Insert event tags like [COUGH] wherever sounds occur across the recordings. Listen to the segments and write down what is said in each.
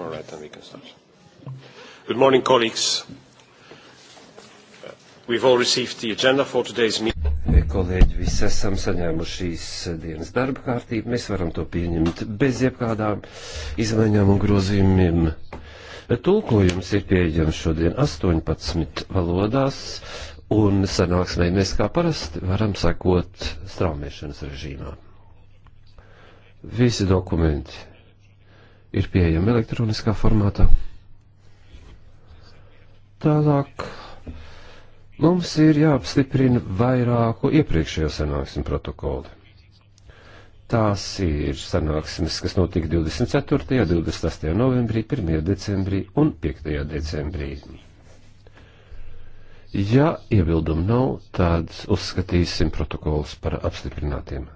All right, then we can start. Good morning, colleagues. We've all received the agenda for today's meeting. Kolēģi, visi esam saņēmuši šīs dienas darba kārtību. Mēs varam to pieņemt bez jebkādām izmaiņām un grozījumiem. Tulkojums ir pieejams šodien 18 valodās, un sanāksmē mēs kā parasti varam sakot straumēšanas režīmā. Visi dokumenti ir pieejama elektroniskā formātā. Tālāk mums ir jāapstiprina vairāku iepriekšējo sanāksmu protokoli. Tās ir sanāksmes, kas notika 24., 28. novembrī, 1. decembrī un 5. decembrī. Ja iebildumu nav, tad uzskatīsim protokolus par apstiprinātiem.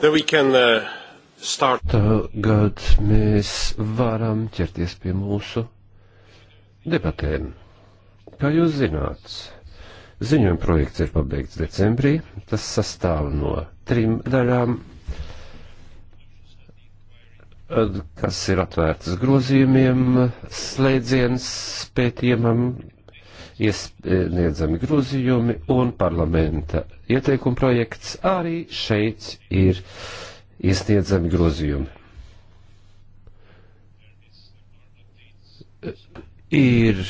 Can, uh, Tagad mēs varam ķerties pie mūsu debatēm. Kā jūs zināt, ziņojuma projekts ir pabeigts decembrī. Tas sastāv no trim daļām, kas ir atvērtas grozījumiem, slēdziens pētījumam, iesniedzami grozījumi un parlamenta ieteikuma projekts arī šeit ir iesniedzami grozījumi. Ir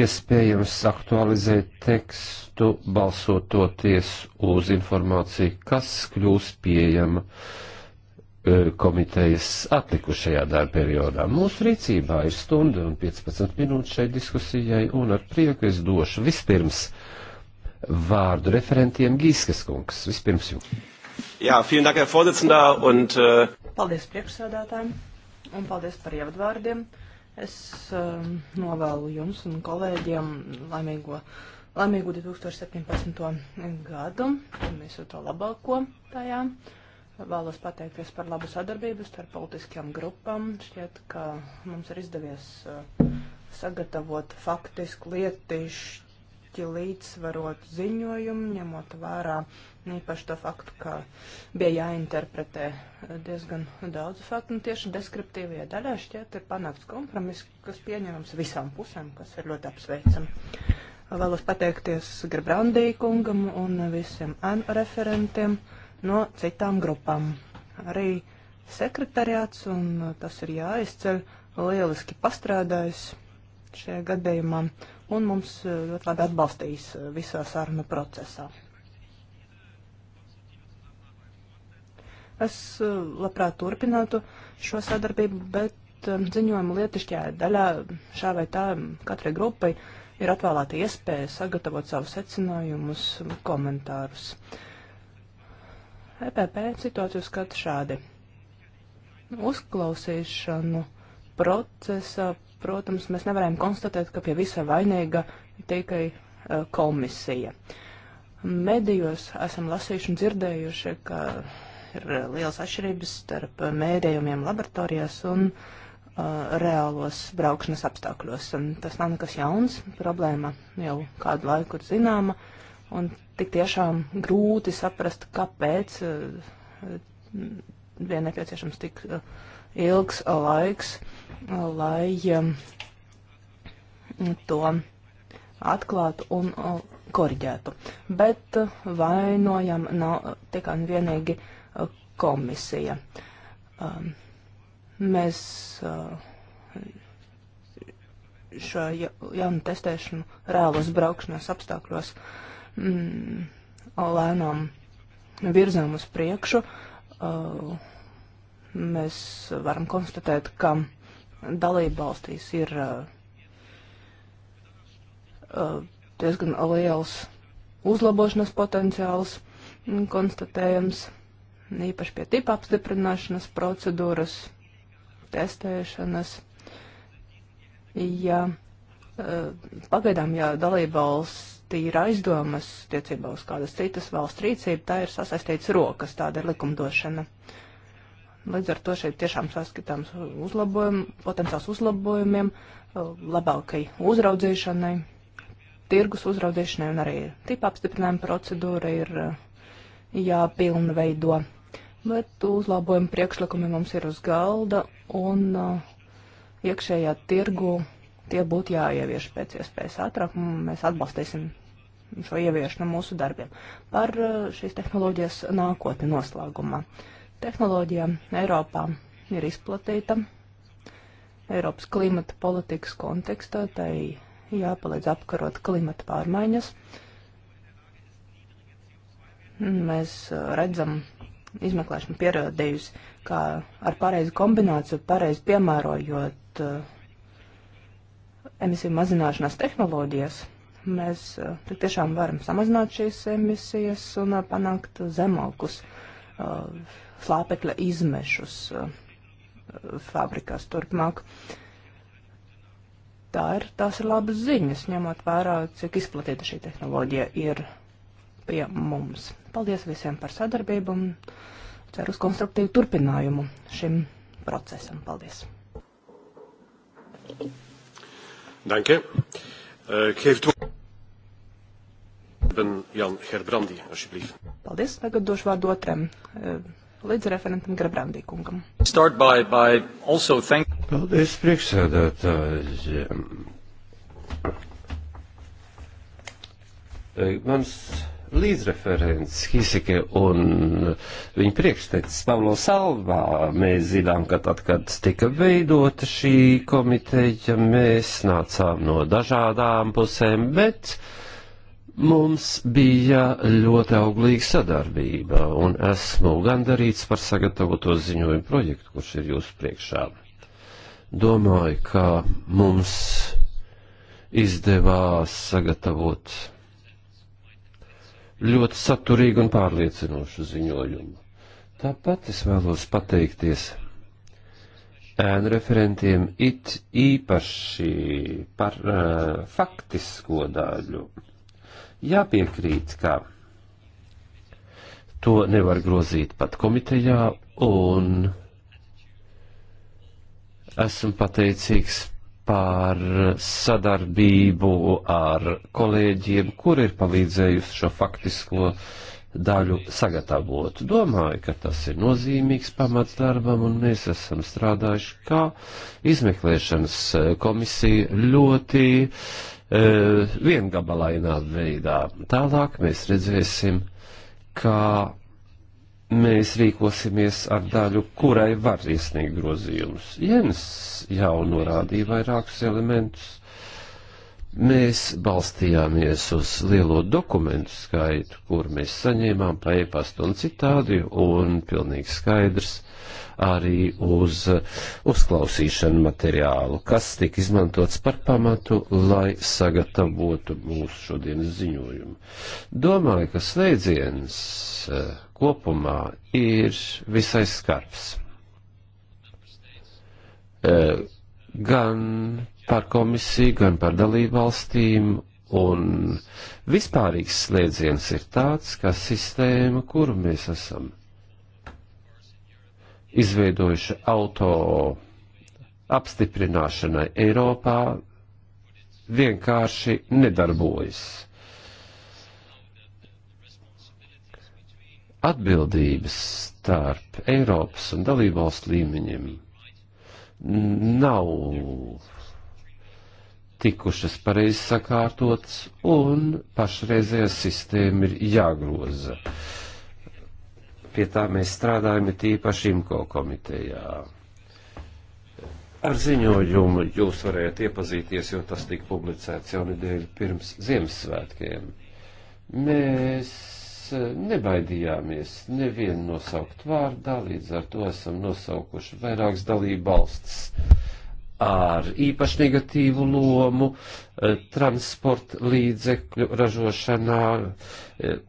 iespējams aktualizēt tekstu, balsototies uz informāciju, kas kļūs pieejama uh, E, komitejas atlikušajā darba periodā. Mūsu rīcībā ir stunda un 15 minūtes šai diskusijai, un ar prieku es došu vispirms vārdu referentiem Gīskas kungs. Vispirms jums. Jā, vielen dank, Herr Vorsitzender, un... Uh... Äh, paldies priekšsēdētājiem, un paldies par ievadvārdiem. Es uh, novēlu jums un kolēģiem laimīgo, laimīgu 2017. gadu, un visu to labāko tajā. Uh, Vēlos pateikties par labu sadarbību starp politiskajām grupām. Šķiet, ka mums ir izdevies uh, sagatavot faktisku lietišķi līdzsvarot ziņojumu, ņemot vērā īpaši to faktu, ka bija jāinterpretē uh, diezgan daudz faktu. Un tieši deskriptīvajā daļā šķiet ir panākts kompromiss, kas pieņemams visām pusēm, kas ir ļoti apsveicami. Vēlos pateikties Grabrandī kungam un visiem referentiem no citām grupām. Arī sekretariāts, un tas ir jāizceļ, lieliski pastrādājis šajā gadījumā, un mums eh, ļoti labi atbalstījis eh, visā sarunu procesā. Es eh, labprāt turpinātu šo sadarbību, bet ziņojuma lietišķajā daļā šā vai tā katrai grupai ir atvēlēta iespēja sagatavot savus secinājumus, komentārus. Uh, EPP situāciju skata šādi. Uzklausīšanu procesā, protams, mēs nevarējām konstatēt, ka pie visa vainīga tikai uh, komisija. Medijos esam lasījuši un dzirdējuši, ka ir e, liels atšķirības starp mēdījumiem laboratorijās un uh, reālos braukšanas apstākļos. Un tas nav nekas jauns, problēma jau kādu laiku ir zināma, un tik tiešām grūti saprast, kāpēc bija eh, nepieciešams tik eh, ilgs laiks, lai eh, to atklātu un koriģētu. Bet vainojam nav tikai un vienīgi komisija. Mēs šo jaunu testēšanu reālos braukšanas apstākļos uh, mm, lēnām virzām uz priekšu. Uh, mēs varam konstatēt, ka dalība valstīs ir uh, uh, diezgan liels uzlabošanas potenciāls mm, konstatējams, īpaši pie tipa apstiprināšanas procedūras, testēšanas. Ja, uh, pagaidām, ja dalība valsts tīra aizdomas tiecībā uz kādas citas valsts rīcību, tā ir sasaistīts rokas, tāda ir likumdošana. Līdz ar to šeit tiešām saskatāms uzlabojumi, potenciāls uzlabojumiem, labākai uzraudzīšanai, tirgus uzraudzīšanai un arī tipa apstiprinājuma procedūra ir uh, jāpilnveido. Bet uzlabojumu priekšlikumi mums ir uz galda un uh, iekšējā tirgu tie būtu jāievieš pēc iespējas ātrāk, un mēs atbalstīsim šo ieviešanu mūsu darbiem. Par uh, šīs tehnoloģijas nākotni noslēgumā. Tehnoloģija Eiropā ir izplatīta. Eiropas klimata politikas kontekstā tai jāpalīdz apkarot klimata pārmaiņas. Mēs uh, redzam, izmeklēšana pierādījusi, ka ar pareizu kombināciju, pareizi piemērojot uh, emisiju mazināšanās tehnoloģijas, mēs eh, tik tiešām varam samazināt šīs emisijas un eh, panākt zemākus eh, slāpekļa izmešus fabrikās turpmāk. Tā ir, tās ir labas ziņas, ņemot vērā, cik izplatīta šī tehnoloģija ir pie mums. Paldies visiem par sadarbību un ceru uz konstruktīvu turpinājumu šim procesam. Paldies! Dank u. Uh, ik geef het woord aan Jan Gerbrandi, alsjeblieft. Paldies. Tagad došu vārdu otram uh, līdzreferentam Gerbrandi kungam. Start by, by also thank... Paldies priekšsēdētāji. Eh, mans līdzreferents Hisike un viņa priekštecis Pavlo Salvā. Mēs zinām, ka tad, kad tika veidota šī komiteja, mēs nācām no dažādām pusēm, bet mums bija ļoti auglīga sadarbība, un esmu gandarīts par sagatavoto ziņojumu projektu, kurš ir jūsu priekšā. Domāju, ka mums izdevās sagatavot ļoti saturīgu un pārliecinošu ziņojumu. Tāpat es vēlos pateikties ēnu referentiem it īpaši par uh, faktisko daļu. Jāpiekrīt, ka to nevar grozīt pat komitejā, un esmu pateicīgs par sadarbību ar kolēģiem, kur ir palīdzējusi šo faktisko daļu sagatavot. Domāju, ka tas ir nozīmīgs pamats darbam, un mēs esam strādājuši kā izmeklēšanas komisija ļoti e, viengabalainā veidā. Tālāk mēs redzēsim, kā mēs rīkosimies ar daļu, kurai var iesniegt grozījumus. Jens jau norādīja vairākus elementus. Mēs balstījāmies uz lielo dokumentu skaitu, kur mēs saņēmām pa e-pastu un citādi, un pilnīgi skaidrs, arī uz uzklausīšanu materiālu, kas tika izmantots par pamatu, lai sagatavotu mūsu šodienas ziņojumu. Domāju, ka slēdziens eh, kopumā ir visai skarbs. Eh, gan par komisiju, gan par dalību valstīm Un vispārīgs slēdziens ir tāds, ka sistēma, kuru mēs esam izveidojuši auto apstiprināšanai Eiropā, vienkārši nedarbojas. Atbildības starp Eiropas un dalībvalstu līmeņiem nav tikušas pareizi sakārtotas, un pašreizējā sistēma ir jāgroza. Uh, Pie tā mēs strādājam tīpaši IMCO komitejā. Ar ziņojumu jūs varējāt iepazīties, jo tas tika publicēts jau nedēļu pirms Ziemassvētkiem. Mēs eh, nebaidījāmies nevienu nosaukt vārdā, līdz ar to esam nosaukuši vairākas dalību valsts ar īpaši negatīvu lomu eh, transporta līdzekļu ražošanā, eh,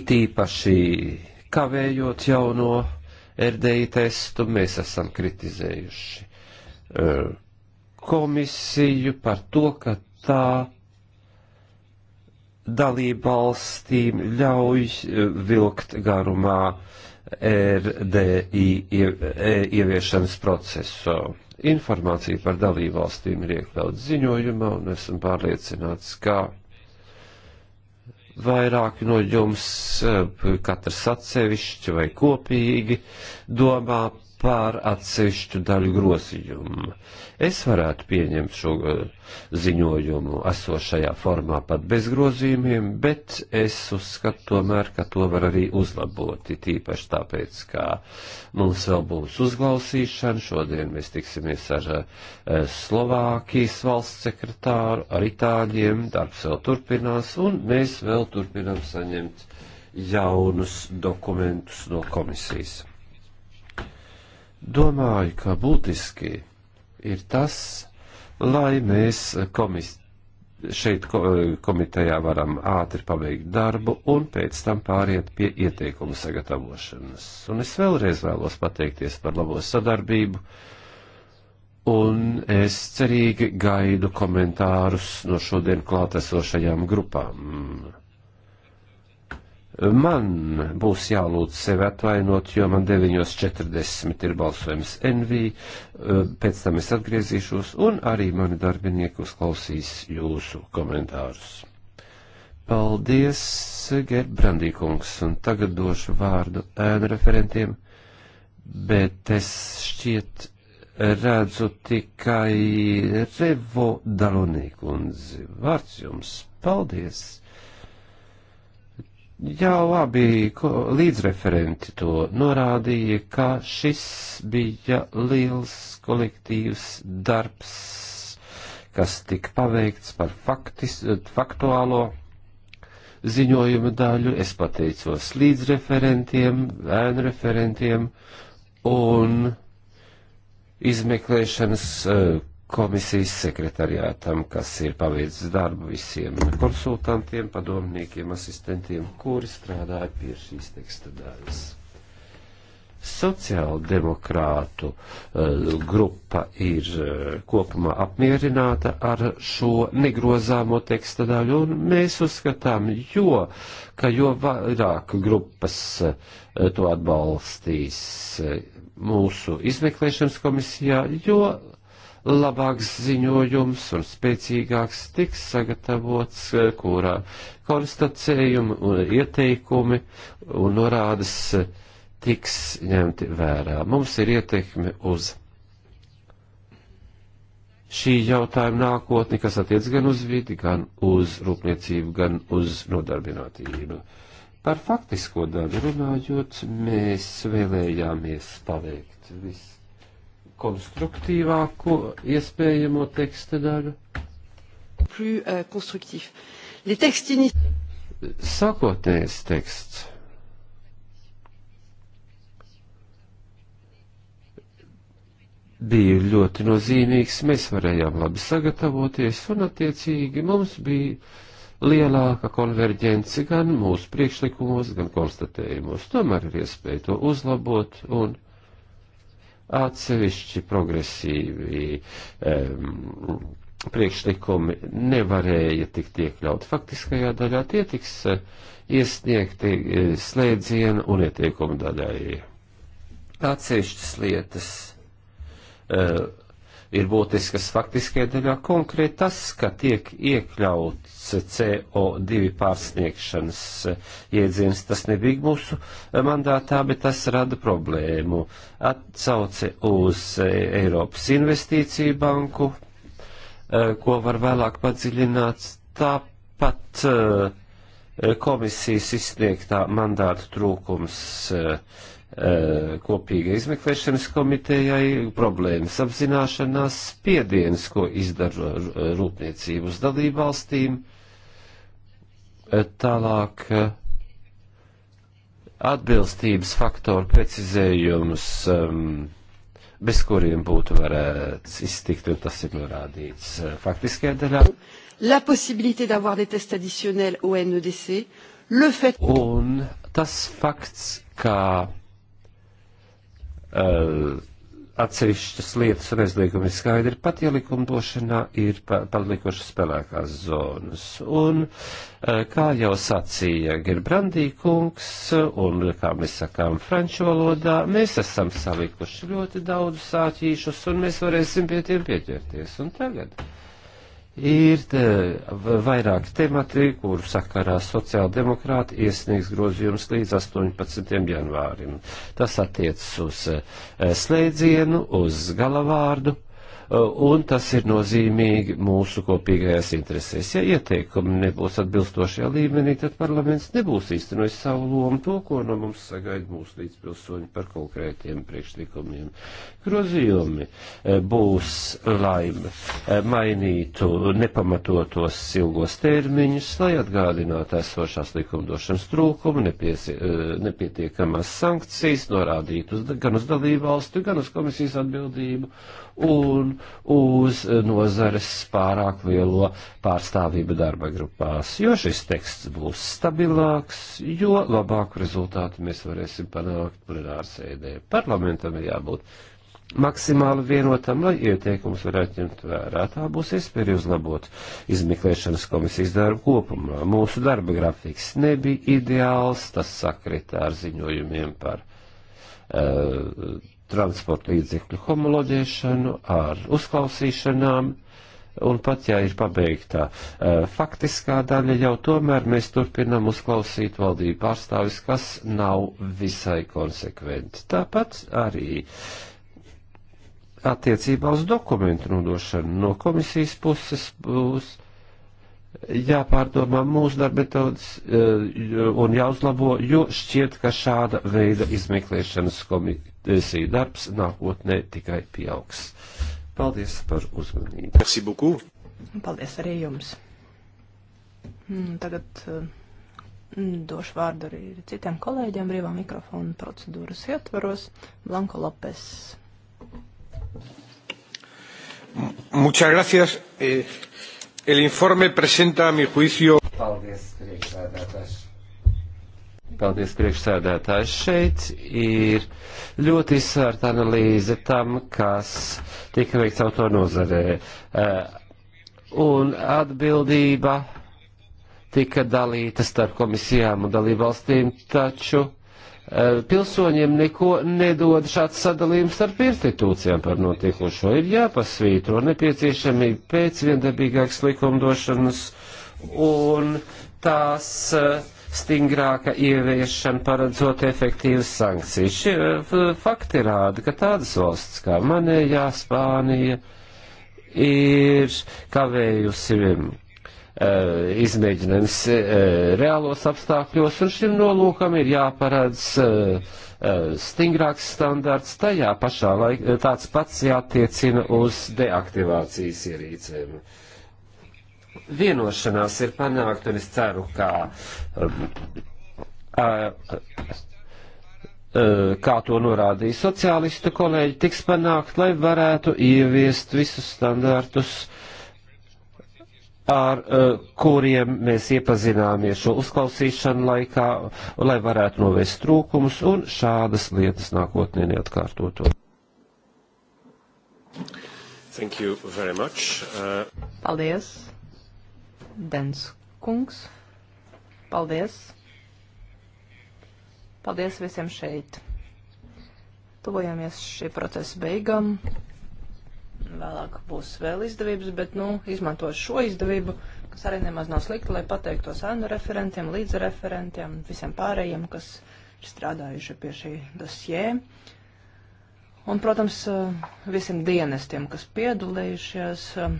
it īpaši kavējot jauno RDI testu, mēs esam kritizējuši e, komisiju par to, ka tā dalībvalstīm ļauj e, vilkt garumā RDI e, ieviešanas procesu. Informācija par dalībvalstīm ir iekļauts ziņojumā, un esmu pārliecināts, ka vairāki no jums, eh, katrs atsevišķi vai kopīgi, domā pār atsevišķu daļu grozījumu. Es varētu pieņemt šo eh, ziņojumu esošajā formā pat bez grozījumiem, bet es uzskatu tomēr, ka to var arī uzlabot, tīpaši tāpēc, ka mums vēl būs uzklausīšana, šodien mēs tiksimies ar eh, Slovākijas valsts sekretāru, ar Itāļiem, darbs vēl turpinās, un mēs vēl turpinām saņemt jaunus dokumentus no komisijas. Domāju, ka būtiski ir tas, lai mēs komis, šeit komitejā varam ātri pabeigt darbu un pēc tam pāriet pie ieteikumu sagatavošanas. Un es vēlreiz vēlos pateikties par labo sadarbību, un es cerīgi gaidu komentārus no šodien klātesošajām grupām Man būs jālūdz sevi atvainot, jo man 9.40 ir balsojums NV, eh, pēc tam es atgriezīšos un arī mani darbinieki uzklausīs jūsu komentārus. Paldies, Gerbrandīkungs, un tagad došu vārdu ēnu referentiem, bet es šķiet redzu tikai Revo Dalonī kundzi. Vārds jums, paldies! Jau abi līdzreferenti to norādīja, ka šis bija liels kolektīvs darbs, kas tika paveikts par faktis, faktuālo ziņojuma daļu. Es pateicos līdzreferentiem, ēnu referentiem un izmeklēšanas uh, komisijas sekretariātam, kas ir paveicis darbu visiem konsultantiem, padomniekiem, asistentiem, kuri strādāja pie šīs teksta daļas. Sociāldemokrātu uh, grupa ir uh, kopumā apmierināta ar šo negrozāmo teksta daļu, un mēs uzskatām, jo, ka jo vairāk grupas uh, to atbalstīs uh, mūsu izmeklēšanas komisijā, jo labāks ziņojums un spēcīgāks tiks sagatavots, eh, kurā konstatējumi un ieteikumi un norādes eh, tiks ņemti vērā. Mums ir ietekme uz šī jautājuma nākotni, kas attiec gan uz vidi, gan uz rūpniecību, gan uz nodarbinātību. Par faktisko daļu runājot, mēs vēlējāmies paveikt visu konstruktīvāko iespējamo teksta daļu. Plus, uh, tekstini... Sākotnējais teksts. bija ļoti nozīmīgs, mēs varējām labi sagatavoties, un attiecīgi mums bija lielāka konverģence gan mūsu priekšlikumos, gan konstatējumos. Tomēr ir iespēja to uzlabot, un atsevišķi progresīvi um, priekšlikumi nevarēja tikt iekļaut faktiskajā daļā, tie tiks eh, iesniegti eh, slēdzienu un ieteikumu daļai. Atsevišķas lietas. Uh, ir būtiskas faktiskajā daļā konkrēti tas, ka tiek iekļauts CO2 pārsniegšanas iedziens. Tas nebija mūsu mandātā, bet tas rada problēmu. Atsauce uz Eiropas investīciju banku, eh, ko var vēlāk padziļināt, tāpat eh, komisijas izsniegtā mandāta trūkums. Uh, Eh, kopīga izmeklēšanas komitejai, problēmas apzināšanās, spiediens, ko izdara rūpniecību uz dalību valstīm, eh, tālāk eh, atbilstības faktoru precizējums, ehm, bez kuriem būtu varēts iztikt, un tas ir norādīts faktiskajā daļā. La possibilité d'avoir des tests additionnels au NEDC, le fait... Un tas fakts, ka uh, atsevišķas lietas un aizliegumi ir skaidri, pat ja likumdošanā ir palikušas spēlēkās zonas. Un eh, kā jau sacīja Gerbrandī kungs, un kā mēs sakām franču valodā, mēs esam salikuši ļoti daudz sāķīšus, un mēs varēsim pie tiem pieķerties. Un tagad Ir te vairāki temati, kuru sakarā sociāldemokrāti iesniegs grozījums līdz 18. janvārim. Tas attiecas uz eh, slēdzienu, uz galavārdu Uh, un tas ir nozīmīgi mūsu kopīgajās interesēs. Ja ieteikumi nebūs atbilstošajā līmenī, tad parlaments nebūs īstenojis savu lomu to, ko no mums sagaida mūsu līdzpilsoņi par konkrētiem priekšlikumiem. Grozījumi uh, būs, lai uh, mainītu nepamatotos ilgos termiņus, lai atgādinātu esošās likumdošanas trūkumu, nepiesi, nepietiekamās sankcijas, norādītu gan uz dalību valstu, gan uz komisijas atbildību un uz nozares pārāk lielo pārstāvību darba grupās, jo šis teksts būs stabilāks, jo labāku rezultātu mēs varēsim panākt plenārsēdē. Parlamentam ir jābūt maksimāli vienotam, lai ieteikumus varētu ņemt vērā. Tā būs iespēja uzlabot izmeklēšanas komisijas darbu kopumā. Mūsu darba grafiks nebija ideāls, tas sakritā ar ziņojumiem par. Uh, transporta līdzekļu homoloģēšanu, ar uzklausīšanām, un pat ja ir pabeigta e, faktiskā daļa, jau tomēr mēs turpinam uzklausīt valdību pārstāvis, kas nav visai konsekventi. Tāpat arī attiecībā uz dokumentu nodošanu no komisijas puses būs jāpārdomā mūsu darba metodas e, un jāuzlabo, jo šķiet, ka šāda veida izmeklēšanas komi tiesību darbs nākotnē tikai pieaugs. Paldies par uzmanību. Merci beaucoup. Paldies arī jums. Mm, tagad mm, došu vārdu arī citiem kolēģiem brīvā mikrofona procedūras ietvaros. Blanko Lopes. Muchas gracias. Eh, el informe presenta, a mi juicio. Paldies, priekšsēdētājs. Paldies, priekšsēdētājs. Šeit ir ļoti izsvērta analīze tam, kas tika veikts auto nozarē. Eh, un atbildība tika dalīta starp komisijām un dalībvalstīm, taču eh, pilsoņiem neko nedod šāds sadalījums starp institūcijām par notiekošo. Ir jāpasvītro nepieciešamība pēc viendabīgākas likumdošanas un tās uh, stingrāka ieviešana, paredzot efektīvas sankcijas. Šie fakti rāda, ka tādas valsts kā Manējā, Spānija ir kavējusi eh, izmēģinājums eh, reālos apstākļos, un šim nolūkam ir jāparādz eh, stingrāks standarts, tajā pašā laikā tāds pats jātiecina uz deaktivācijas ierīcēm. Uh, vienošanās ir panākt, un es ceru, ka um, a, a, kā to norādīja sociālistu kolēģi, tiks panākt, lai varētu ieviest visus standārtus, ar kuriem mēs iepazināmies šo uzklausīšanu laikā, lai varētu novērst trūkumus un šādas lietas nākotnē neatkārtotu. Thank you very much. Uh... Paldies. Dens kungs. Paldies! Paldies visiem šeit! Tuvojamies šī procesa beigām. Vēlāk būs vēl izdevības, bet, nu, izmantošu šo izdevību, kas arī nemaz nav slikta, lai pateiktos ēnu referentiem, līdzreferentiem, visiem pārējiem, kas ir strādājuši pie šī dosjē. Un, protams, eh, visiem dienestiem, kas piedalījušies, eh,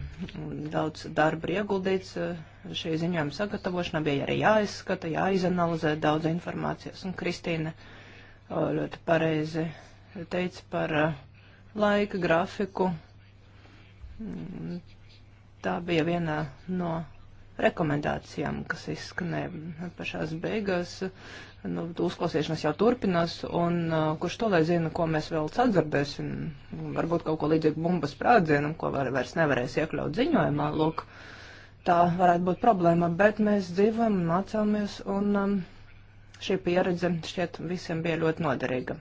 daudz darba ieguldīts eh, šī ziņojuma sagatavošanā, bija arī jāizskata, jāizanalizē daudz informācijas. Un Kristīne ļoti pareizi teica par laika grafiku. Mm, tā bija viena no rekomendācijām, kas izskanēja pašās beigās. Nu, uzklausīšanas jau turpinās, un uh, kurš to lai zina, ko mēs vēl sadzirdēsim, varbūt kaut ko līdzīgu bumbas sprādzienam, ko var, vairs nevarēs iekļaut ziņojumā, lūk, tā varētu būt problēma, bet mēs dzīvojam, mācāmies, un um, šī pieredze šķiet visiem bija ļoti noderīga.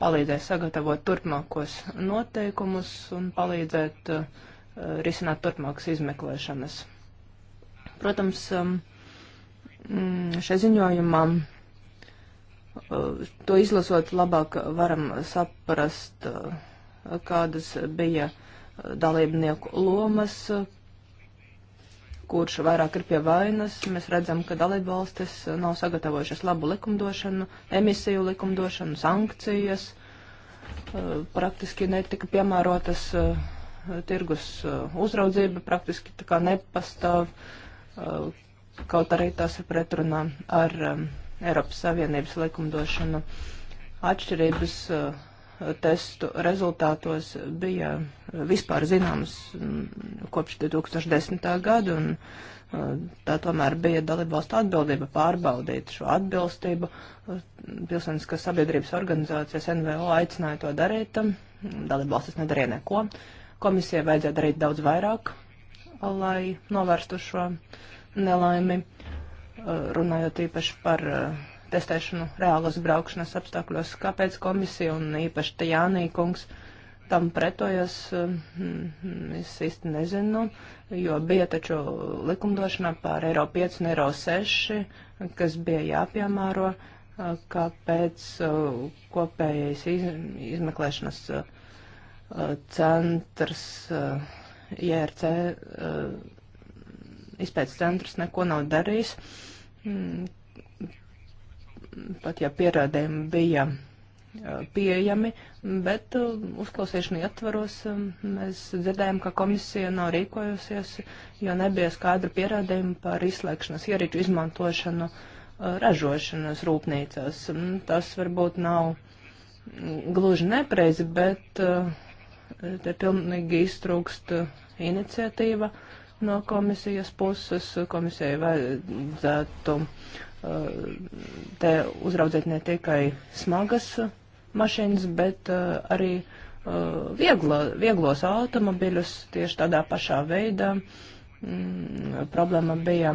Palīdzēja sagatavot turpmākos noteikumus un palīdzēt uh, Eh, risināt turpmākas izmeklēšanas. Protams, mm, šai ziņojumā eh, to izlasot labāk varam saprast, eh, kādas bija dalībnieku lomas, kurš vairāk ir pie vainas. Mēs redzam, ka dalībvalstis nav sagatavojušas labu likumdošanu, emisiju likumdošanu, sankcijas praktiski netika piemērotas tirgus uh, uzraudzība praktiski tā kā nepastāv, uh, kaut arī tas ir pretrunā ar um, Eiropas Savienības likumdošanu. Atšķirības uh, testu rezultātos bija vispār zināmas mm, kopš 2010. gada, un tā tomēr bija dalībvalstu atbildība pārbaudīt šo atbilstību. Pilsoniskās sabiedrības organizācijas NVO aicināja to darīt, um, dalībvalstis nedarīja neko. Uh, Komisijai vajadzēja darīt daudz vairāk, lai novērstu šo nelaimi, uh, runājot īpaši par uh, testēšanu reālos braukšanas apstākļos. Kāpēc komisija un īpaši Tajānī kungs tam pretojas, uh, es īsti nezinu, jo bija taču likumdošanā pār Eiro 5 un Eiro 6, kas bija jāpiemēro kāpēc uh, kopējais iz, izmeklēšanas uh, Uh, centrs, uh, IRC uh, izpētes centrs neko nav darījis. Mm, pat ja pierādījumi bija pieejami, bet uzklausīšanu ietvaros um, mēs dzirdējām, ka komisija nav rīkojusies, jo nebija skaidra pierādījuma par izslēgšanas ierīču izmantošanu ražošanas rūpnīcās. Mm, tas varbūt nav gluži nepreizi, bet uh, Te pilnīgi iztrūkst iniciatīva no komisijas puses. Komisijai vajadzētu uh, te uzraudzīt ne tikai smagas mašīnas, bet uh, arī uh, vieglo, vieglos automobiļus tieši tādā pašā veidā. Mm, problēma bija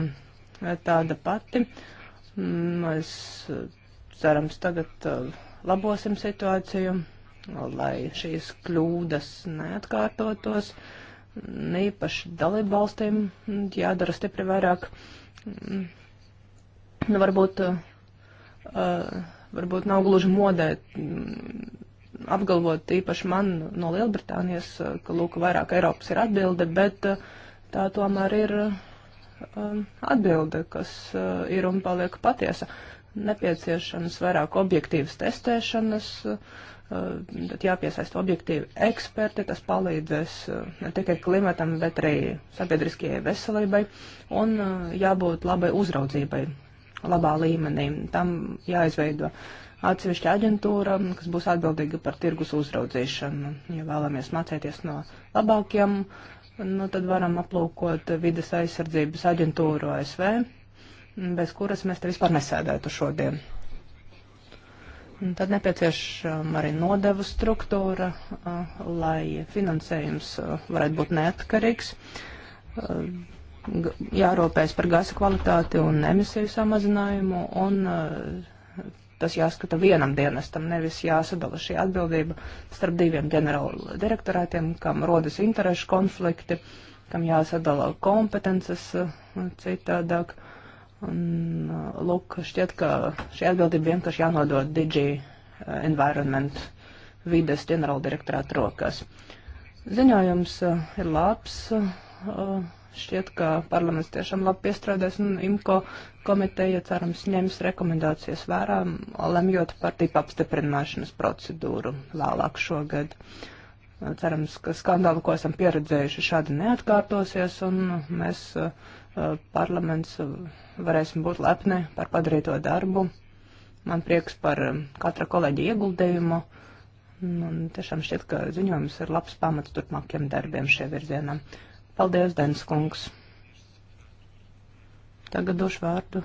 tāda pati. Mm, mēs cerams tagad labosim situāciju lai šīs kļūdas neatkārtotos. Īpaši dalību valstīm jādara stipri vairāk. Nu, varbūt, uh, varbūt nav gluži modē mm, apgalvot īpaši man no Lielbritānijas, uh, ka lūk, vairāk Eiropas ir atbilde, bet uh, tā tomēr ir um, atbilde, kas uh, ir un paliek patiesa. Nepieciešams vairāk objektīvas testēšanas, uh, Eh, tad jāpiesaista objektīvi eksperti, tas palīdzēs eh, ne tikai klimatam, bet arī sabiedriskajai veselībai un eh, jābūt labai uzraudzībai labā līmenī. Tam jāizveido atsevišķa aģentūra, kas būs atbildīga par tirgus uzraudzīšanu. Ja vēlamies mācīties no labākiem, nu, tad varam aplūkot vides aizsardzības aģentūru ASV, bez kuras mēs te vispār nesēdētu šodien. Un tad nepieciešama arī nodevu struktūra, lai finansējums varētu būt neatkarīgs. Jārūpējas par gasa kvalitāti un emisiju samazinājumu, un tas jāskata vienam dienestam, nevis jāsadala šī atbildība starp diviem ģenerāla direktorātiem, kam rodas interešu konflikti, kam jāsadala kompetences citādāk. Uh, Un, uh, lūk, šķiet, ka šī atbildība vienkārši jānodod Digi uh, Environment vides ģenerāldirektorāta rokās. Ziņojums uh, ir labs. Šķiet, ka parlaments tiešām labi piestrādēs un IMCO komiteja, cerams, ņems rekomendācijas vērā, lemjot par tipu apstiprināšanas procedūru vēlāk šogad. Cerams, ka skandāli, ko esam pieredzējuši, šādi neatkārtosies un mēs, parlaments, varēsim būt lepni par padarīto darbu. Man prieks par um, katra kolēģa ieguldījumu. Un tiešām šķiet, ka ziņojums ir labs pamats turpmākiem darbiem šie virzienam. Paldies, Dens kungs. Tagad došu vārdu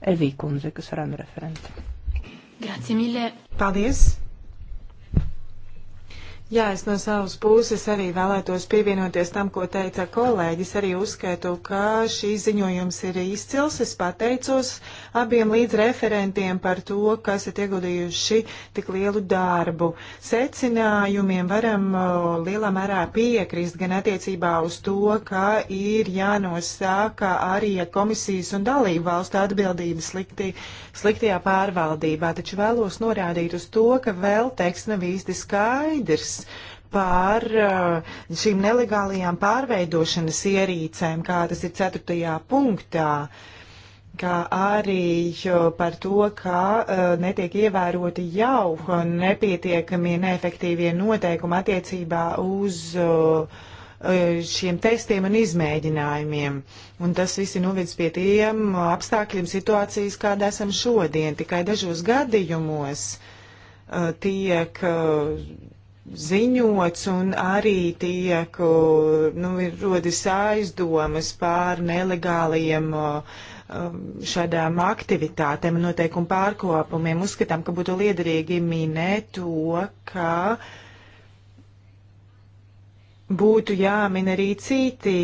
Evī kundze, kas ir referente. Grazie mille. Paldies. Jā, es no savas puses arī vēlētos pievienoties tam, ko teica kolēģis. Arī uzskaitu, ka šīs ziņojums ir izcils. Es pateicos abiem līdzreferentiem par to, kas ir ieguldījuši tik lielu darbu. Secinājumiem varam lielā mērā piekrist gan attiecībā uz to, ka ir jānosāka arī komisijas un dalību valstu atbildības slikti, sliktajā pārvaldībā. Taču vēlos norādīt uz to, ka vēl teksts nav īsti skaidrs par uh, šīm nelegālajām pārveidošanas ierīcēm, kā tas ir ceturtajā punktā kā arī par to, ka uh, netiek ievēroti jau nepietiekamie neefektīvie noteikumi attiecībā uz uh, šiem testiem un izmēģinājumiem. Un tas viss ir novedis pie tiem apstākļiem situācijas, kāda esam šodien. Tikai dažos gadījumos uh, tiek uh, ziņots un arī tiek, nu, ir rodas aizdomas pār nelegāliem um, šādām aktivitātēm un noteikumu pārkopumiem. Uzskatām, ka būtu liederīgi minēt to, ka būtu jāmin arī citi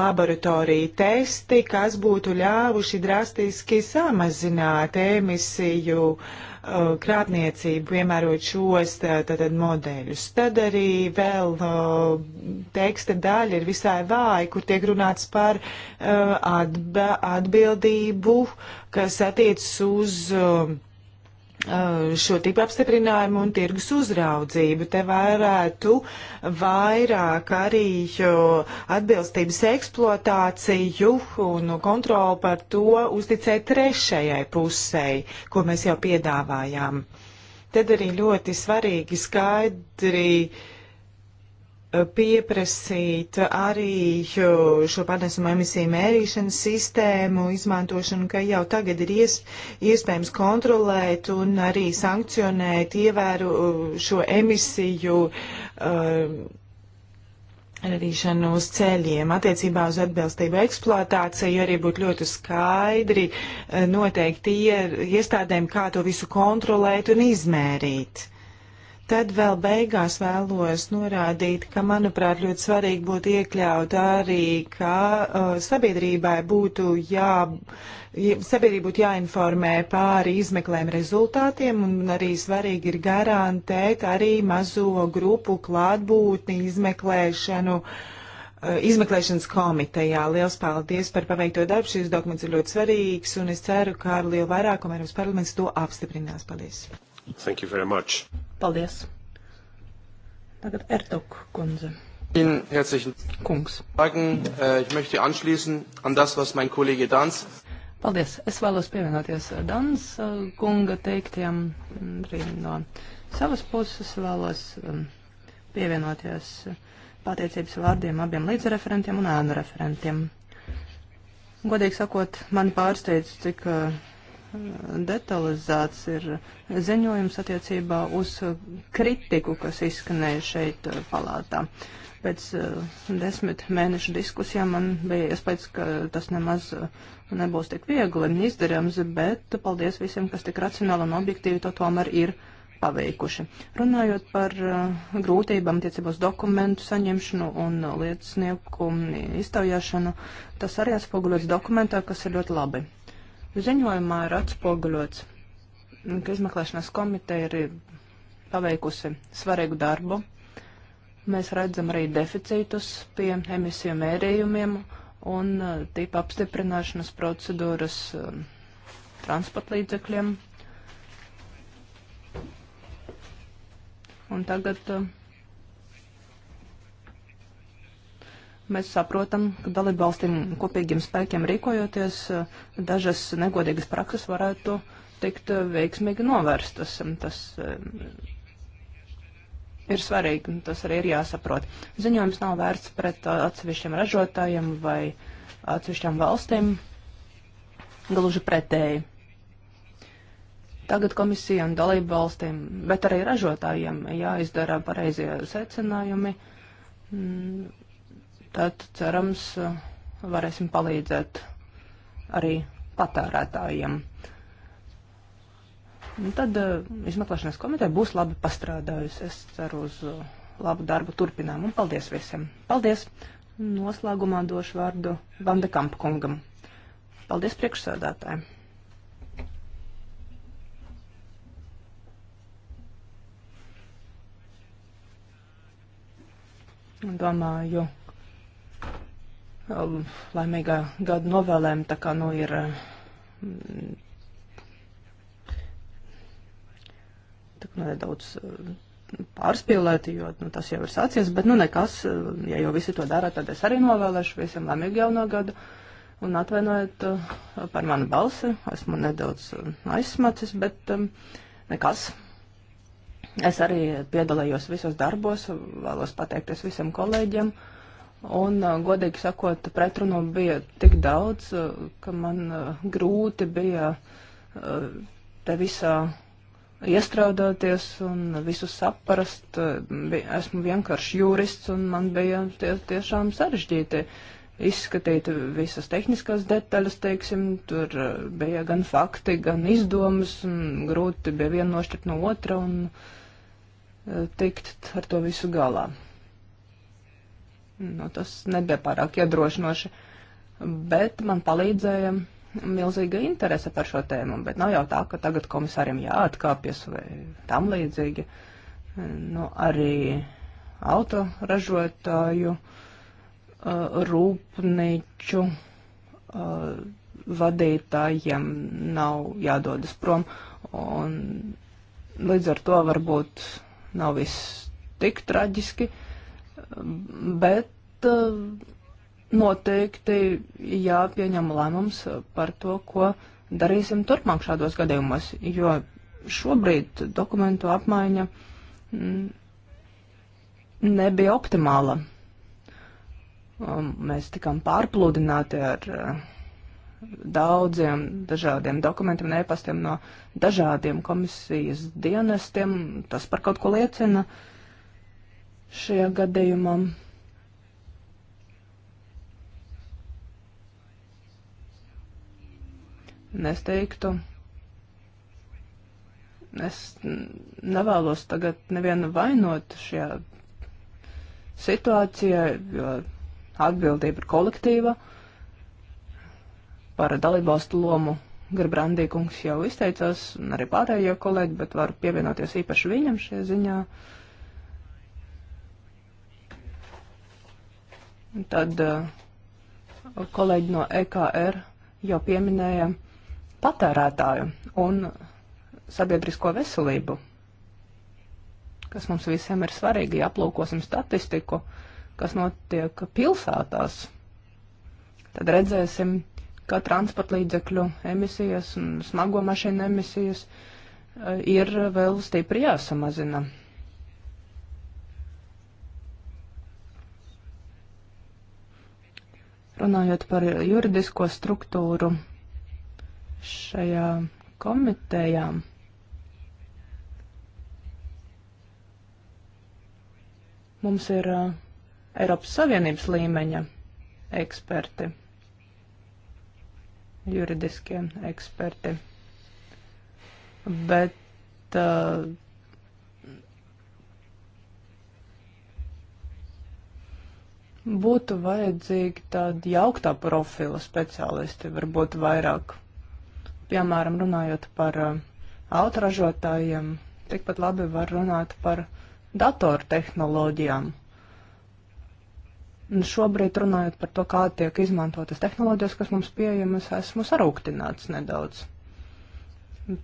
laboratoriju testi, kas būtu ļāvuši drastiski samazināt emisiju uh, Uh, krāpniecību, piemērot šos tātad modeļus. Tad arī vēl uh, teksta daļa ir visai vāja, kur tiek runāts par uh, atba, atbildību, kas attiecas uz um, šo tipu apstiprinājumu un tirgus uzraudzību. Te varētu vairāk arī atbilstības eksploatāciju un kontroli par to uzticēt trešajai pusei, ko mēs jau piedāvājām. Tad arī ļoti svarīgi skaidri uh, pieprasīt arī šo pārnesumu emisiju mērīšanas sistēmu izmantošanu, ka jau tagad ir ies, iespējams kontrolēt un arī sankcionēt ievēru šo emisiju uh, radīšanu uz ceļiem. Attiecībā uz atbilstību eksploatāciju arī būtu ļoti skaidri eh, noteikti iestādēm, kā to visu kontrolēt un izmērīt Tad vēl beigās vēlos norādīt, ka, manuprāt, ļoti svarīgi būtu iekļaut arī, ka uh, sabiedrībai būtu jā, sabiedrība būtu jāinformē pāri izmeklējuma rezultātiem, un arī svarīgi ir garantēt arī mazo grupu klātbūtni izmeklēšanu. Uh, izmeklēšanas komitejā. Liels paldies par paveikto darbu. Šis dokuments ir ļoti svarīgs, un es ceru, ka ar lielu vairākumu Eiropas parlaments to apstiprinās. Paldies! Thank you very much. Paldies. Tagad Ertok kundze. Ihnen herzlichen Kungs. Fragen. Äh, ich möchte anschließen an das, was mein Kollege Danz. Paldies. Es vēlos pievienoties äh, Dans äh, kunga teiktiem arī no savas puses. Vēlos um, pievienoties uh, pateicības vārdiem abiem līdzreferentiem un ēnu referentiem. Godīgi sakot, mani pārsteidz, cik uh, detalizēts ir ziņojums attiecībā uz kritiku, kas izskanēja šeit eh, palātā. Pēc eh, desmit mēnešu diskusijām man bija iespējas, ka tas nemaz eh, nebūs tik viegli izdarams, bet paldies visiem, kas tik racionāli un objektīvi to tomēr ir paveikuši. Runājot par grūtībām tiecībos dokumentu saņemšanu un liecnieku iztaujāšanu, tas arī atspoguļots dokumentā, kas ir ļoti labi Ziņojumā ir atspoguļots, ka izmeklēšanas komiteja ir paveikusi svarīgu darbu. Mēs redzam arī deficītus pie emisiju mērījumiem un uh, tīpa apstiprināšanas procedūras um, transportlīdzekļiem. Un tagad uh, Mēs saprotam, ka dalību valstīm kopīgiem spēkiem rīkojoties, dažas negodīgas prakses varētu tikt eh, veiksmīgi novērstas. Tas eh, ir svarīgi, tas arī ir jāsaprot. Ziņojums nav vērts pret eh, atsevišķiem ražotājiem vai atsevišķām valstīm, gluži pretēji. Tagad komisija un dalību valstīm, bet arī ražotājiem jāizdara pareizie secinājumi mm, tad cerams eh, varēsim palīdzēt arī patērētājiem. Un tad uh, izmeklēšanas komiteja būs labi pastrādājusi. Es ceru uz uh, labu darbu turpinājumu un paldies visiem. Paldies! Noslēgumā došu vārdu Vanda Kampa kungam. Paldies priekšsēdētājiem! Domāju, Um, laimīgā gada novēlēm, tā kā nu ir uh, mm, tā kā nu, nedaudz uh, pārspīlēti, jo nu, tas jau ir sācies, bet nu nekas, uh, ja jau visi to dara, tad es arī novēlēšu visiem laimīgu jauno gadu. Un atvainojiet par manu balsi, esmu nedaudz aizsmacis, bet um, nekas. Es arī piedalījos visos darbos, vēlos pateikties visiem kolēģiem. Uh, Un, uh, godīgi sakot, pretrunu bija tik daudz, uh, ka man uh, grūti bija te visā iestrādāties un visu saprast. Esmu vienkārši jurists un man bija tie, tiešām sarežģīti izskatīt visas tehniskās detaļas, teiksim, tur bija gan fakti, gan izdomas, un grūti bija vienu nošķirt no otra un tikt ar to visu galā. Nu, tas nebija pārāk iedrošinoši, bet man palīdzēja milzīga interese par šo tēmu, bet nav jau tā, ka tagad komisāriem jāatkāpjas vai tam līdzīgi. Nu, arī autoražotāju, uh, rūpnīču uh, vadītājiem nav jādodas prom, un līdz ar to varbūt nav viss tik traģiski. Uh, bet eh, noteikti jāpieņem lēmums par to, ko darīsim turpmāk šādos gadījumos, jo šobrīd dokumentu apmaiņa mm, nebija optimāla. Um, mēs tikām pārplūdināti ar eh, daudziem dažādiem dokumentiem un ēpastiem no dažādiem komisijas dienestiem. Tas par kaut ko liecina. Uh, šajā gadījumā. Es teiktu, es nevēlos tagad nevienu vainot šajā situācijā, jo atbildība ir kolektīva. Par dalībvalstu lomu Grabrandī kungs jau izteicās, un arī pārējie kolēģi, bet varu pievienoties īpaši viņam šajā ziņā. Uh, Tad eh, kolēģi no EKR jau pieminēja patērētāju un sabiedrisko veselību, kas mums visiem ir svarīgi, ja aplūkosim statistiku, kas notiek pilsētās, tad redzēsim, ka transporta līdzekļu emisijas un smago mašīnu emisijas eh, ir vēl stipri jāsamazina. Runājot par juridisko struktūru šajā komitejā, mums ir uh, Eiropas Savienības līmeņa eksperti, juridiskie eksperti, bet uh, būtu vajadzīgi tādi jauktā profila speciālisti, varbūt vairāk. Piemēram, runājot par uh, autoražotājiem, tikpat labi var runāt par datortehnoloģijām. Un šobrīd runājot par to, kā tiek izmantotas tehnoloģijas, kas mums pieejamas, esmu sarūktināts nedaudz.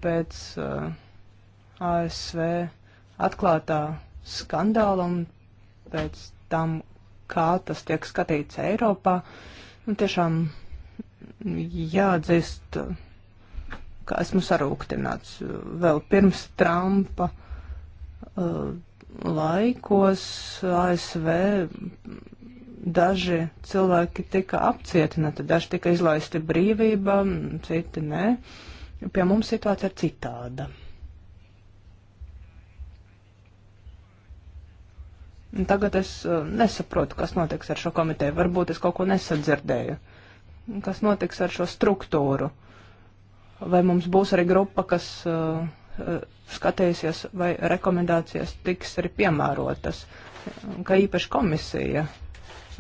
Pēc uh, ASV atklātā skandāla un pēc tam, kā tas tiek skatīts Eiropā. Un tiešām jāatzīst, ka esmu sarūktināts vēl pirms Trumpa uh, laikos ASV daži cilvēki tika apcietināti, daži tika izlaisti brīvībā, citi nē. Pie mums situācija ir citāda. Un tagad es uh, nesaprotu, kas notiks ar šo komiteju. Varbūt es kaut ko nesadzirdēju. Kas notiks ar šo struktūru? Vai mums būs arī grupa, kas uh, uh skatīsies, vai rekomendācijas tiks arī piemērotas? Kā īpaši komisija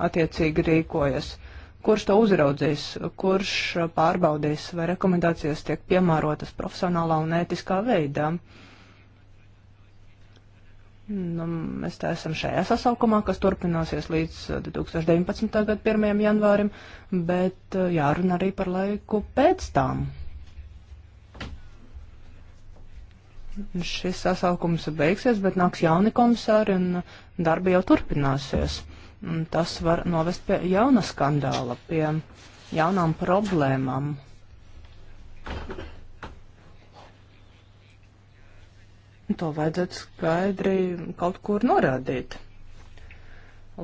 attiecīgi rīkojas? Kurš to uzraudzīs? Kurš pārbaudīs, vai rekomendācijas tiek piemērotas profesionālā un ētiskā veidā? Uh, Nu, mēs tā esam šajā sasaukumā, kas turpināsies līdz 2019. Uh, gada 1. janvārim, bet uh, jārunā arī par laiku pēc tām. Šis sasaukums beigsies, bet nāks jauni komisāri un uh, darbi jau turpināsies. Un tas var novest pie jauna skandāla, pie jaunām problēmām. To vajadzētu skaidri kaut kur norādīt,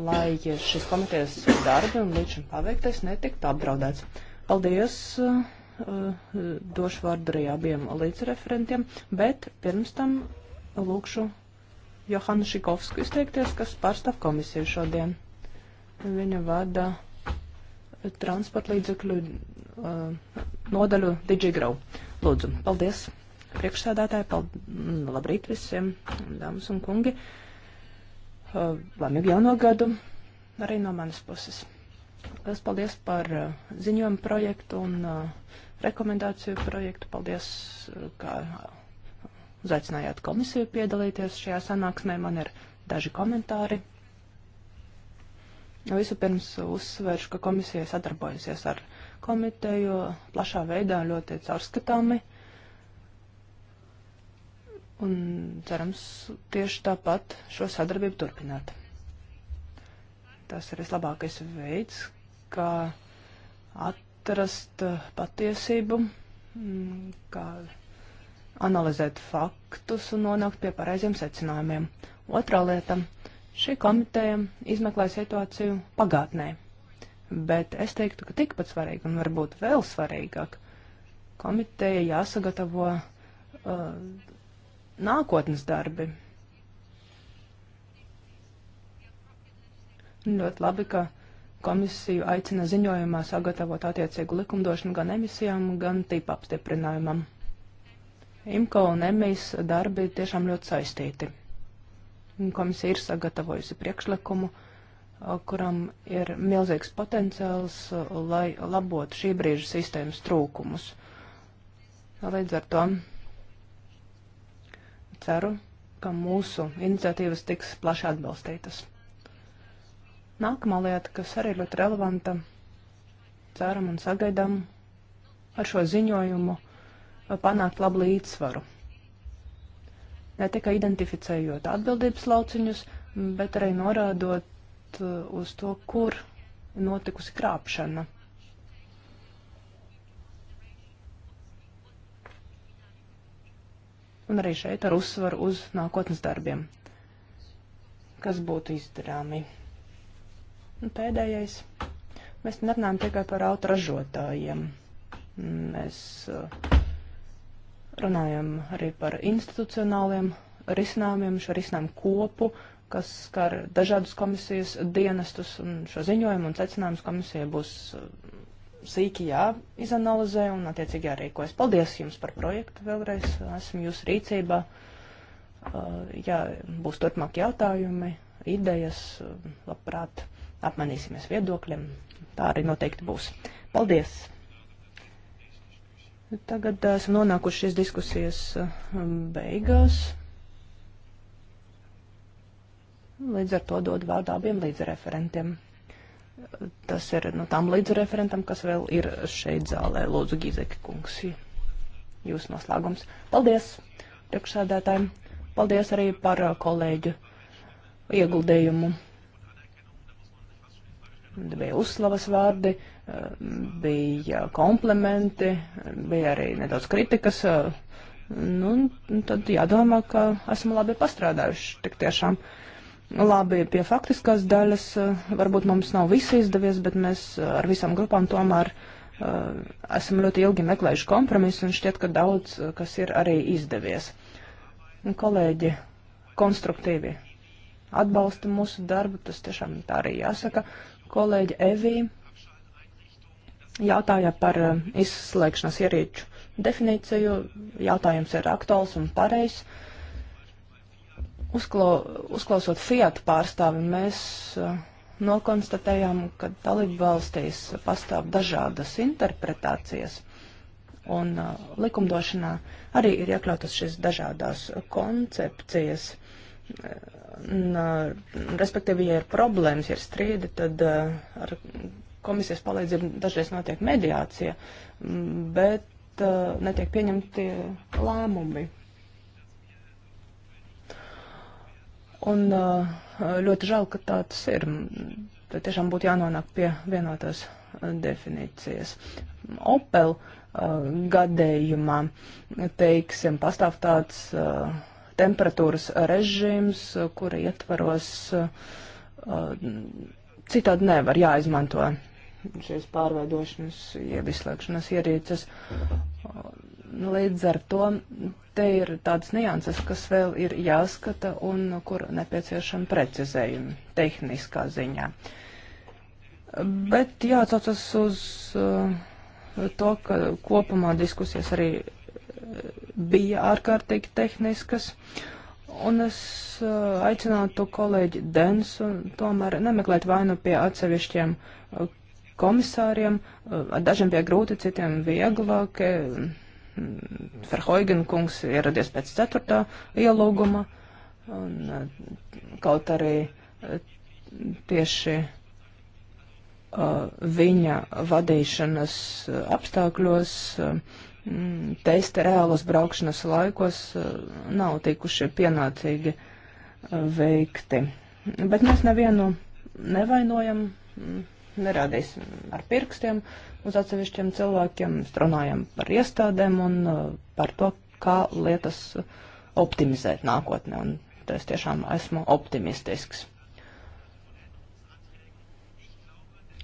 lai šis komitejas darbi un līdz šim paveiktais netiktu apdraudēts. Paldies! Uh, uh, došu vārdu arī abiem līdzreferentiem, bet pirms tam lūkšu Johanu Šikovsku izteikties, kas pārstāv komisiju šodien. Viņa vada transportlīdzekļu uh, nodaļu DigiGrow. Lūdzu, paldies! priekšsādātāji, pald... Mm, labrīt visiem, dāmas un kungi. Laimīgu jauno gadu arī no manas puses. Liels paldies par ziņojumu projektu un rekomendāciju projektu. Paldies, ka uzaicinājāt komisiju piedalīties šajā sanāksmē. Man ir daži komentāri. Nu, Vispirms uzsveršu, ka komisija sadarbojusies ar komiteju plašā veidā ļoti caurskatāmi. Uh, un cerams tieši tāpat šo sadarbību turpināt. Tas ir vislabākais veids, kā atrast uh, patiesību, mm, kā analizēt faktus un nonākt pie pareiziem secinājumiem. Otrā lieta - šī komiteja izmeklē situāciju pagātnē, bet es teiktu, ka tikpat svarīgi un varbūt vēl svarīgāk komiteja jāsagatavo uh, nākotnes darbi. Ļoti labi, ka komisiju aicina ziņojumā sagatavot attiecīgu likumdošanu gan emisijām, gan tīpa apstiprinājumam. IMCO un EMIS darbi tiešām ļoti saistīti. Komisija ir sagatavojusi priekšlikumu, kuram ir milzīgs potenciāls, lai labotu šī brīža sistēmas trūkumus. Līdz ar to Ceru, ka mūsu iniciatīvas tiks plaši atbalstītas. Nākamā lieta, kas arī ļoti relevanta, ceram un sagaidām ar šo ziņojumu panākt labu līdzsvaru. Ne tikai identificējot atbildības lauciņus, bet arī norādot uh, uz to, kur notikusi krāpšana un arī šeit ar uzsvaru uz nākotnes darbiem, kas būtu izdarāmi. Un pēdējais. Mēs nerunājam tikai par autoražotājiem. Mēs eh, runājam arī par institucionāliem risinājumiem, šo risinājumu kopu, kas skar dažādus komisijas dienestus, un šo ziņojumu un secinājumus komisija būs eh, sīki jāizanalizē un attiecīgi jārīkojas. Paldies jums par projektu vēlreiz. Esmu jūsu rīcībā. Uh, ja būs turpmāk jautājumi, idejas, uh, labprāt apmanīsimies viedokļiem. Tā arī noteikti būs. Paldies! Tagad uh, esam nonākuši šīs diskusijas beigās. Līdz ar to dod vārdu abiem līdzreferentiem. Tas ir no tām līdzreferentam, kas vēl ir šeit zālē. Lūdzu, Gīzeki kungs, jūs noslēgums. Paldies priekšsēdētājiem. Paldies arī par uh, kolēģu ieguldījumu. Bija uzslavas vārdi, uh, bija komplimenti, bija arī nedaudz kritikas. Uh, nu, tad jādomā, ka esmu labi pastrādājuši tik tiešām. Uh, labi pie faktiskās daļas. Eh, varbūt mums nav viss izdevies, bet mēs eh, ar visām grupām tomēr eh, esam ļoti ilgi meklējuši kompromisu un šķiet, ka daudz kas ir arī izdevies. Un kolēģi konstruktīvi atbalsta mūsu darbu, tas tiešām tā arī jāsaka. Kolēģi Evī jautāja par izslēgšanas ierīču definīciju. Jautājums ir aktuāls un pareizs uzklo, uzklausot Fiat pārstāvi, mēs uh, nokonstatējām, ka dalību valstīs pastāv dažādas interpretācijas, un uh, likumdošanā arī ir iekļautas šīs dažādās koncepcijas. Un, uh, respektīvi, ja ir problēmas, ja ir strīdi, tad uh, ar komisijas palīdzību dažreiz notiek mediācija, bet uh, netiek pieņemti lēmumi. Un ļoti žēl, ka tā tas ir. Tad tiešām būtu jānonāk pie vienotās definīcijas. Opel gadījumā, teiksim, pastāv tāds temperatūras režīms, kura ietvaros citādi nevar jāizmanto šīs pārveidošanas, ievislēgšanas ierīces. Līdz ar to te ir tādas nianses, kas vēl ir jāskata un kur nepieciešami precizējumi tehniskā ziņā. Bet jāatcaucas uz uh, to, ka kopumā diskusijas arī uh, bija ārkārtīgi tehniskas. Un es uh, aicinātu kolēģi Densu tomēr nemeklēt vainu pie atsevišķiem komisāriem. Dažiem bija grūti, citiem vieglāk. Ferhoigen mm, kungs ieradies pēc ceturtā ielūguma, un eh, kaut arī eh, tieši eh, viņa vadīšanas apstākļos mm, testa reālos braukšanas laikos nav tikuši pienācīgi veikti. Bet mēs nevienu nevainojam, mm, nerādīsim ar pirkstiem, uz atsevišķiem cilvēkiem, mēs runājam par iestādēm un uh, par to, kā lietas uh, optimizēt nākotnē. Un es tiešām esmu optimistisks.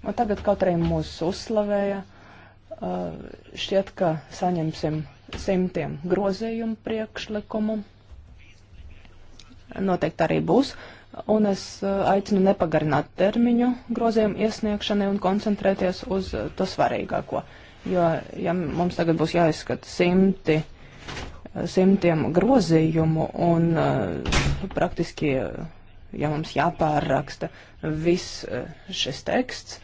Un tagad kaut arī mūs uzslavēja. Uh, šķiet, ka saņemsim simtiem grozījumu priekšlikumu. Noteikti arī būs un es eh, aicinu nepagarināt termiņu grozījumu iesniegšanai un koncentrēties uz eh, to svarīgāko. Jo, ja mums tagad būs jāizskata simti, eh, simtiem grozījumu un uh, praktiski, ja mums jāpārraksta viss šis teksts,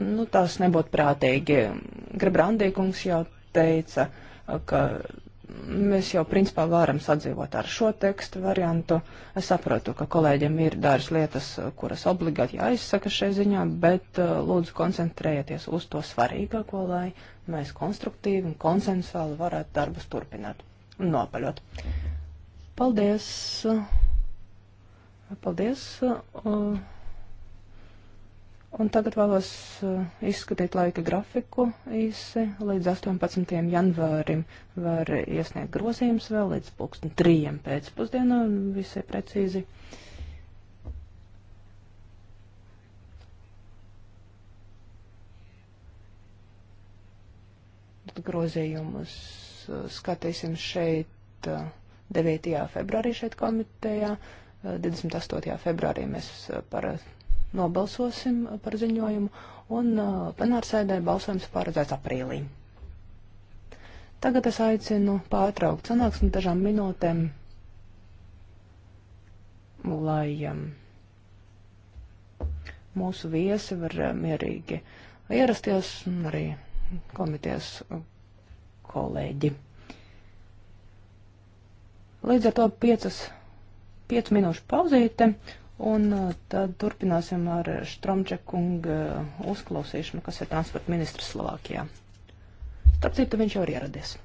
nu, tas nebūtu prātīgi. Grabrandīkungs jau teica, ka mēs jau principā varam sadzīvot ar šo tekstu variantu. Es saprotu, ka kolēģiem ir dažas lietas, kuras obligāti jāizsaka šai ziņā, bet uh, lūdzu koncentrējieties uz to svarīgāko, lai mēs konstruktīvi un konsensuāli varētu darbus turpināt un nopaļot. Paldies! Paldies! Uh, Un tagad vēlos eh, izskatīt laika grafiku īsi. Līdz 18. janvārim var iesniegt grozījums vēl līdz pulksten trījiem pēcpusdienā, visai precīzi. Tad grozījumus eh, skatīsim šeit 9. Eh, februārī šeit komitejā. 28. februārī mēs parasti nobalsosim par ziņojumu, un uh, plenārsēdē balsojums paredzēts aprīlī. Tagad es aicinu pārtraukt sanāksmi dažām minūtēm, lai um, mūsu viesi var uh, mierīgi ierasties un arī komitejas uh, kolēģi. Līdz ar to piecas, piecu minūšu pauzīte. Un uh, tad turpināsim ar Štromčekunga uh, uzklausīšanu, kas ir transporta ministrs Slovākijā. Starp citu, viņš jau ir ieradies.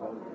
Thank you.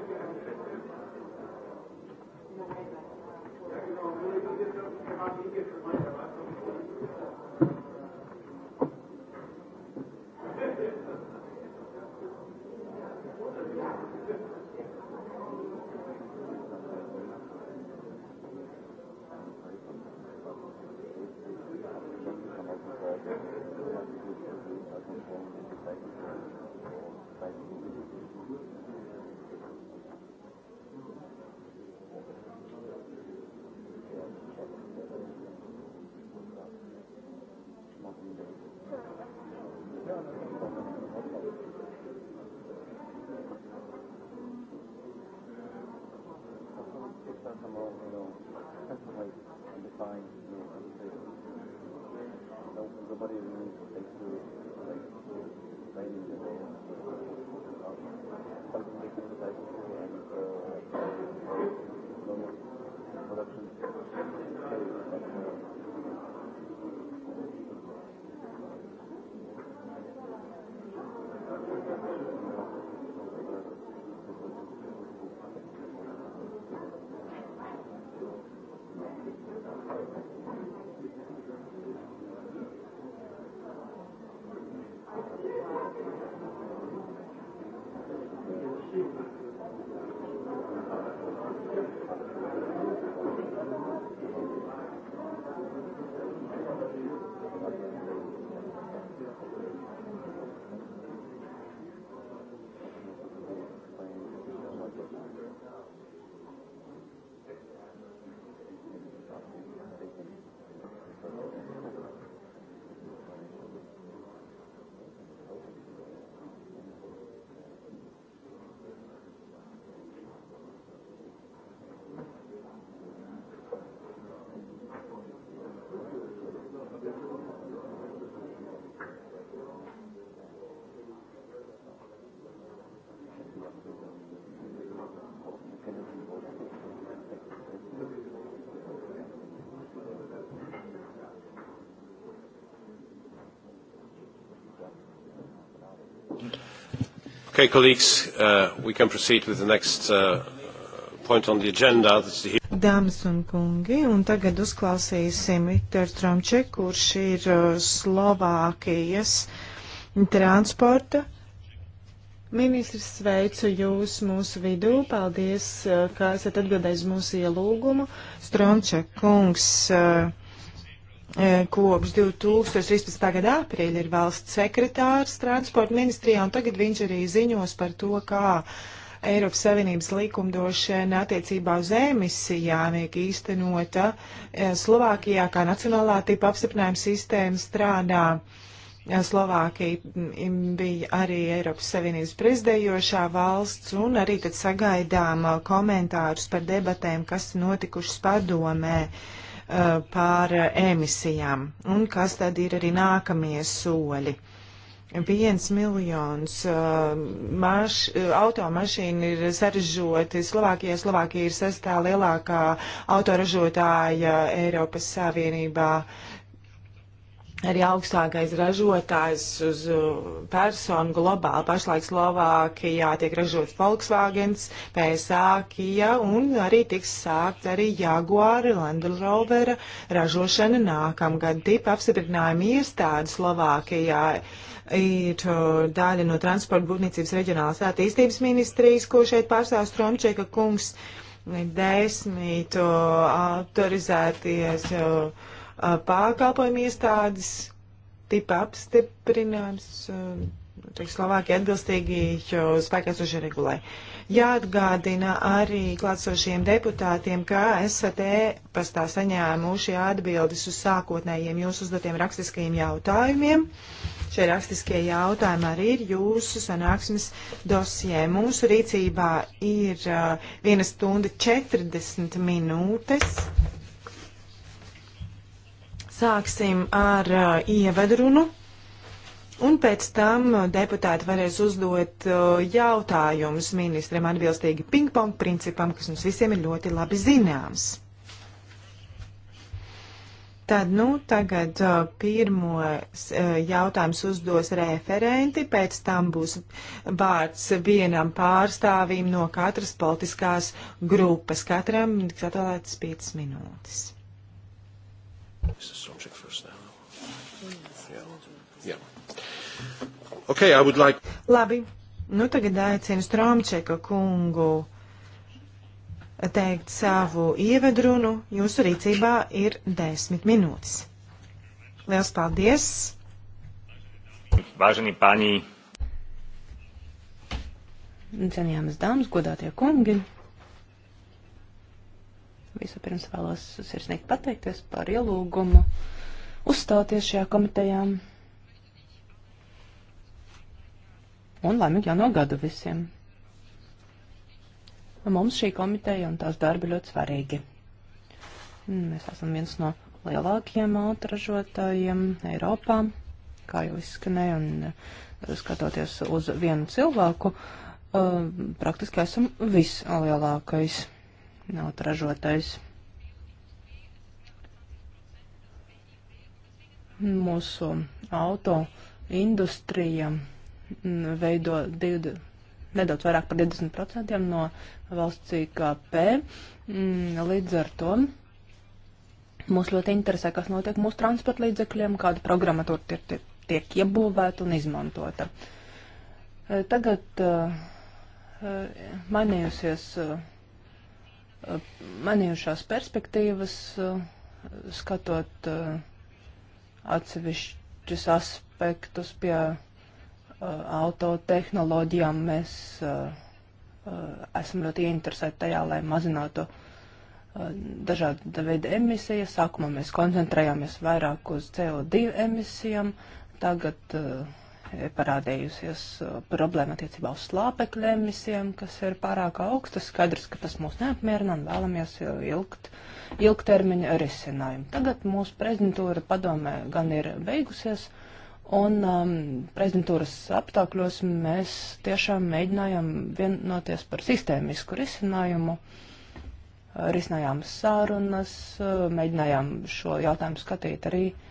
Somebody who takes to like writing the Okay, colleagues, uh, we can proceed with the next uh, point on the agenda. The... Dāmas un kungi, un tagad uzklausīsim Viktoru Tromčeku, kurš ir uh, Slovākijas transporta Ministrs, sveicu jūs mūsu vidū. Paldies, uh, ka esat atbildējis mūsu ielūgumu. Stromča kungs uh, E, kopš 2013. gada aprīļa ir valsts sekretārs transporta ministrijā, un tagad viņš arī ziņos par to, kā Eiropas Savienības likumdošana attiecībā uz emisijām tiek īstenota. E, Slovākijā kā nacionālā tipa apstiprinājuma sistēma strādā. E, Slovākija bija arī Eiropas Savienības prezidējošā valsts, un arī tad sagaidām komentārus par debatēm, kas notikušas padomē. Uh, Eh, par emisijām un kas tad ir arī nākamie soļi. Viens miljons eh, maš, eh, automašīnu ir saražoti Slovākijā. Slovākija ir sestā lielākā autoražotāja Eiropas Savienībā. Uh, arī augstākais ražotājs uz uh, personu globāli. Pašlaik Slovākijā tiek ražots Volkswagen, PSA, Kia un arī tiks sākt arī Jaguari Land Rovera ražošana nākamgad. Tipa apstiprinājuma iestāde Slovākijā ir uh, daļa no transporta būvniecības reģionālās attīstības ministrijas, ko šeit pārstāv Stromčeka kungs. Desmit uh, autorizēties. Uh, pakalpojumu iestādes tipa apstiprinājums. Teiks, Slovākija atbilstīgi spēkā sošie regulē. Jāatgādina arī klātsošiem deputātiem, ka esat e-pastā saņēmuši atbildes uz sākotnējiem jūsu uzdotiem rakstiskajiem jautājumiem. Šie rakstiskie jautājumi arī ir jūsu sanāksmes dosijē. Mūsu rīcībā ir uh, 1 stunda 40 minūtes. Sāksim ar uh, ievadrunu, un pēc tam deputāti varēs uzdot uh, jautājumus ministram atbilstīgi ping-pong principam, kas mums visiem ir ļoti labi zināms. Tad, nu, tagad uh, pirmos uh, jautājums uzdos referenti, pēc tam būs vārds vienam pārstāvīm no katras politiskās grupas. Katram tiks atvēlētas 5 minūtes. Yeah. Yeah. Okay, like... Labi, nu tagad aicinu Stromčeka kungu teikt savu ievedrunu. Jūsu rīcībā ir desmit minūtes. Liels paldies! Vážení páni! Cenījāmas dāmas, godātie kungi! Vispirms vēlos sirsnīgi pateikties par ielūgumu uzstāties šajā komitejā. Un laimīgi jauno gadu visiem. Mums šī komiteja un tās darbi ļoti svarīgi. Mēs esam viens no lielākajiem autoražotājiem Eiropā, kā jau izskanēja, un eh, skatoties uz vienu cilvēku, eh, praktiski esam vislielākais autražotais. Mūsu auto industrija veido 20, nedaudz vairāk par 20% no valsts IKP. Mm, līdz ar to mūs ļoti interesē, kas notiek mūsu transporta līdzekļiem, kāda programma tur tiek, tiek, tiek iebūvēta un izmantota. Tagad uh, uh mainījusies. Uh, manījušās perspektīvas, eh, skatot eh, atsevišķus aspektus pie eh, autotehnoloģijām, mēs esam ļoti interesēti tajā, lai mazinātu dažāda veida emisijas. Sākumā mēs koncentrējāmies vairāk uz CO2 emisijām, tagad uh, parādījusies uh, problēma attiecībā uz slāpekļu emisijām, kas ir pārāk augstas. Skaidrs, ka tas mūs neapmierina un vēlamies uh, ilgt, ilgtermiņa risinājumu. Tagad mūsu prezidentūra padomē gan ir beigusies, un um, prezidentūras apstākļos mēs tiešām mēģinājām vienoties par sistēmisku risinājumu. Risinājām sārunas, uh, mēģinājām šo jautājumu skatīt arī uh,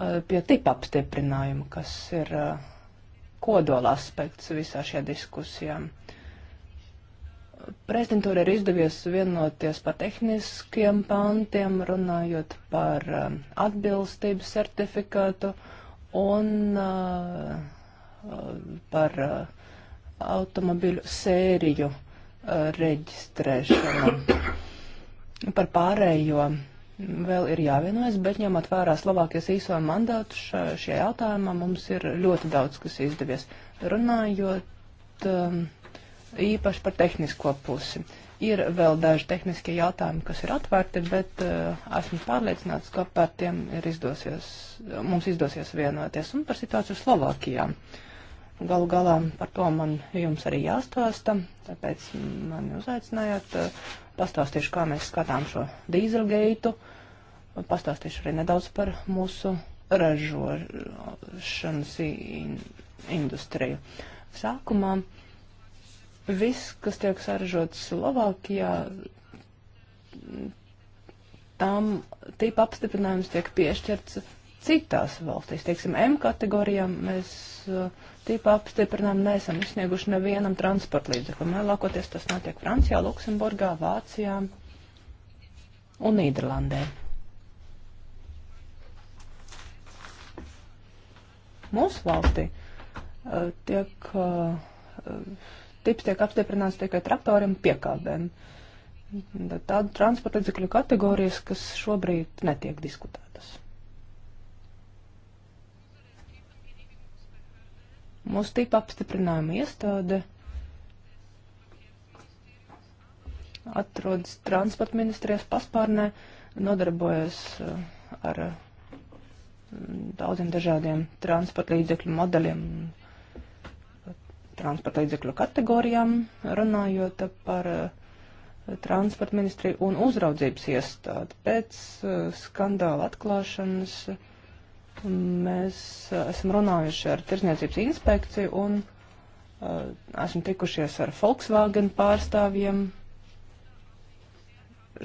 Eh, pie tipa apstiprinājuma, kas ir eh, kodola aspekts visā šajā diskusijā. Prezidentūra ir izdevies vienoties par tehniskiem pantiem, runājot par eh, atbilstības certifikātu un par automobiļu sēriju reģistrēšanu. Par pārējo vēl ir jāvienojas, bet ņemot vērā Slovākijas īso mandātu šajā jautājumā, mums ir ļoti daudz, kas izdevies. Runājot um, īpaši par tehnisko pusi. Ir vēl daži tehniskie jautājumi, kas ir atvērti, bet uh, esmu pārliecināts, ka par tiem ir izdosies, mums izdosies vienoties un par situāciju Slovākijā. Galu galā par to man jums arī jāstāsta, tāpēc mani uzaicinājāt. Uh, pastāstīšu, kā mēs skatām šo dīzelgeitu. Uh, Pastāstīšu arī nedaudz par mūsu ražošanas in industriju. Sākumā viss, kas tiek saražots Slovākijā, tam tipa apstiprinājums tiek piešķirts citās valstīs. Teiksim, M kategorijām mēs eh, tipa apstiprinājumu neesam izsnieguši nevienam transporta līdzeklim. Lielākoties tas notiek Francijā, Luksemburgā, Vācijā un Nīderlandē. Mūsu valstī eh, tiek, eh, tips tiek apstiprināts tikai traktoriem piekābēm. Tāda transporta līdzekļu kategorijas, kas šobrīd netiek diskutētas. Mūsu tipa apstiprinājuma iestāde atrodas transporta ministrijas paspārnē, nodarbojas eh, ar daudziem dažādiem transporta līdzekļu modeļiem, transporta līdzekļu kategorijām, runājot par eh, transporta ministriju un uzraudzības iestādi. Pēc eh, skandāla atklāšanas mēs eh, esam runājuši ar Tirzniecības inspekciju un esam tikušies ar Volkswagen pārstāvjiem,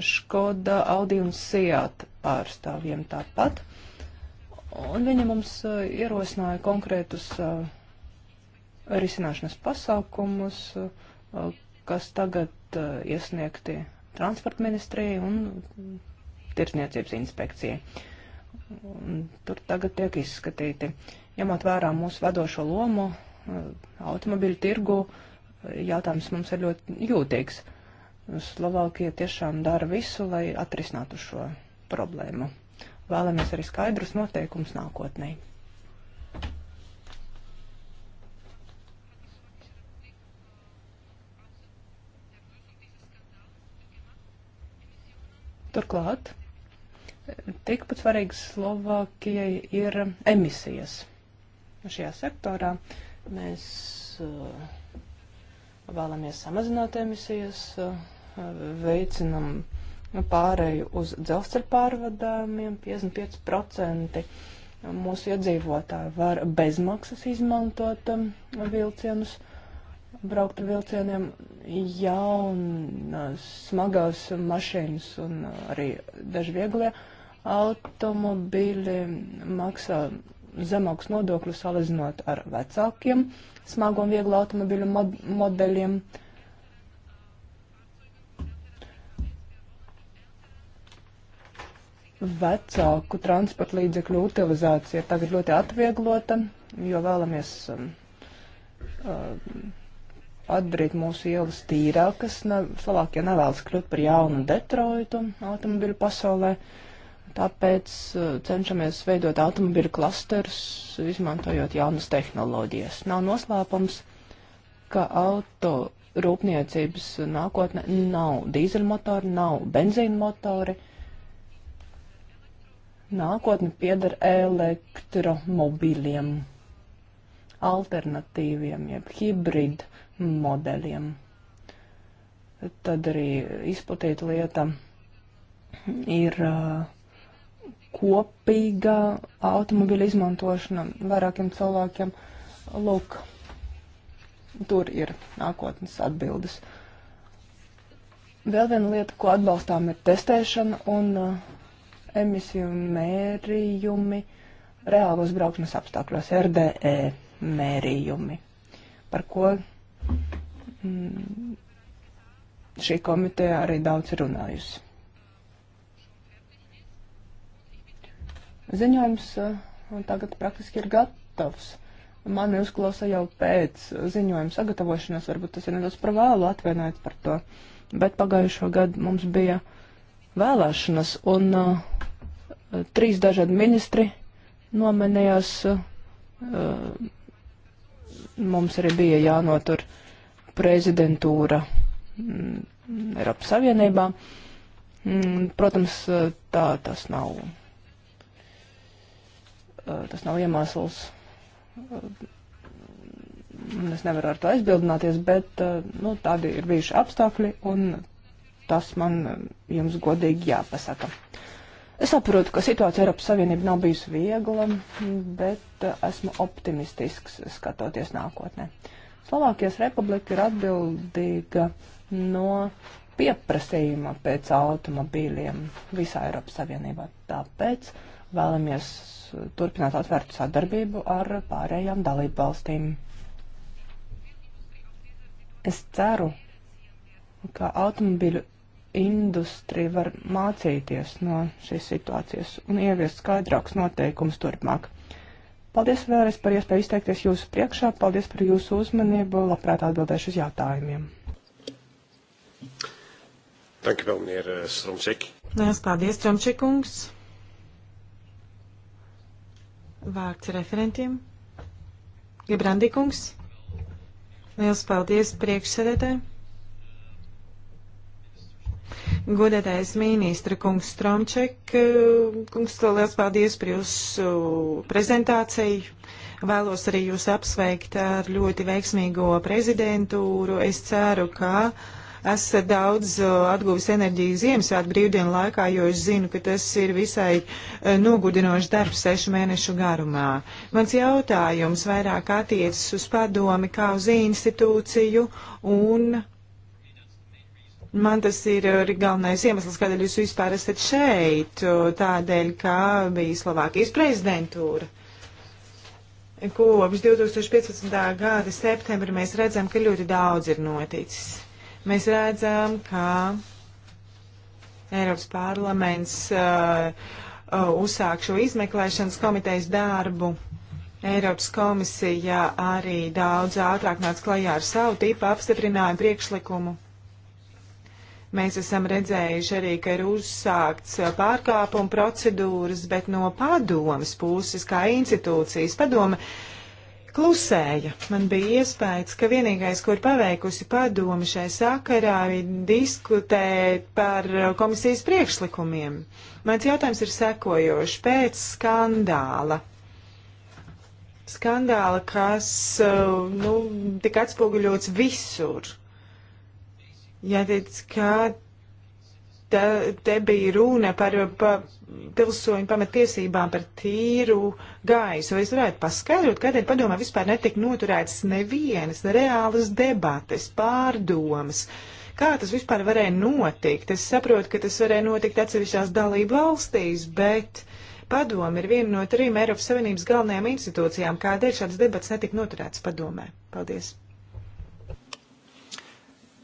Škoda, Audi un Seat pārstāvjiem tāpat. Un viņa mums ierosināja konkrētus risināšanas pasākumus, kas tagad iesniegti transporta ministrijai un tirsniecības inspekcijai. Tur tagad tiek izskatīti. Ņemot vērā mūsu vadošo lomu automobiļu tirgu, jautājums mums ir ļoti jūtīgs. Slovākija tiešām dara visu, lai atrisinātu šo problēmu vēlamies arī skaidrus noteikumus nākotnē. Turklāt, tikpat svarīgas Slovākijai ir emisijas. Šajā sektorā mēs uh, vēlamies samazināt emisijas, uh, veicinam uh, Nu, pārēju uz dzelzceļa pārvadājumiem 55% mūsu iedzīvotāji var bezmaksas izmantot um, vilcienus, braukt ar vilcieniem jaunas smagās mašīnas un arī daži vieglie automobīļi maksā zemākus nodokļus salīdzinot ar vecākiem smago un vieglu automobīļu mod modeļiem. Uh, vecāku transporta līdzekļu utilizācija ir tagad ļoti atvieglota, jo vēlamies um, uh, atdarīt mūsu ielas tīrākas. Ne, Slovākija nevēlas kļūt par jaunu Detroitu automobiļu pasaulē, tāpēc uh, cenšamies veidot automobiļu klasterus, izmantojot jaunas tehnoloģijas. Nav noslēpums, ka auto rūpniecības nākotne nav dīzeļmotori, nav benzīna motori nākotne pieder elektromobīļiem, alternatīviem, jeb hibrīdu modeļiem. Tad arī izplatīta lieta ir uh, kopīga automobīļa izmantošana vairākiem cilvēkiem. Lūk, tur ir nākotnes atbildes. Vēl viena lieta, ko atbalstām, ir testēšana un uh, emisiju mērījumi reālos brauksmes apstākļos, RDE mērījumi, par ko mm, šī komiteja arī daudz runājusi. Ziņojums uh, tagad praktiski ir gatavs. Mani uzklausa jau pēc ziņojuma sagatavošanās, varbūt tas ir nedaudz par vēlu atvainojiet par to, bet pagājušo gadu mums bija vēlēšanas un uh, trīs dažādi ministri nomenējās. Eh, mums arī bija jānotur prezidentūra mm, Eiropas Savienībā. Mm, protams, tā tas nav. Eh, tas nav iemesls. Mm, es nevaru ar to aizbildināties, bet eh, nu, tādi ir bijuši apstākļi, un tas man jums godīgi jāpasaka. Es saprotu, ka situācija Eiropas Savienība nav bijusi viegla, bet eh, esmu optimistisks skatoties nākotnē. Slovākijas republika ir atbildīga no pieprasījuma pēc automobīļiem visā Eiropas Savienībā. Tāpēc vēlamies eh, turpināt atvērtu sadarbību ar pārējām dalību valstīm. Es ceru, ka automobīļu industrija var mācīties no šīs situācijas un ieviest skaidrākus noteikumus turpmāk. Paldies vēlreiz par iespēju izteikties jūsu priekšā, paldies par jūsu uzmanību, labprāt atbildēšu uz jautājumiem. Dankjewel, meneer eh, Stromček. Lielas paldies, Stromčekungs. Vārds referentiem. Gebrandīkungs. Lielas paldies priekšsēdētājiem. Godētais ministra kungs Stromček, kungs, liels paldies par jūsu prezentāciju. Vēlos arī jūs apsveikt ar ļoti veiksmīgo prezidentūru. Es ceru, ka esat daudz uh, atguvis enerģiju Ziemassvētku brīvdienu laikā, jo es zinu, ka tas ir visai uh, nogudinošs darbs sešu mēnešu garumā. Mans jautājums vairāk attiecas uz padomi kā uz institūciju un Man tas ir eh, arī galvenais iemesls, kādēļ jūs vispār esat šeit, tādēļ, ka bija Slovākijas prezidentūra. Kopš 2015. gada septembra mēs redzam, ka ļoti daudz ir noticis. Mēs redzam, ka Eiropas parlaments uh, uh, uzsāk šo izmeklēšanas komitejas darbu. Eiropas komisija arī daudz ātrāk nāca klajā ar savu tipu apstiprinājumu priekšlikumu. Mēs esam redzējuši arī, ka ir uzsākts uh, pārkāpuma procedūras, bet no padomas puses, kā institūcijas padoma, klusēja. Man bija iespējas, ka vienīgais, ko ir paveikusi padoma šai sakarā, ir diskutēt par uh, komisijas priekšlikumiem. Mans jautājums ir sekojošs. Pēc skandāla skandāla, kas uh, nu, tika atspoguļots visur jāteic, ka te, te bija runa par pa, pilsoņu pamatiesībām, par tīru gaisu. Vai es varētu paskaidrot, kādēļ padomā vispār netika noturētas nevienas reālas debates, pārdomas? Kā tas vispār varēja notikt? Es saprotu, ka tas varēja notikt atsevišķās dalību valstīs, bet padomi ir viena no trim Eiropas Savienības galvenajām institūcijām. Kādēļ šāds debats netika noturēts padomē? Paldies!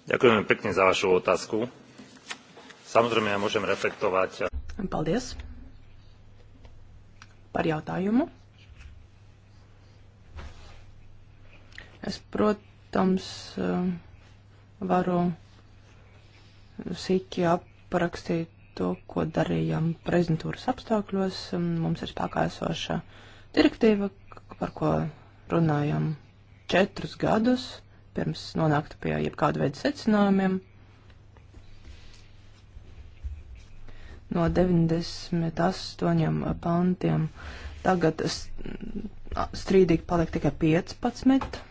Ďakujem pekne za vašu otázku. Samozrejme, ja môžem reflektovať. Eh, Paldies par jautājumu. Es, protams, eh, varu sīki aprakstīt to, ko darījām prezentūras apstākļos. Mums ir spēkā esoša direktīva, par ko runājām četrus gadus pirms nonāktu pie jebkāda veida secinājumiem. No 98 pantiem tagad strīdīgi paliek tikai 15.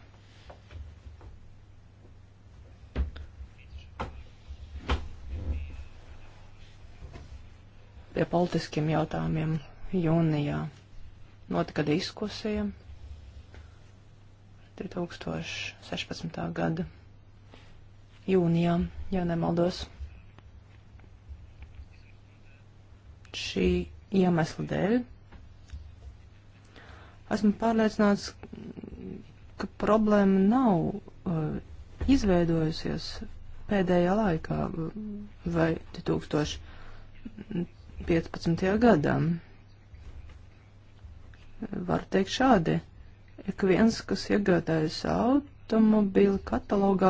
Pie politiskiem jautājumiem jūnijā notika diskusija. 2016. gada jūnijā, ja nemaldos. Šī iemesla dēļ esmu pārliecināts, ka problēma nav uh, izveidojusies pēdējā laikā uh, vai 2015. gadā. Var teikt šādi Ik viens, kas iegādājas automobili katalogā,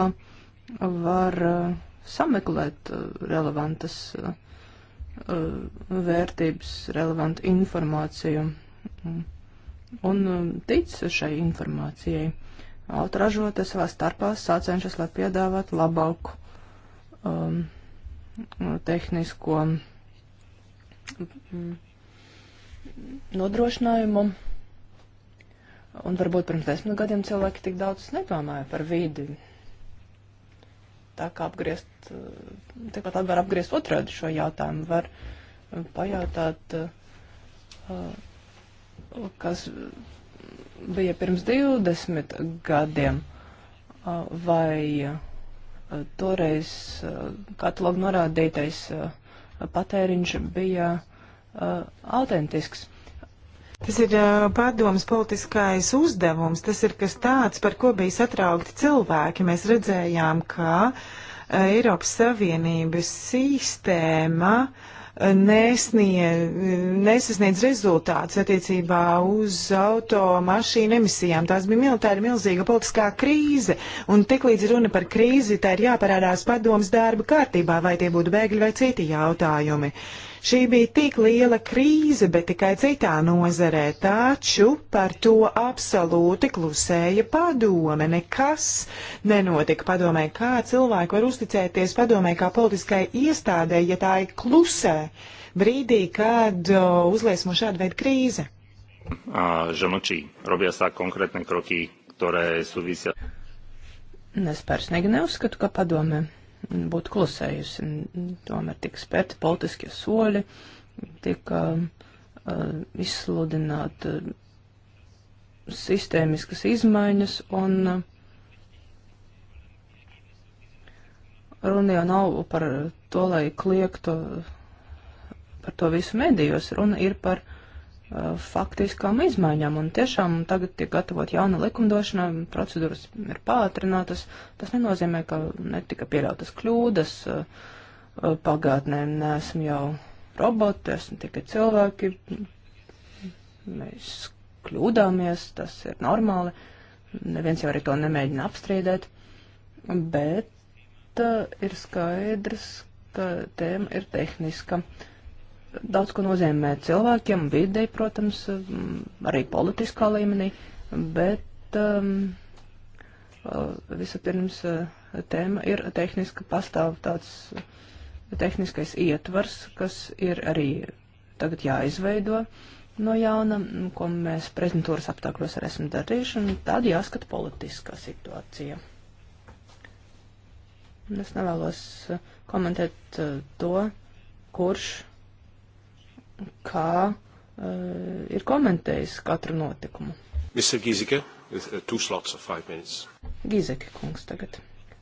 var uh, sameklēt uh, relevantas uh, uh vērtības, relevantu informāciju mm. un uh, tic šai informācijai. Autoražotie savā starpā sācenšas, lai piedāvātu labāku um, tehnisko mm, nodrošinājumu Un varbūt pirms desmit gadiem cilvēki tik daudz nedomāja par vidi. Tā kā apgriezt, eh, tāpat var apgriezt otrādi šo jautājumu. Var eh, pajautāt, eh, kas bija pirms 20 gadiem, vai toreiz katalogu norādītais patēriņš bija autentisks Tas ir uh, padomas politiskais uzdevums, tas ir kas tāds, par ko bija satraukti cilvēki. Mēs redzējām, ka uh, Eiropas Savienības sistēma nesnie, nesasniedz rezultāts attiecībā uz automašīnu emisijām. Tās bija militāri milzīga politiskā krīze, un tik līdz runa par krīzi, tā ir jāparādās padomas darba kārtībā, vai tie būtu bēgļi vai citi jautājumi. Uh, Šī bija tik liela krīze, bet tikai citā nozarē, taču par to absolūti klusēja padome. Nekas nenotika padomē, kā cilvēki var uzticēties padomē kā politiskai iestādē, ja tā ir klusē brīdī, kad uzliesmo šāda veida krīze. Žanučī, robījās tā konkrētne kroki, ktoré súvisia. Es personīgi neuzskatu, ka padomē būtu klusējusi. Tomēr tika spērti politiskie soļi, tika uh, izsludināta uh, sistēmiskas izmaiņas un uh, runa jau nav par to, lai kliegtu par to visu medijos, runa ir par faktiskām izmaiņām. Un tiešām tagad tiek gatavot jauna likumdošana, procedūras ir pātrinātas. Tas nenozīmē, ka netika pieļautas kļūdas uh, uh, pagātnē. Neesam jau roboti, esam tikai cilvēki. Mēs kļūdāmies, tas ir normāli. Neviens jau arī to nemēģina apstrīdēt. Bet uh, ir skaidrs, ka tēma ir tehniska. Uh, daudz ko nozīmē cilvēkiem, videi, protams, mm, arī politiskā līmenī, bet um, uh, visapirms uh, tēma ir tehniska pastāv tāds uh, tehniskais ietvars, kas ir arī tagad jāizveido no jauna, mm, ko mēs prezentūras aptākļos arī esam darījuši, un tad jāskata politiskā situācija. Es nevēlos komentēt to, kurš kā uh, ir komentējis katru notikumu. Mr. Gizike, with uh, two slots of five minutes. Gizeke kungs tagad.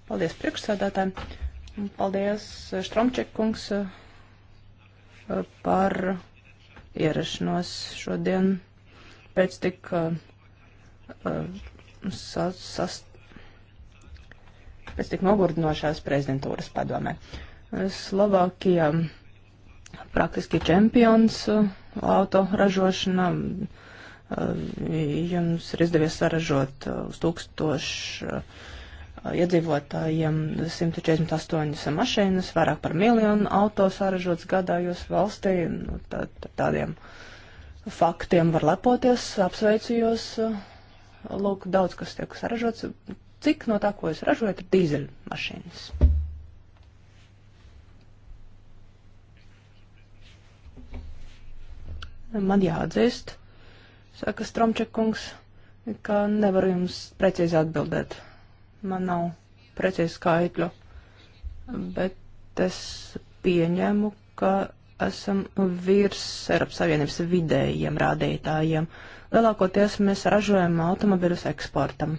Paldies priekšsādātājiem. Paldies Štromček eh, kungs uh, par ierašanos šodien pēc tik uh, sas, sas, pēc tik nogurdinošās prezidentūras padomē. Slovākija. Uh, praktiski čempions uh, autoražošanā. Uh, jums ir izdevies saražot uh, uz tūkstošu iedzīvotājiem 148 mašīnas, vairāk par miljonu auto saražots gadā jūsu valstī. Nu, tā, tādiem faktiem var lepoties, apsveicu jūs. Lūk, daudz kas tiek saražots. Cik no tā, ko jūs ražojat, ir dīzeļmašīnas? Man jāatzīst, saka Stromčekungs, ka nevaru jums precīzi atbildēt. Man nav precīzi skaitļu, bet es pieņemu, ka esam virs Eiropas Savienības vidējiem rādītājiem. Lielākoties mēs ražojam automobiļus eksportam.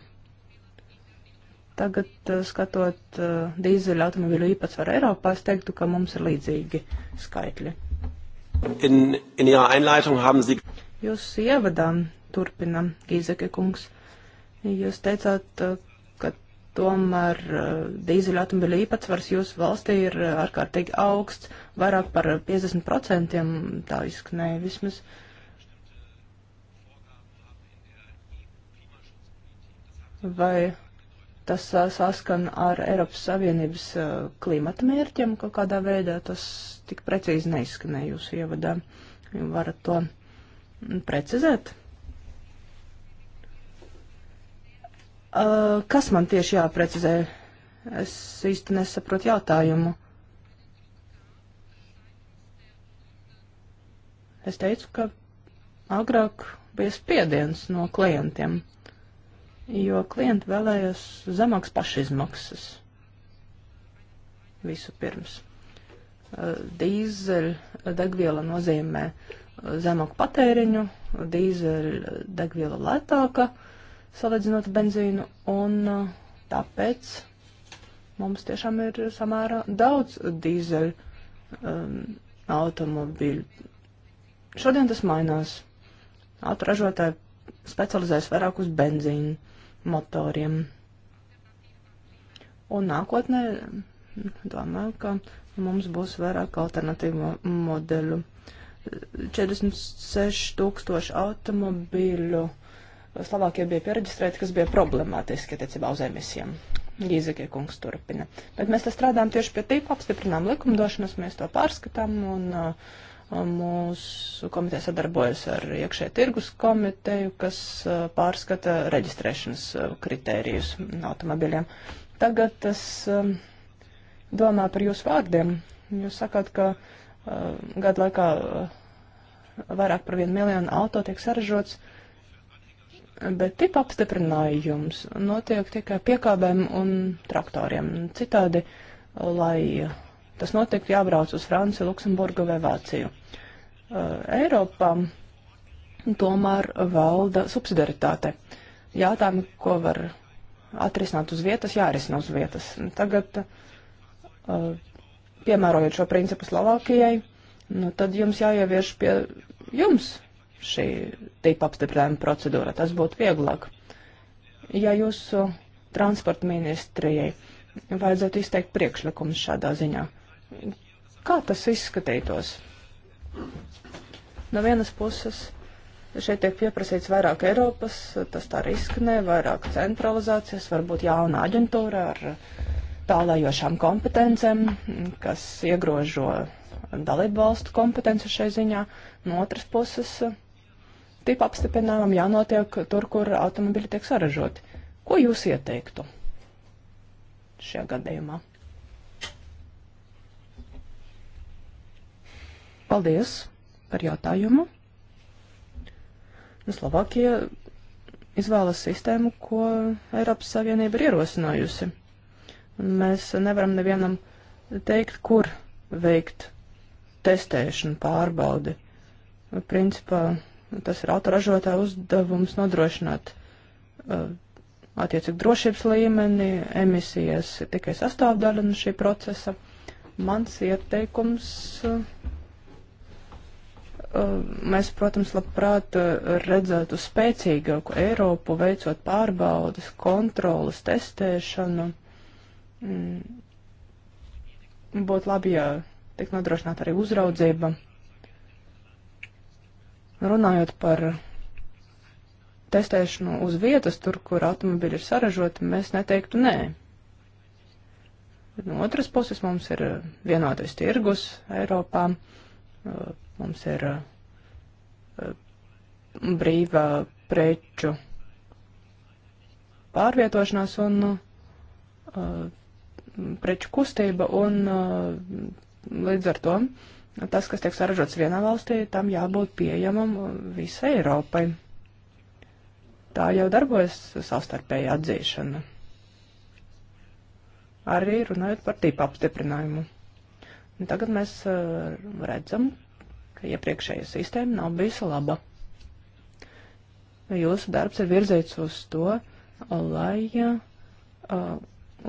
Tagad, eh, skatot eh, dīzeļa automobīļu īpatsvaru Eiropā, es teiktu, ka mums ir līdzīgi skaitļi. In, in Ihrer Einleitung haben Sie. Jūs ievadām, turpinam, Gīzeke kungs. Jūs teicāt, ka tomēr dīzeļa automobiļu īpatsvars jūsu valstī ir ārkārtīgi augsts, vairāk par 50% tā izskanēja vismaz. Vai tas saskan ar Eiropas Savienības klimata mērķiem, kaut kādā veidā tas tik precīzi neizskanēja jūsu ievadā. Jūs varat to precizēt? Kas man tieši jāprecizē? Es īsti nesaprotu jautājumu. Es teicu, ka agrāk bija spiediens no klientiem jo klienti vēlējās zemāks pašizmaksas visu pirms. Dīzeļa degviela nozīmē zemāku patēriņu, dīzeļa degviela lētāka salīdzinot benzīnu, un tāpēc mums tiešām ir samērā daudz dīzeļu um, automobīļu. Šodien tas mainās. Autoražotāji specializējas vairāk uz benzīnu motoriem. Un nākotnē domāju, ka mums būs vairāk alternatīvu modeļu. 46 tūkstoši automobīļu Slovākija bija pieregistrēta, kas bija problemātiski attiecībā uz emisijām. Gīzekie kungs turpina. Bet mēs te strādājam tieši pie tīpa apstiprinām likumdošanas, mēs to pārskatām un uh, Mūsu komiteja sadarbojas ar iekšē tirgus komiteju, kas uh, pārskata reģistrēšanas uh, kritērijus automobiļiem. Tagad es um, domā par jūsu vārdiem. Jūs sakāt, ka uh, gadu laikā vairāk par vienu miljonu auto tiek saražots, bet tipa apstiprinājums notiek tikai piekābēm un traktoriem. Citādi, lai Tas noteikti jābrauc uz Franciju, Luksemburgu vai Vāciju. Eh, Eiropā tomēr valda subsidiaritāte. Jātājumi, ko var atrisināt uz vietas, jārisina uz vietas. Tagad, eh, piemērojot šo principu Slovākijai, nu, tad jums jāievieš pie jums šī tīpa apstiprinājuma procedūra. Tas būtu vieglāk. Ja jūsu transporta ministrijai vajadzētu izteikt priekšlikumus šādā ziņā. Kā tas izskatītos? No vienas puses šeit tiek pieprasīts vairāk Eiropas, tas tā arī skanē, vairāk centralizācijas, varbūt jauna aģentūra ar tālējošām kompetencēm, kas iegrožo dalību valstu kompetenci šai ziņā. No otras puses, tipa apstiprinājumam jānotiek tur, kur automobili tiek saražoti. Ko jūs ieteiktu šajā gadījumā? Paldies par jautājumu. Slovākija izvēlas sistēmu, ko Eiropas Savienība ir ierosinājusi. Mēs nevaram nevienam teikt, kur veikt testēšanu, pārbaudi. Principā tas ir autoražotāja uzdevums nodrošināt uh, attiecīgi drošības līmeni, emisijas ir tikai sastāvdaļa no šī procesa. Mans ieteikums uh, Mēs, protams, labprāt redzētu spēcīgāku Eiropu, veicot pārbaudas, kontrolas, testēšanu. Mm. Būtu labi, ja tiek nodrošināta arī uzraudzība. Runājot par testēšanu uz vietas, tur, kur automobīļi ir saražoti, mēs neteiktu nē. No otras puses mums ir vienotais tirgus Eiropā, Mums ir uh, brīvā preču pārvietošanās un uh, preču kustība, un uh, līdz ar to tas, kas tiek saražots vienā valstī, tam jābūt pieejamam visai Eiropai. Tā jau darbojas savstarpēja atzīšana. Arī runājot par tīpa apstiprinājumu. Un tagad mēs redzam, ka iepriekšējā sistēma nav bijusi laba. Jūsu darbs ir virzīts uz to, lai uh,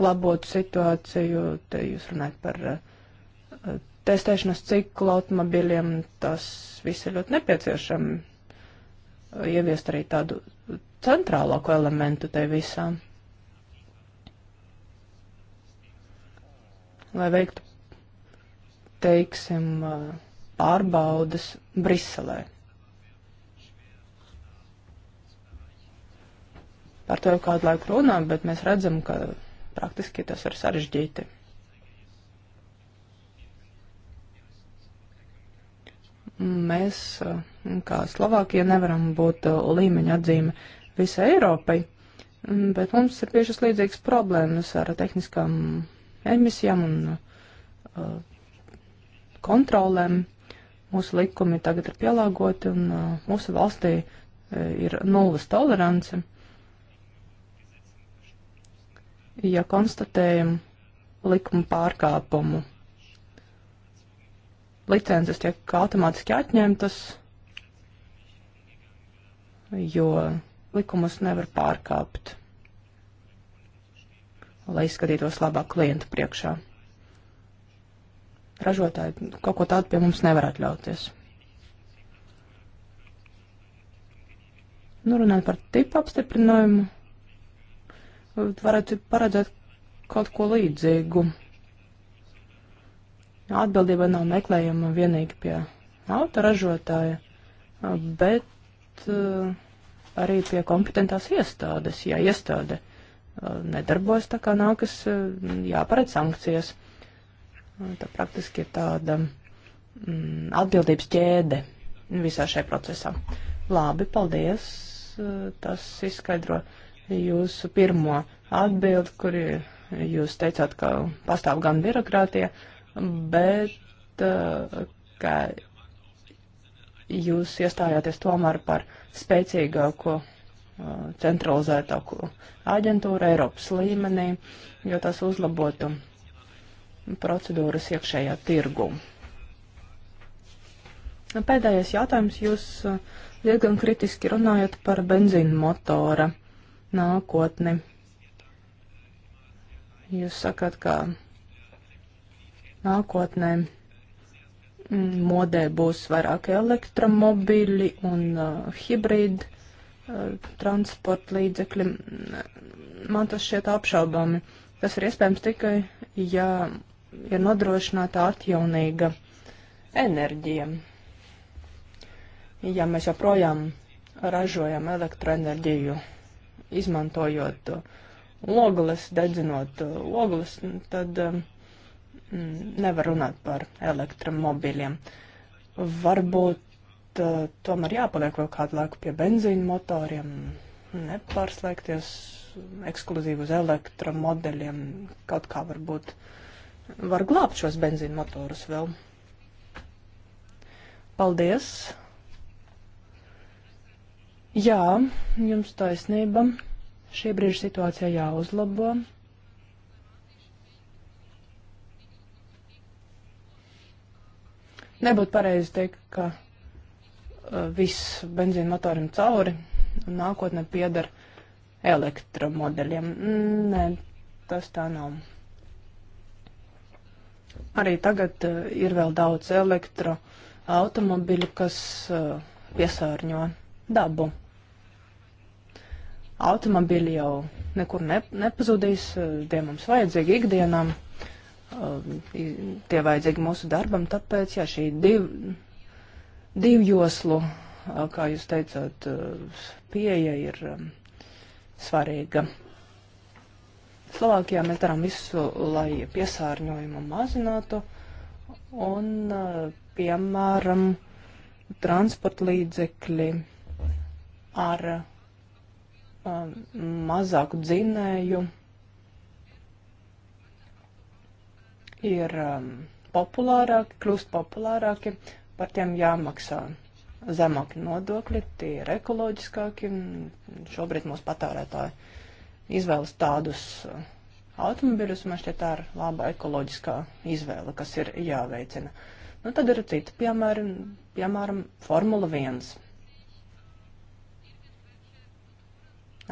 labotu situāciju. Te jūs runājat par uh, testēšanas ciklu automobiļiem. Tas viss ir ļoti nepieciešami. Uh, ieviest arī tādu centrālāko elementu te visā. Lai veiktu, teiksim, uh, pārbaudas Briselē. Par to jau kādu laiku runā, bet mēs redzam, ka praktiski tas ir sarežģīti. Mēs, eh, kā Slovākija, nevaram būt eh, līmeņa atzīme visai Eiropai, bet mums ir piešas līdzīgas problēmas ar tehniskām emisijām un uh, kontrolēm. Mūsu likumi tagad ir pielāgoti un uh, mūsu valstī uh, ir nulles tolerance. Ja konstatējam likumu pārkāpumu, licences tiek automātiski atņemtas, jo likumus nevar pārkāpt, lai izskatītos labāk klientu priekšā ražotāji kaut ko tādu pie mums nevar atļauties. Nu, runājot par tipu apstiprinājumu, varētu paredzēt kaut ko līdzīgu. Atbildība nav meklējama vienīgi pie autoražotāja, bet eh, arī pie kompetentās iestādes. Ja iestāde eh, nedarbojas tā kā nav, kas eh, jāparedz sankcijas. Tā praktiski ir tāda mm, atbildības ķēde visā šajā procesā. Labi, paldies. Tas izskaidro jūsu pirmo atbildi, kur jūs teicāt, ka pastāv gan birokrātija, bet eh, ka jūs iestājāties tomēr par spēcīgāko eh, centralizētāko aģentūru Eiropas līmenī, jo tas uzlabotu procedūras iekšējā tirgu. Pēdējais jautājums. Jūs uh, diezgan kritiski runājat par benzīnu motora nākotni. Jūs sakat, ka nākotnē mm, modē būs vairāk elektromobīļi un uh, hibrīdi uh, transporta līdzekļi. Man tas šķiet apšaubāmi. Tas ir iespējams tikai, ja ir nodrošināta atjaunīga enerģija. Ja mēs joprojām ražojam elektroenerģiju, izmantojot ogles, dedzinot ogles, tad mm, nevar runāt par elektromobīļiem. Varbūt eh, tomēr jāpaliek vēl kādu laiku pie benzīna motoriem, nepārslēgties ekskluzīvi uz elektromodeļiem, kaut kā varbūt uh, var glābt šos benzīna motorus vēl. Paldies! Jā, jums taisnība. Šī brīža situācija jāuzlabo. Nebūtu pareizi teikt, ka uh, viss benzīna motorim cauri un nākotnē pieder elektromodeļiem. Nē, tas tā nav. Arī tagad eh, ir vēl daudz elektroautomobiļu, kas eh, piesārņo dabu. Automobīļi jau nekur ne, nepazudīs, eh, tie mums vajadzīgi ikdienām, tie vajadzīgi mūsu darbam, tāpēc, ja šī div, divjoslu, kā jūs teicāt, pieeja ir svarīga. Slovākijā mēs darām visu, lai piesārņojumu mazinātu, un, piemēram, transporta līdzekļi ar um, mazāku dzinēju ir um, populārāki, kļūst populārāki, par tiem jāmaksā zemāki nodokļi, tie ir ekoloģiskāki, šobrīd mūsu patērētāji izvēlas tādus uh, automobiļus, man šķiet, tā ir laba ekoloģiskā izvēle, kas ir jāveicina. Nu, tad ir cita, piemēram, piemēram Formula 1.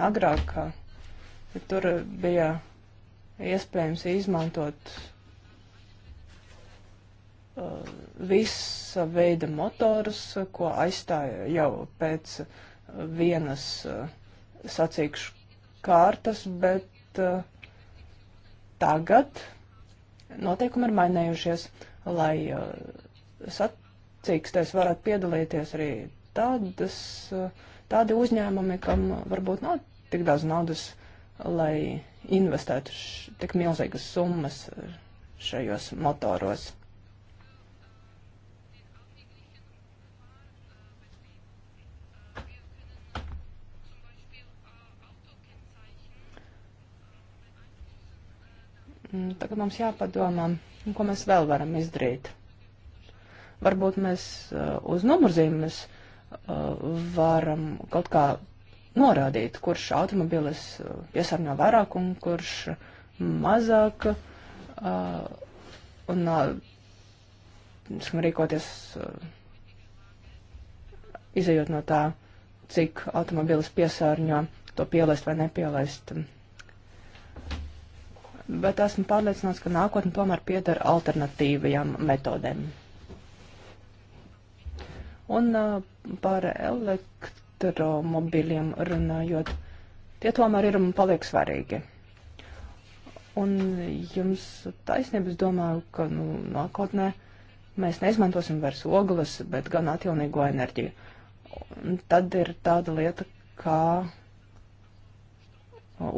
Agrāk uh, tur bija iespējams izmantot uh, visa veida motors, ko aizstāja jau pēc vienas uh, sacīkšu kārtas, bet uh, tagad noteikumi ir mainījušies, lai uh, eh, sacīkstēs varētu piedalīties arī tādas, uh, tādi uzņēmumi, kam varbūt nav tik daudz naudas, lai investētu tik milzīgas summas šajos motoros. Mm, tagad mums jāpadomā, ko mēs vēl varam izdarīt. Varbūt mēs uh, uz numurzīmes uh, varam kaut kā norādīt, kurš automobilis uh, piesārņo vairāk un kurš mazāk. Un esam rīkoties izējot no tā, cik automobilis piesārņo, to pielaist vai nepielaist bet esmu pārliecināts, ka nākotne tomēr pieder alternatīvajām metodēm. Un par elektromobiļiem runājot, tie tomēr ir un paliek svarīgi. Un jums taisnība, es domāju, ka nu, nākotnē mēs neizmantosim vairs ogles, bet gan atjaunīgo enerģiju. Un tad ir tāda lieta kā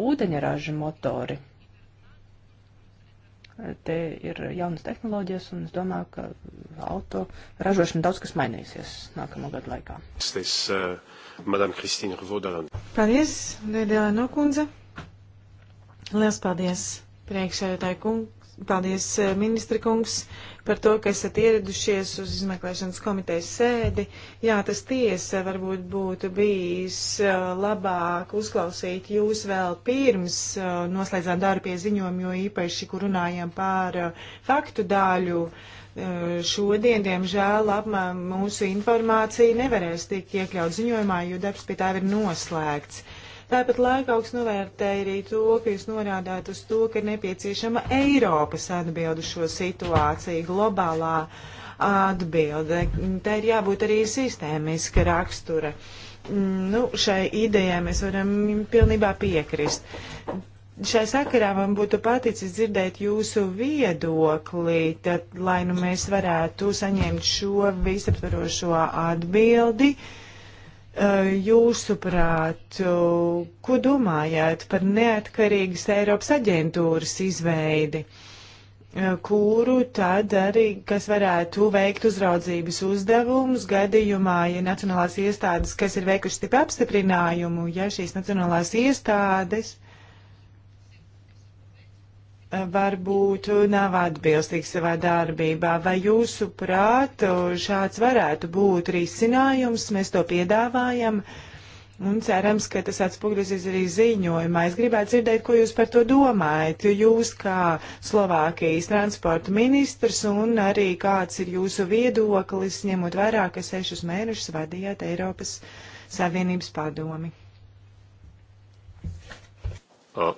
ūdeņraža motori Te ir jaunas tehnoloģijas, un es domāju, ka auto ražošana daudz kas mainīsies nākamā gada laikā. Es, uh, Madame Kristīna Ruvodalan. Paldies, Dēdēlēno kundze. Liels paldies, priekšsēdētāji kungs Paldies, eh, ministra kungs, par to, ka esat ieradušies uz izmeklēšanas komitejas sēdi. Jā, tas tiesa varbūt būtu bijis eh, labāk uzklausīt jūs vēl pirms eh, noslēdzām darbu pie ziņojumu, jo īpaši, kur runājam par faktu daļu šodien, diemžēl, apmēram mūsu informācija nevarēs tikt iekļaut ziņojumā, jo darbs pie tā ir noslēgts. Tāpat laikā augsts novērtēja arī to, ka jūs norādāt uz to, ka ir nepieciešama Eiropas atbildu šo situāciju globālā atbilde. Tā ir jābūt arī sistēmiska rakstura. Mm, nu, šai idejai mēs varam pilnībā piekrist. Šai sakarā man būtu paticis dzirdēt jūsu viedokli, tad, lai nu mēs varētu saņemt šo visaptvarošo atbildi. Uh, Jūsuprāt, ko domājāt par neatkarīgas Eiropas aģentūras izveidi, kuru tad arī, kas varētu veikt uzraudzības uzdevumus gadījumā, ja nacionālās iestādes, kas ir veikuši stipri apstiprinājumu, ja šīs nacionālās iestādes varbūt nav atbilstīgs savā darbībā. Vai jūsu prāt šāds varētu būt risinājums? Mēs to piedāvājam un cerams, ka tas atspūgļosies arī ziņojumā. Es gribētu dzirdēt, ko jūs par to domājat. Jūs kā Slovākijas transporta ministrs un arī kāds ir jūsu viedoklis, ņemot vērā, ka sešus mēnešus vadījāt Eiropas Savienības padomi. Uh,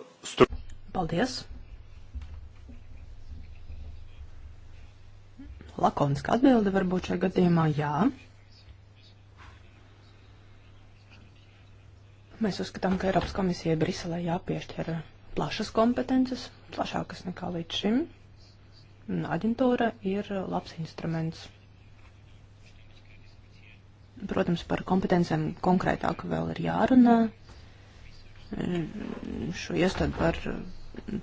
Paldies! Lakoniska atbilde varbūt šajā gadījumā jā. Mēs uzskatām, ka Eiropas komisija Briselē jāpiešķir plašas kompetences, plašākas nekā līdz šim. Aģentūra ir labs instruments. Protams, par kompetencēm konkrētāk vēl ir jārunā. Šo iestādi var,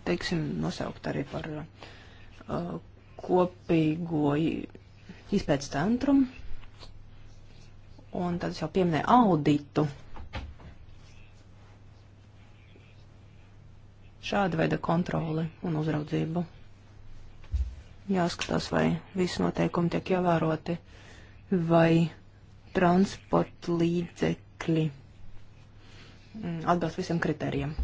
teiksim, nosaukt arī par uh, kopīgo izpētes centru, un tad es jau pieminēju auditu. Šāda veida kontroli un uzraudzību. Jāskatās, vai visi noteikumi tiek ievēroti, vai transporta līdzekļi mm, atbilst visiem kritērijiem.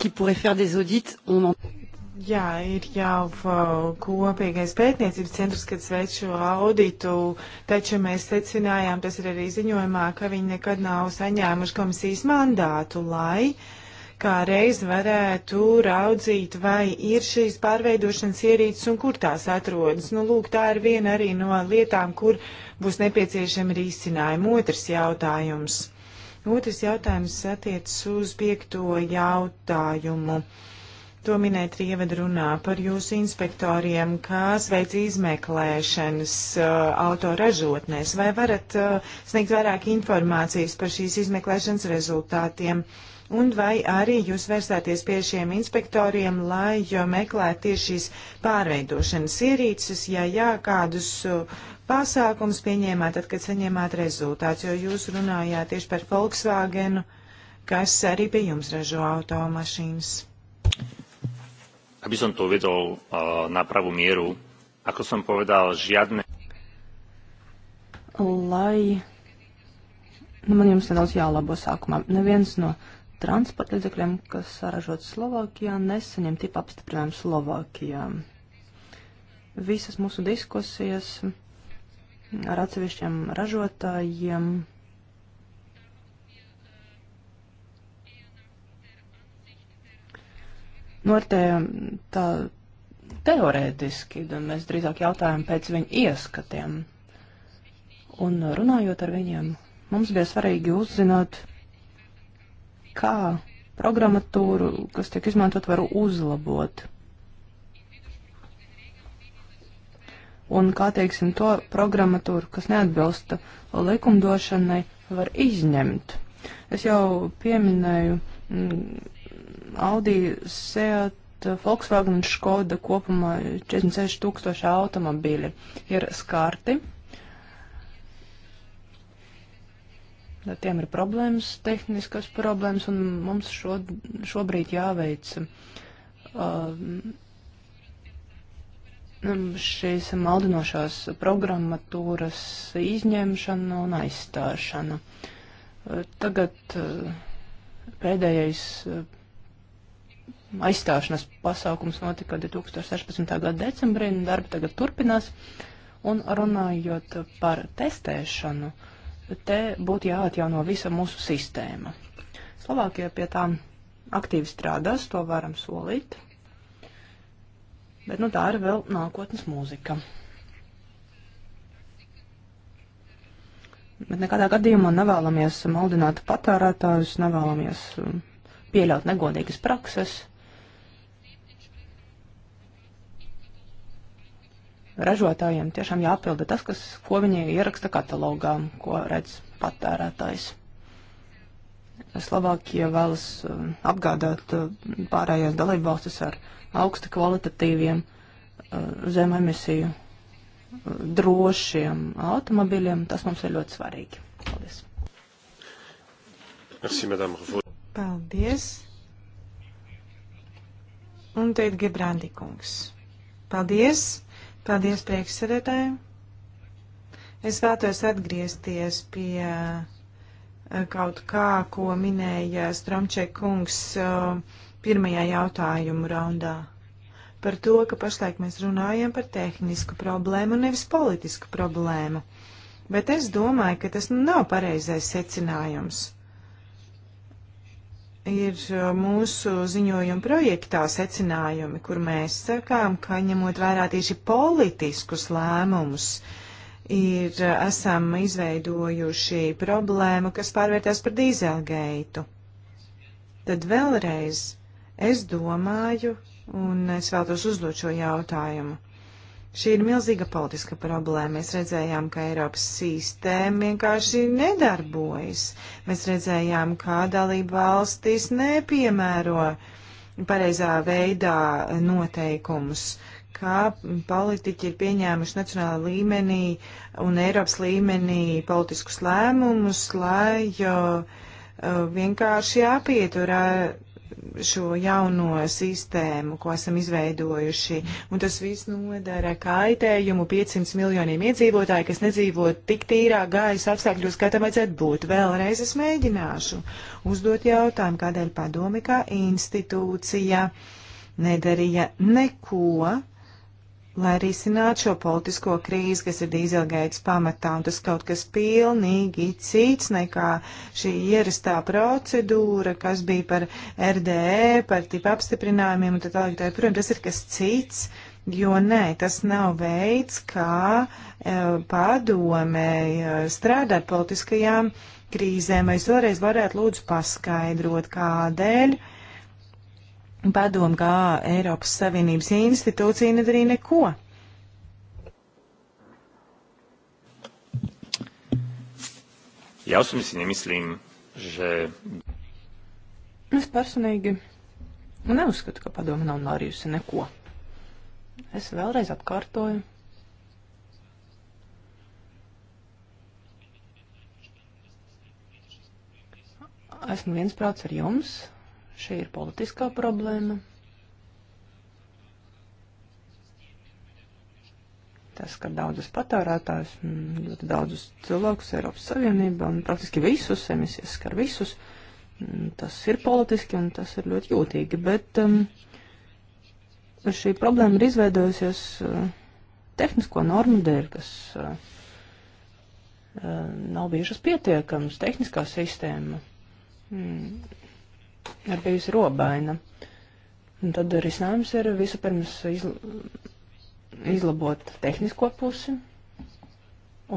Jā, ir jau uh, kopīgais pētniecības centrs, kad sveic šo auditu, taču mēs secinājām, tas ir arī ziņojumā, ka viņi nekad nav saņēmuši komisijas mandātu, lai kā reiz varētu raudzīt, vai ir šīs pārveidošanas ierīces un kur tās atrodas. Nu, lūk, tā ir viena arī no lietām, kur būs nepieciešami risinājumi. Otrs jautājums. Otrs jautājums attiecas uz piekto jautājumu. Mm To minēt Rievada runā par jūsu inspektoriem, kas veic izmeklēšanas uh, autoražotnēs. Vai varat uh, sniegt vairāk informācijas par šīs izmeklēšanas rezultātiem? Un vai arī jūs vērstāties pie šiem inspektoriem, lai uh, meklētu tieši šīs pārveidošanas ierīces, ja jā, kādus uh, pasākums pieņēmāt, tad, kad saņēmāt rezultāts, jo jūs runājāt tieši par Volkswagenu, kas arī pie jums ražo automašīnas? Aby som to uvedol e, na pravú mieru, ako som povedal, žiadne... Lai... Nu, man jums nedaudz jālabo sākumā. Neviens no transporta līdzekļiem, kas saražot Slovākijā, nesaņem tipa apstiprinājumu Slovākijā. Visas mūsu diskusijas ar atsevišķiem ražotājiem noritēja um, tā teorētiski, un mēs drīzāk jautājām pēc viņu ieskatiem. Un runājot ar viņiem, mums bija svarīgi uzzināt, kā programmatūru, kas tiek izmantot, var uzlabot. Un kā, teiksim, to programmatūru, kas neatbilsta likumdošanai, var izņemt. Es jau pieminēju mm, Audi, Seat, Volkswagen un Škoda kopumā 46 tūkstoši automobīļi ir skārti. Tiem ir problēmas, tehniskas problēmas, un mums šo, šobrīd jāveic uh, šīs maldinošās programmatūras izņemšana un aizstāšana. Uh, tagad uh, pēdējais. Uh, aizstāšanas pasākums notika 2016. gada decembrī, un darbi tagad turpinās. Un runājot par testēšanu, te būtu jāatjauno visa mūsu sistēma. Slovākija pie tā aktīvi strādās, to varam solīt. Bet nu, tā ir vēl nākotnes mūzika. Bet nekādā gadījumā nevēlamies maldināt patērētājus, nevēlamies pieļaut negodīgas prakses. ražotājiem tiešām jāpilda tas, kas, ko viņi ieraksta katalogā, ko redz patērētājs. Slovākija vēlas um, apgādāt um, pārējās dalībvalstis ar augsta kvalitatīviem, uh, zem emisiju uh, drošiem automobiļiem. Tas mums ir ļoti svarīgi. Paldies. Merci, madame. Paldies. Un teikt Gebrandi kungs. Paldies. Paldies priekšsēdētājiem. Es vēlos atgriezties pie eh, kaut kā, ko minēja Stromčēk kungs eh, pirmajā jautājumu raundā. Par to, ka pašlaik mēs runājam par tehnisku problēmu, nevis politisku problēmu. Bet es domāju, ka tas nav pareizais secinājums ir uh, mūsu ziņojuma projektā secinājumi, kur mēs sakām, ka ņemot vērā tieši politiskus lēmumus, ir uh, esam izveidojuši problēmu, kas pārvērtās par dīzelgeitu. Tad vēlreiz es domāju, un es vēlos uzdot šo jautājumu. Šī ir milzīga politiska problēma. Mēs redzējām, ka Eiropas sistēma vienkārši nedarbojas. Mēs redzējām, kā dalība valstis nepiemēro pareizā veidā noteikumus, kā politiķi ir pieņēmuši nacionālā līmenī un Eiropas līmenī politiskus lēmumus, lai jo, uh, vienkārši apieturētu šo jauno sistēmu, ko esam izveidojuši. Un tas viss nodara kaitējumu 500 miljoniem iedzīvotāju, kas nedzīvo tik tīrā gaisa apstākļos, kā tam vajadzētu būt. Vēlreiz es mēģināšu uzdot jautājumu, kādēļ padomi kā institūcija nedarīja neko lai risinātu šo politisko krīzi, kas ir dīzelgaitas pamatā, un tas kaut kas pilnīgi cits nekā šī ierastā procedūra, kas bija par RDE, par tipu apstiprinājumiem un tā tālāk. Tā, protams, tas ir kas cits, jo nē, tas nav veids, kā e, padomē e, strādāt politiskajām krīzēm. Vai es vēlreiz varētu lūdzu paskaidrot, kādēļ? padomu, kā Eiropas Savienības institūcija nedarīja neko. Ja osobně si nemyslím, že... Es personīgi neuzskatu, ka padoma nav darījusi neko. Es vēlreiz atkārtoju. Esmu viensprāts ar jums, Šī ir politiskā problēma. Tas, ka daudzus patērētājus, mm, ļoti daudzus cilvēkus Eiropas Savienībā un praktiski visus emisijas skar visus, mm, tas ir politiski un tas ir ļoti jūtīgi. Bet um, šī problēma ir izveidojusies uh, tehnisko normu dēļ, kas. Uh, nav bijušas pietiekams tehniskā sistēma ir bijusi robaina. Un tad risinājums ir vispirms izl izlabot tehnisko pusi,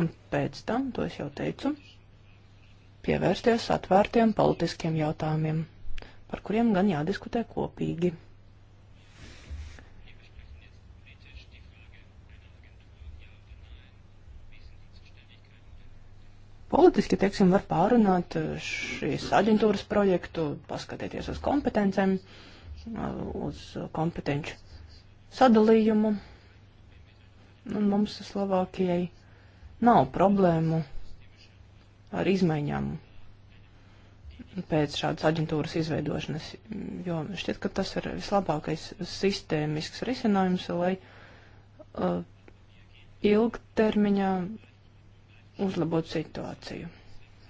un pēc tam, to es jau teicu, pievērsties atvērtiem politiskiem jautājumiem, par kuriem gan jādiskutē kopīgi. politiski, teiksim, var pārunāt eh, šīs aģentūras projektu, paskatīties uz kompetencēm, eh, uz kompetenci sadalījumu. Un mums Slovākijai nav problēmu ar izmaiņām pēc šādas aģentūras izveidošanas, jo šķiet, ka tas ir vislabākais sistēmisks risinājums, lai uh, ilgtermiņā uzlabot situāciju.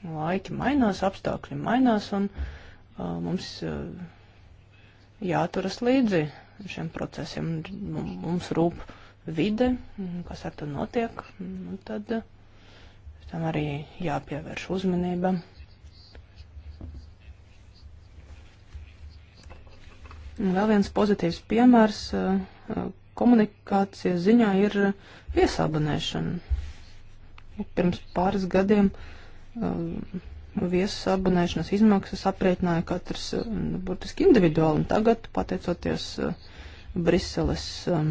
Laiki mainās, apstākļi mainās, un uh, mums uh, jāturas līdzi šiem procesiem. Mums rūp vide, kas ar to notiek, un nu tad uh, tam arī jāpievērš uzmanība. Un vēl viens pozitīvs piemērs uh, uh komunikācijas ziņā ir uh, viesabonēšana Pirms pāris gadiem um, viesu abonēšanas izmaksas aprēķināja katrs um, burtiski individuāli, un tagad, pateicoties uh, Briseles um,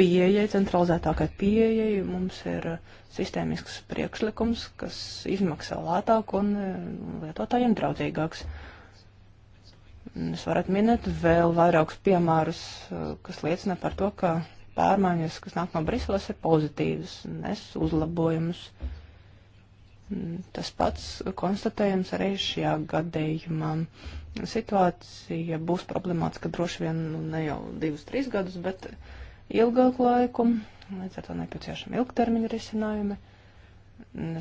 pieejai, centralizētākai pieejai, mums ir uh, sistēmisks priekšlikums, kas izmaksā lētāk un uh, lietotājiem draudzīgāks. Es varētu minēt vēl vairākus piemērus, kas liecina par to, ka pārmaiņas, kas nāk no Briseles, ir pozitīvas, nes uzlabojumus. Mm, tas pats konstatējams arī šajā gadījumā. Situācija būs problemātiska droši vien ne jau divus, trīs gadus, bet ilgāku laiku. Līdz ar to nepieciešami ilgtermiņa risinājumi.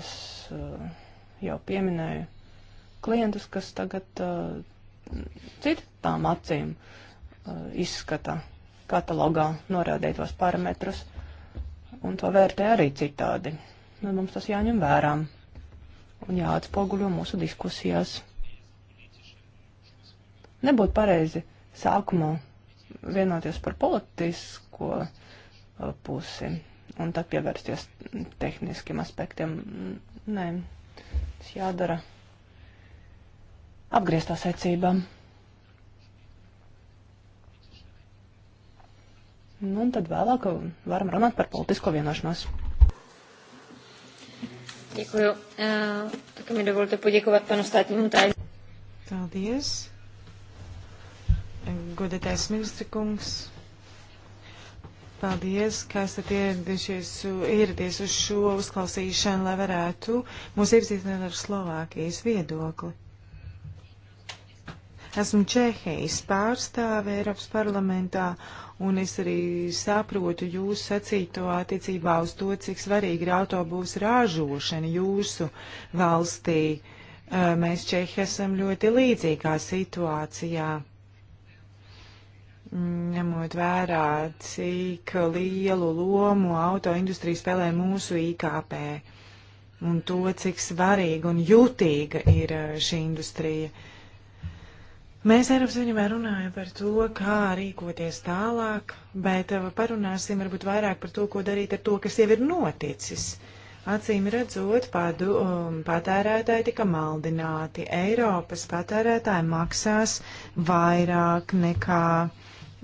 Es eh, jau pieminēju klientus, kas tagad eh, citām acīm eh, izskata katalogā norādītos parametrus, un to vērtē arī citādi. Nu, mums tas jāņem vērā un jāatspoguļo mūsu diskusijās. Nebūtu pareizi sākumā vienoties par politisko uh, pusi un tad pievērsties tehniskiem aspektiem. Nē, tas jādara apgrieztā secībā. Nu, un tad vēlāk varam runāt par politisko vienošanos. Děkuji. Eh, Také mi dovolte poděkovat panu státnímu tajemníku. Paldies. Godētais ministra kungs. Paldies, ka esat ieradušies, ieradies uz šo uzklausīšanu, lai varētu mūs iepazīstināt ar Slovākijas viedokli. Esmu Čehijas pārstāve Eiropas parlamentā un es arī saprotu jūsu sacīto attiecībā uz to, cik svarīgi ir autobūs ražošana jūsu valstī. Mēs Čehi esam ļoti līdzīgā situācijā mm, ņemot vērā, cik lielu lomu autoindustrija spēlē mūsu IKP un to, cik svarīga un jūtīga ir šī industrija. Mēs Eiropas Savienībā runājam par to, kā rīkoties tālāk, bet eh, parunāsim varbūt vairāk par to, ko darīt ar to, kas jau ir noticis. Acīm redzot, padu, um, patērētāji tika maldināti. Eiropas patērētāji maksās vairāk nekā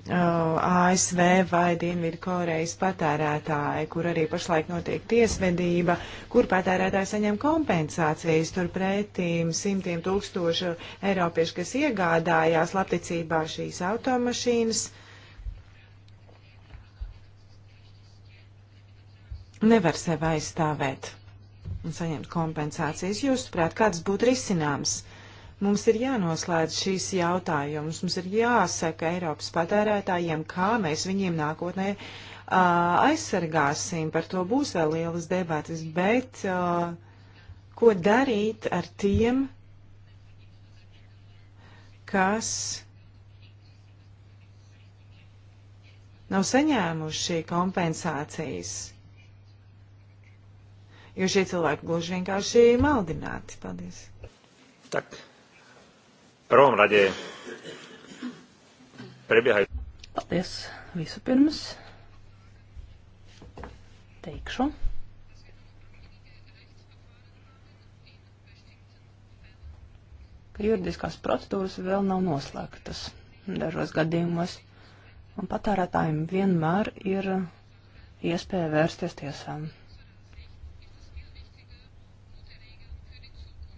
Uh, ASV vai Dienvidu Korejas patērētāji, kur arī pašlaik notiek tiesvedība, kur patērētāji saņem kompensācijas turpretīm simtiem tūkstošu eiropiešu, kas iegādājās labticībā šīs automašīnas. Nevar sevi aizstāvēt un saņemt kompensācijas. Jūs saprāt, kāds būtu risinājums? Mums ir jānoslēdz šīs jautājumus, mums ir jāsaka Eiropas patērētājiem, kā mēs viņiem nākotnē uh, aizsargāsim, par to būs vēl lielas debatas, bet uh, ko darīt ar tiem, kas nav saņēmuši kompensācijas, jo šie cilvēki gluži vienkārši maldināti. Paldies! Tak prvom rade prebiehajú. Paldies vispirms. Teikšu. ka juridiskās procedūras vēl nav noslēgtas dažos gadījumos, un patērētājiem vienmēr ir iespēja vērsties tiesām.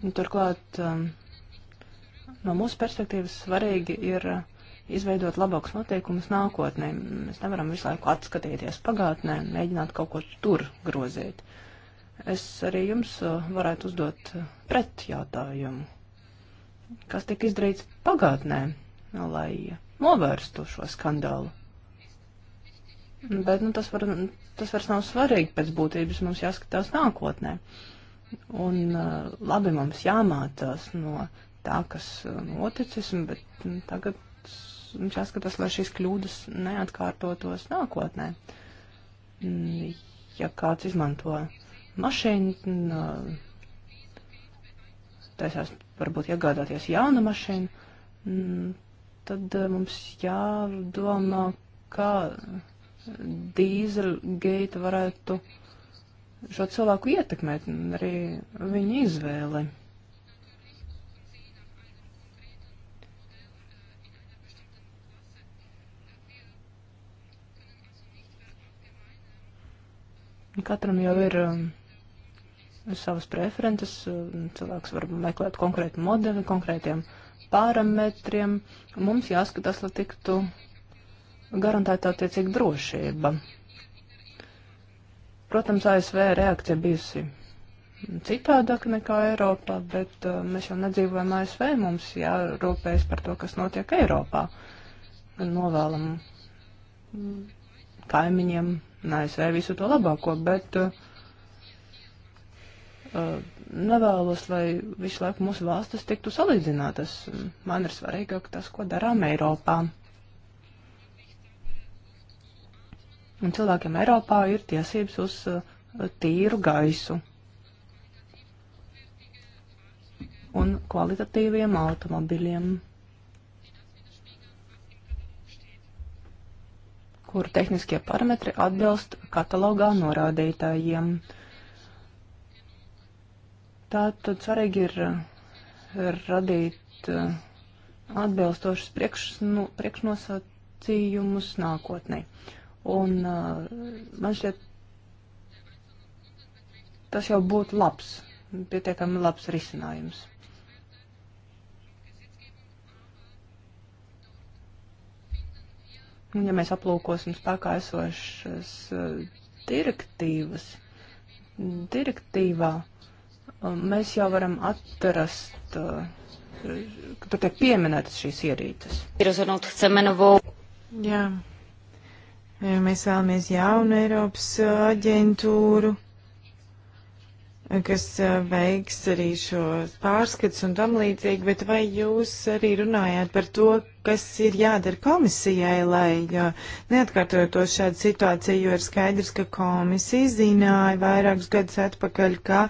Turklāt um, No mūsu perspektīvas svarīgi ir uh, izveidot labākus noteikumus nākotnē. Mēs nevaram visu laiku atskatīties pagātnē un mēģināt kaut ko tur grozīt. Es arī jums uh, varētu uzdot uh, pret jautājumu. Kas tika izdarīts pagātnē, lai novērstu šo skandālu? Bet nu, tas, var, tas vairs nav svarīgi pēc būtības, mums jāskatās nākotnē. Un labi mums jāmācās no tā, kas uh, noticis, bet mm, tagad mums jāskatās, lai šīs kļūdas neatkārtotos nākotnē. Mm, ja kāds izmanto mašīnu, mm, uh, taisās varbūt iegādāties jaunu mašīnu, tad uh, mums jādomā, kā dīzelgeita varētu šo cilvēku ietekmēt, arī viņa izvēle. Katram jau ir um, savas preferences. Cilvēks var meklēt konkrētu modeli, konkrētiem parametriem. Mums jāskatās, lai tiktu garantēta attiecīga drošība. Protams, ASV reakcija bijusi citādāk nekā Eiropā, bet uh, mēs jau nedzīvojam ASV, mums jārūpējas par to, kas notiek Eiropā. Novēlam kaimiņiem ASV visu to labāko, bet uh, uh, nevēlos, lai visu laiku mūsu valstis tiktu salīdzinātas. Man ir svarīgāk tas, ko darām Eiropā. Un cilvēkiem Eiropā ir tiesības uz uh, tīru gaisu un kvalitatīviem automobiļiem. kur tehniskie parametri atbilst katalogā norādītājiem. Tātad svarīgi ir, ir eh, radīt eh, atbilstošas priekšnu, priekšnosacījumus nākotnē. Un eh, man šķiet, tas jau būtu labs, pietiekami labs risinājums. Un, nu, ja mēs aplūkosim spēkā esošas eh, direktīvas, direktīvā um, mēs jau varam atrast, eh, ka tur tiek pieminētas šīs ierītas. Jā, mēs vēlamies jaunu Eiropas eh, aģentūru kas eh, veiks arī šos pārskats un tam līdzīgi, bet vai jūs arī runājāt par to, kas ir jādara komisijai, lai eh, neatkārtotos šāda situācija, jo ir skaidrs, ka komisija zināja vairākus gadus atpakaļ, ka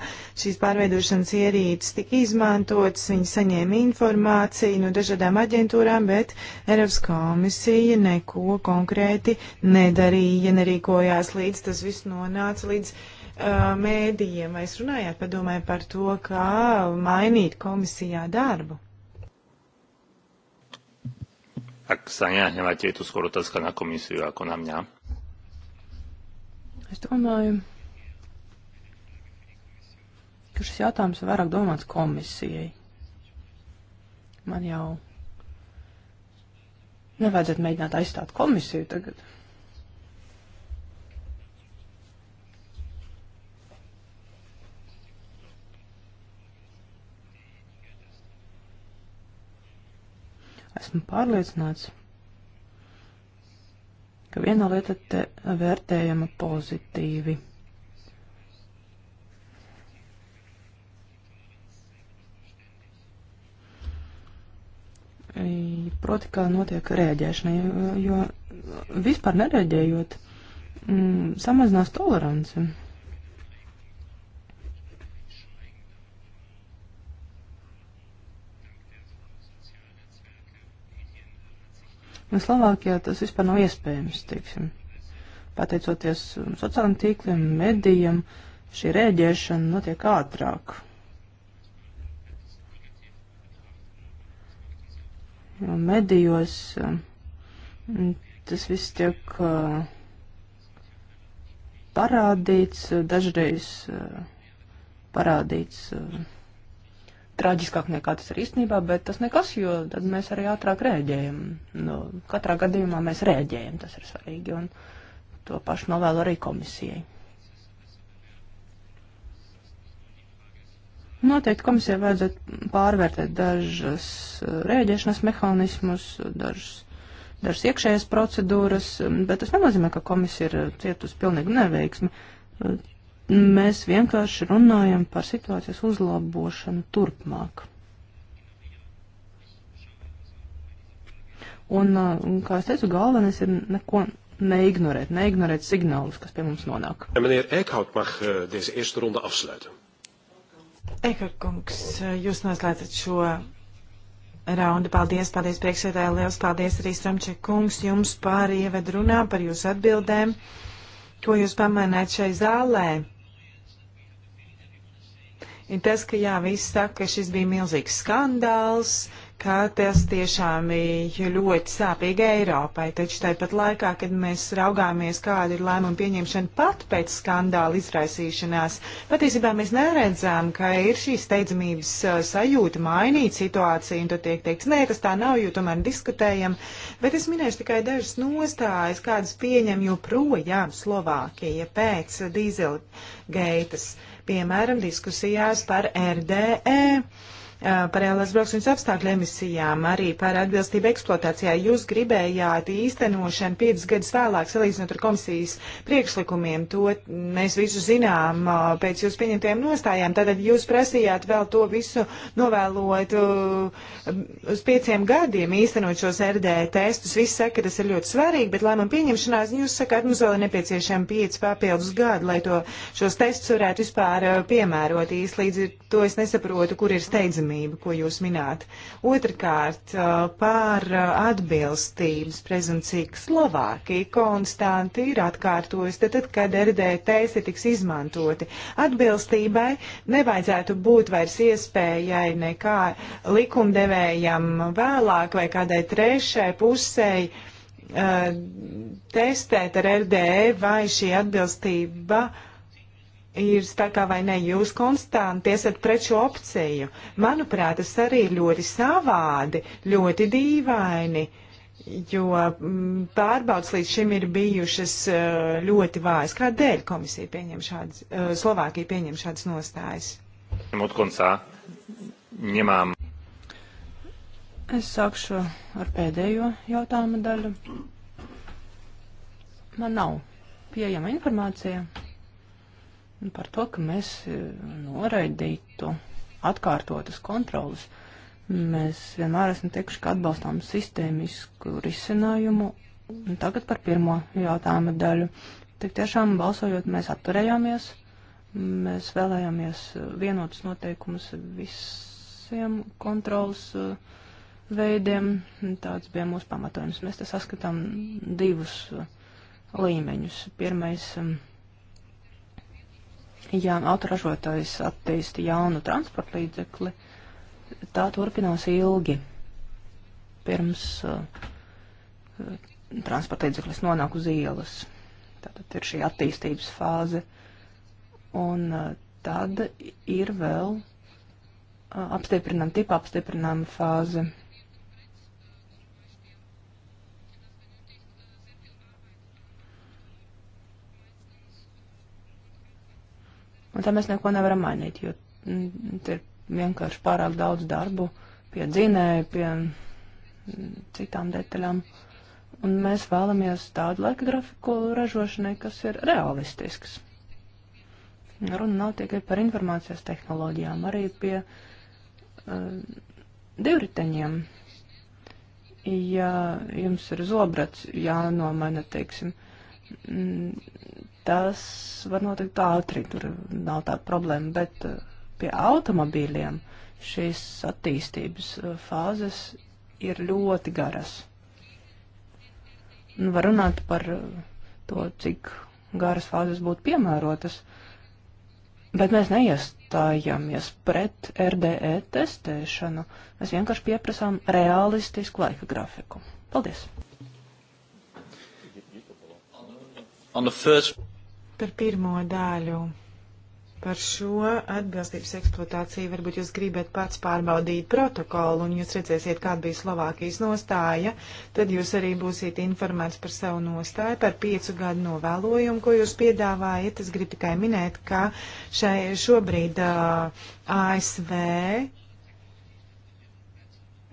šīs pārveidošanas ierītas tika izmantotas, viņi saņēma informāciju no dažādām aģentūrām, bet Eiropas komisija neko konkrēti nedarīja, nerīkojās līdz tas viss nonāca līdz Uh, mēdījiem, vai es runājāt padomāju par to, kā mainīt komisijā darbu? Ak sa nenahnevate, je tu skôr otázka na komisiu ako na mňa. Es domāju, ka šis jautājums ir vairāk domāts komisijai. Man jau nevajadzētu mēģināt aizstāt komisiju tagad. Esmu pārliecināts, ka viena lieta te vērtējama pozitīvi. Proti, kā notiek rēģēšana, jo vispār nereaģējot, mm, samazinās toleranci. Un nu, Slovākijā tas vispār nav iespējams, teiksim. Pateicoties um, sociālajiem tīkliem, medijiem, šī rēģēšana notiek ātrāk. Jo medijos um, tas viss tiek uh, parādīts, dažreiz uh, parādīts uh, traģiskāk nekā tas ir īstenībā, bet tas nekas, jo tad mēs arī ātrāk rēģējam. Nu, katrā gadījumā mēs rēģējam, tas ir svarīgi, un to pašu novēlu arī komisijai. Noteikti komisijai vajadzētu pārvērtēt dažas uh, rēģēšanas mehānismus, dažas, dažas iekšējas procedūras, um, bet tas nenozīmē, ka komisija ir cietusi pilnīgi neveiksmi uh, Mēs vienkārši runājam par situācijas uzlabošanu turpmāk. Un, uh, kā es teicu, galvenais ir neko neignorēt, neignorēt signālus, kas pie mums nonāk. Meneer Eikhout mag uh, deze eerste runde afsluiten. Eikhout kungs, uh, jūs noslēdzat šo raundu. Paldies, paldies priekšsēdētāji, liels paldies arī Stramček kungs jums par ievedrunā, par jūsu atbildēm, ko jūs pamanāt šai zālē ir tas, ka jā, viss saka, ka šis bija milzīgs skandāls, ka tas tiešām ir ļoti sāpīgi Eiropai. Taču tāpat laikā, kad mēs raugāmies, kāda ir lēmuma pieņemšana pat pēc skandāla izraisīšanās, patiesībā mēs neredzām, ka ir šī steidzamības sajūta mainīt situāciju, un tad tiek teikts, nē, tas tā nav, jo tomēr diskutējam. Bet es minēšu tikai dažas nostājas, kādas pieņem joprojām Slovākija pēc dīzelgeitas. Uh, piemēram, diskusijās par RDE. Eh, par ēlas braukšanas apstākļu emisijām, arī par atbilstību eksploatācijā. Jūs gribējāt īstenošanu piecus gadus vēlāk, salīdzinot ar komisijas priekšlikumiem. To mēs visu zinām eh, pēc jūs pieņemtajām nostājām. Tātad jūs prasījāt vēl to visu novēlot eh, uz pieciem gadiem īstenot šos RD testus. Viss saka, ka tas ir ļoti svarīgi, bet lēmumu pieņemšanā jūs sakāt, mums vēl ir nepieciešami pieci papildus gadi, lai to, šos testus varētu vispār piemērot īsti. Līdz ar to es nesaprotu, kur ir steidzami caurskatāmību, ko jūs minējāt. Otrakārt, par atbilstības prezumciju Slovākija konstanti ir atkārtojusi, tad, tad, kad RD testi tiks izmantoti. Atbilstībai nevajadzētu būt vairs iespējai nekā likumdevējam vēlāk vai kādai trešai pusēji testēt ar RDE vai šī atbilstība uh, ir spēkā vai ne, jūs konstanti esat pret šo opciju. Manuprāt, tas arī ir ļoti savādi, ļoti dīvaini, jo mm, pārbaudas līdz šim ir bijušas eh, ļoti vājas. Kādēļ komisija pieņem šādas, eh, Slovākija pieņem šādas nostājas? Ņemām. Es sākšu ar pēdējo jautājuma daļu. Man nav pieejama informācija par to, ka mēs e, noraidītu atkārtotas kontrolas. Mēs vienmēr esam teikuši, ka atbalstām sistēmisku risinājumu. Tagad par pirmo jautājuma daļu. Tik tiešām balsojot, mēs atturējāmies. Mēs vēlējāmies vienotus noteikumus visiem kontrolas e, veidiem. Tāds bija mūsu pamatojums. Mēs te saskatām divus e, līmeņus. Pirmais ja autoražotājs attīsta jaunu transporta līdzekli, tā turpinās ilgi pirms uh, transporta līdzeklis nonāk uz ielas. Tātad ir šī attīstības fāze. Un uh, tad ir vēl uh, apstiprinām, tipa apstiprinām fāze. Un tā mēs neko nevaram mainīt, jo mm, te ir vienkārši pārāk daudz darbu pie dzinēja, pie mm, citām detaļām. Un mēs vēlamies tādu laika grafiku ražošanai, kas ir realistisks. Runa nav tikai par informācijas tehnoloģijām, arī pie uh, divriteņiem. Ja jums ir zobrats jānomaina, teiksim, mm, tas var notikt ātri, tur nav tāda problēma, bet eh, pie automobīļiem šīs attīstības eh, fāzes ir ļoti garas. Nu, var runāt par eh, to, cik garas fāzes būtu piemērotas, bet mēs neiestājamies pret RDE testēšanu, mēs vienkārši pieprasām realistisku laika grafiku. Paldies! On the first... Par pirmo daļu. Par šo atbilstības eksploatāciju varbūt jūs gribat pats pārbaudīt protokolu un jūs redzēsiet, kāda bija Slovākijas nostāja, tad jūs arī būsiet informēts par savu nostāju, par piecu gadu novēlojumu, ko jūs piedāvājat. Es gribu tikai minēt, ka šai, šobrīd uh, ASV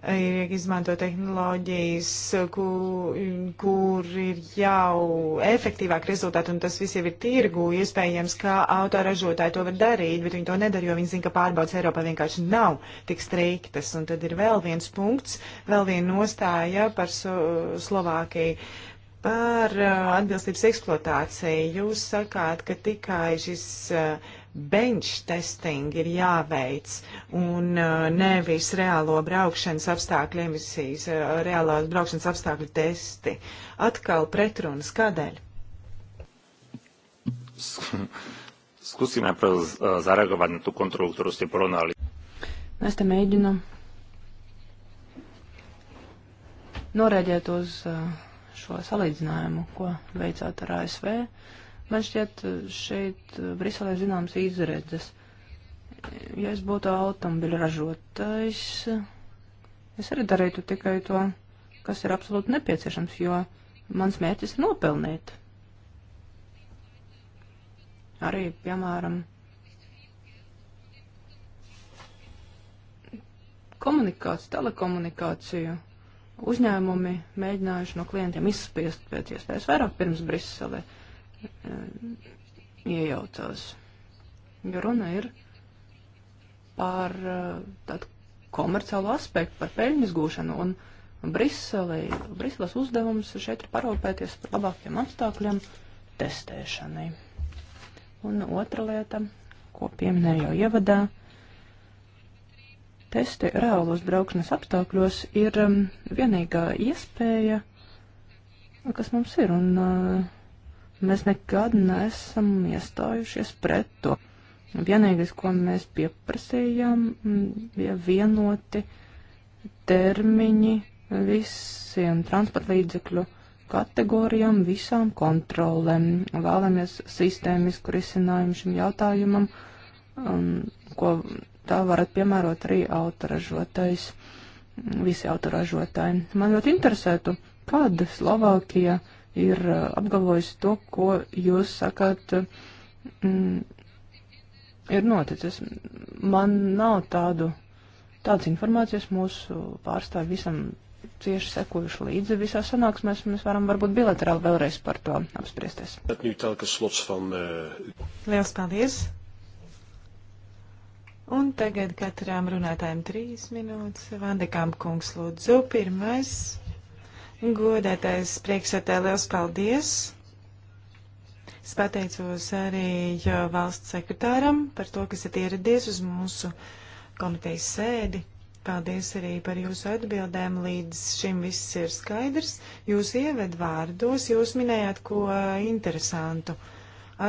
ir izmanto tehnoloģijas, kur, kur ir jau efektīvāk rezultāti, un tas viss jau ir tirgu. Iespējams, ka autoražotāji to var darīt, bet viņi to nedara, jo viņi zina, ka pārbaudas Eiropā vienkārši nav tik striktas. Un tad ir vēl viens punkts, vēl viena nostāja par so Slovākiju. Par uh, atbilstības eksploatāciju jūs sakāt, ka tikai šis uh, bench testing ir jāveic un uh, nevis reālo braukšanas apstākļu emisijas, uh, reālās braukšanas apstākļu testi. Atkal pretrunas kādēļ? [LAUGHS] Skúsime uh, zareagovať na tú kontrolu, ktorú ste porovnali. Es te mēģinu norēģēt uz šo salīdzinājumu, ko veicāt ar ASV. Uh, Man šķiet, šeit eh, Briselē zināmas izredzes. Ja es būtu automobiļu ražotājs, es arī darītu tikai to, kas ir absolūti nepieciešams, jo mans mērķis ir nopelnīt. Arī, piemēram, komunikāciju, telekomunikāciju uzņēmumi mēģinājuši no klientiem izspiest pēc iespējas vairāk pirms Briselē. Uh, Eh, iejaucās. Jo runa ir par eh, tādu komerciālu aspektu, par peļņas gūšanu. Un Briselē, Briseles uzdevums šeit ir parūpēties par labākiem apstākļiem testēšanai. Un otra lieta, ko pieminēju jau ievadā, testi reālos braukšanas apstākļos ir um, vienīgā iespēja, kas mums ir. Un, uh, Mēs nekad neesam iestājušies pret to. Vienīgais, ko mēs pieprasījām, mm, bija vienoti termiņi visiem transporta līdzekļu kategorijām, visām kontrolēm. Vēlamies sistēmisku risinājumu šim jautājumam, um, ko tā varat piemērot arī autoražotais, visi autoražotāji. Man ļoti interesētu, kad Slovākija uh, ir uh, apgalvojusi to, ko jūs sakat, mm, ir noticis. Man nav tādu, tādas informācijas mūsu pārstāvi visam cieši sekojuši līdzi visā sanāksmēs, un mēs varam varbūt bilaterāli vēlreiz par to apspriesties. Nu eh, Liels paldies! Un tagad katram runātājam trīs minūtes. Vandekām kungs lūdzu pirmais. Godētais priekšsētē, liels paldies! Es pateicos arī valsts sekretāram par to, kas ir ieradies uz mūsu komitejas sēdi. Paldies arī par jūsu atbildēm. Līdz šim viss ir skaidrs. Jūs ieved vārdos, jūs minējāt ko interesantu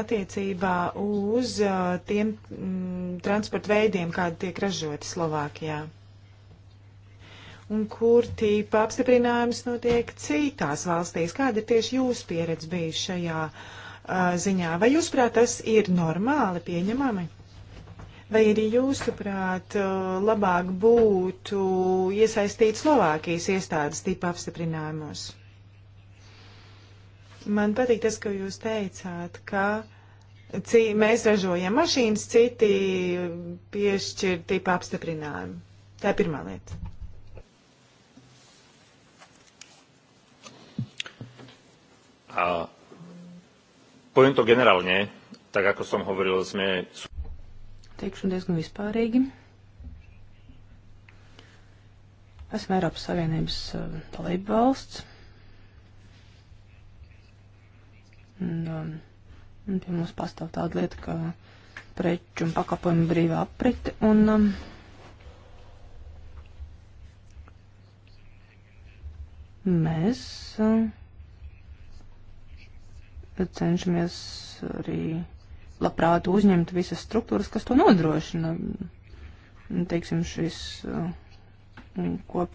attiecībā uz uh, tiem m, mm, transporta veidiem, kādi tiek ražoti Slovākijā un kur tīpa apstiprinājums notiek citās valstīs. Kāda ir tieši jūsu pieredze bijusi šajā uh, ziņā? Vai jūs prāt tas ir normāli pieņemami? Vai arī jūsuprāt labāk būtu iesaistīt Slovākijas iestādes tīpa apstiprinājumos? Man patīk tas, ko jūs teicāt, ka cī, mēs ražojam mašīnas, citi piešķir tīpa apstiprinājumu. Tā ir pirmā lieta. A poviem to generálne, tak ako som hovoril, sme... Teikšu diezgan vispārīgi. Esmu Eiropas Savienības eh, dalība valsts. Un, um, un pie mums pastāv tāda lieta, ka preču un pakalpojumu brīvā aprite. Un, um, mēs. Uh, cenšamies arī labprāt uzņemt visas struktūras, kas to nodrošina. Teiksim, šis uh, kopīgo,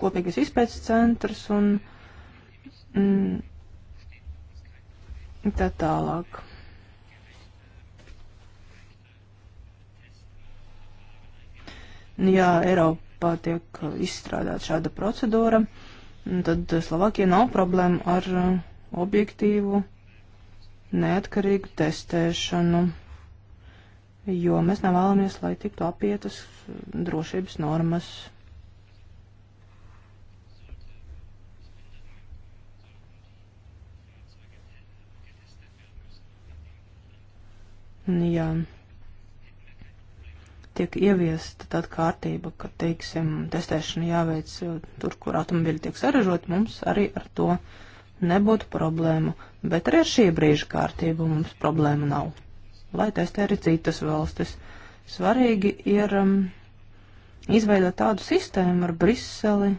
kopīgas izpētes centrs un mm, tā tālāk. Jā, Eiropā tiek uh, izstrādāta šāda procedūra. Uh, Tad Slovākija nav problēma ar uh, objektīvu, neatkarīgu testēšanu, jo mēs nevēlamies, lai tiktu apietas uh, drošības normas. Jā. Yeah tiek ieviesta tāda kārtība, ka, teiksim, testēšana jāveic tur, kur automobīļi tiek saražoti, mums arī ar to nebūtu problēmu. Bet arī ar šī brīža kārtību mums problēma nav. Lai testē arī citas valstis. Svarīgi ir um, izveidot tādu sistēmu ar Briseli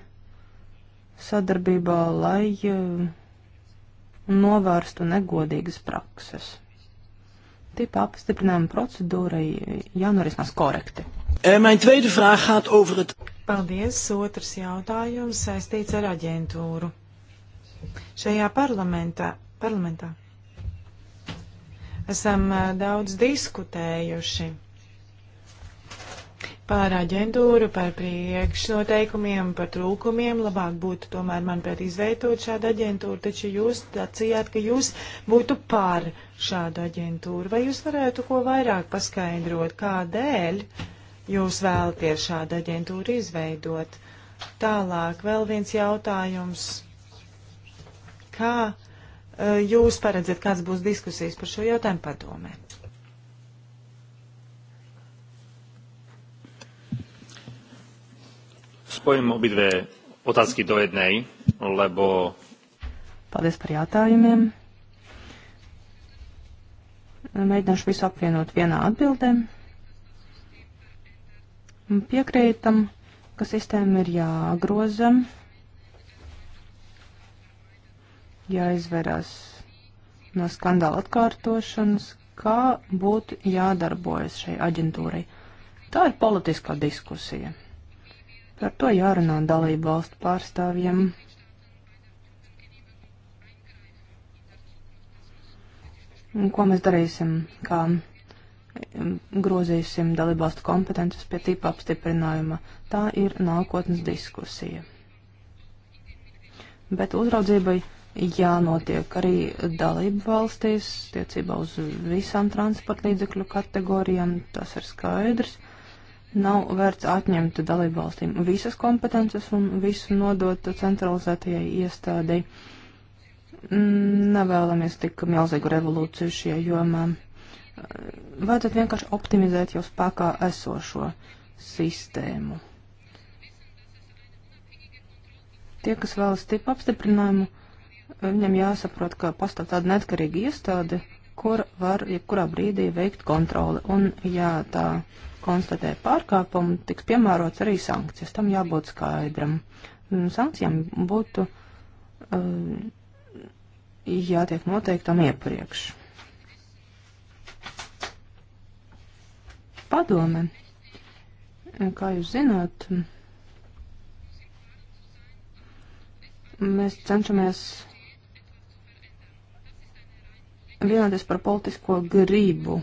sadarbībā, lai um, novērstu negodīgas prakses tipa apstiprinājuma procedūrai jānorisinās korekti. Eh, mijn tweede vraag gaat over het. Paldies. Otrs jautājums saistīts ar aģentūru. Šajā parlamentā, parlamentā esam eh, daudz diskutējuši par aģentūru, par priekšnoteikumiem, par trūkumiem. Labāk būtu tomēr, manuprāt, izveidot šādu aģentūru, taču jūs sacījāt, ka jūs būtu par šādu aģentūru. Vai jūs varētu ko vairāk paskaidrot, kādēļ jūs vēlaties šādu aģentūru izveidot? Tālāk vēl viens jautājums. Kā eh, jūs paredzat, kāds būs diskusijas par šo jautājumu padomē? Spojam obidve otázky do jednej, lebo. Paldies par jautājumiem. Mēģināšu visu apvienot vienā atbildē. Piekrītam, ka sistēma ir jāgroza, jāizverās no skandāla atkārtošanas, kā būtu jādarbojas šai aģentūrai. Tā ir politiskā diskusija. Par to jārunā dalību valstu pārstāvjiem. Ko mēs darīsim, kā um, grozīsim dalībvalstu kompetences pie tīpa apstiprinājuma. Tā ir nākotnes diskusija. Bet uzraudzībai jānotiek arī dalību valstīs, tiecībā uz visām transportlīdzekļu kategorijām, tas ir skaidrs. Uh, nav vērts atņemt dalībvalstīm visas kompetences un visu nodot centralizētajai iestādēji. Nevēlamies tik milzīgu revolūciju šajā jomā. Vajadzētu vienkārši optimizēt jau spēkā esošo sistēmu. Tie, kas vēlas tipu apstiprinājumu, viņam jāsaprot, ka pastāv tāda neatkarīga iestāde, kur var jebkurā brīdī veikt kontroli. Un, jā, tā konstatē pārkāpumu, tiks piemērots arī sankcijas. Tam jābūt skaidram. Sankcijām būtu uh, jātiek noteiktam iepriekš. Padome, kā jūs zināt, mēs cenšamies vienoties par politisko gribu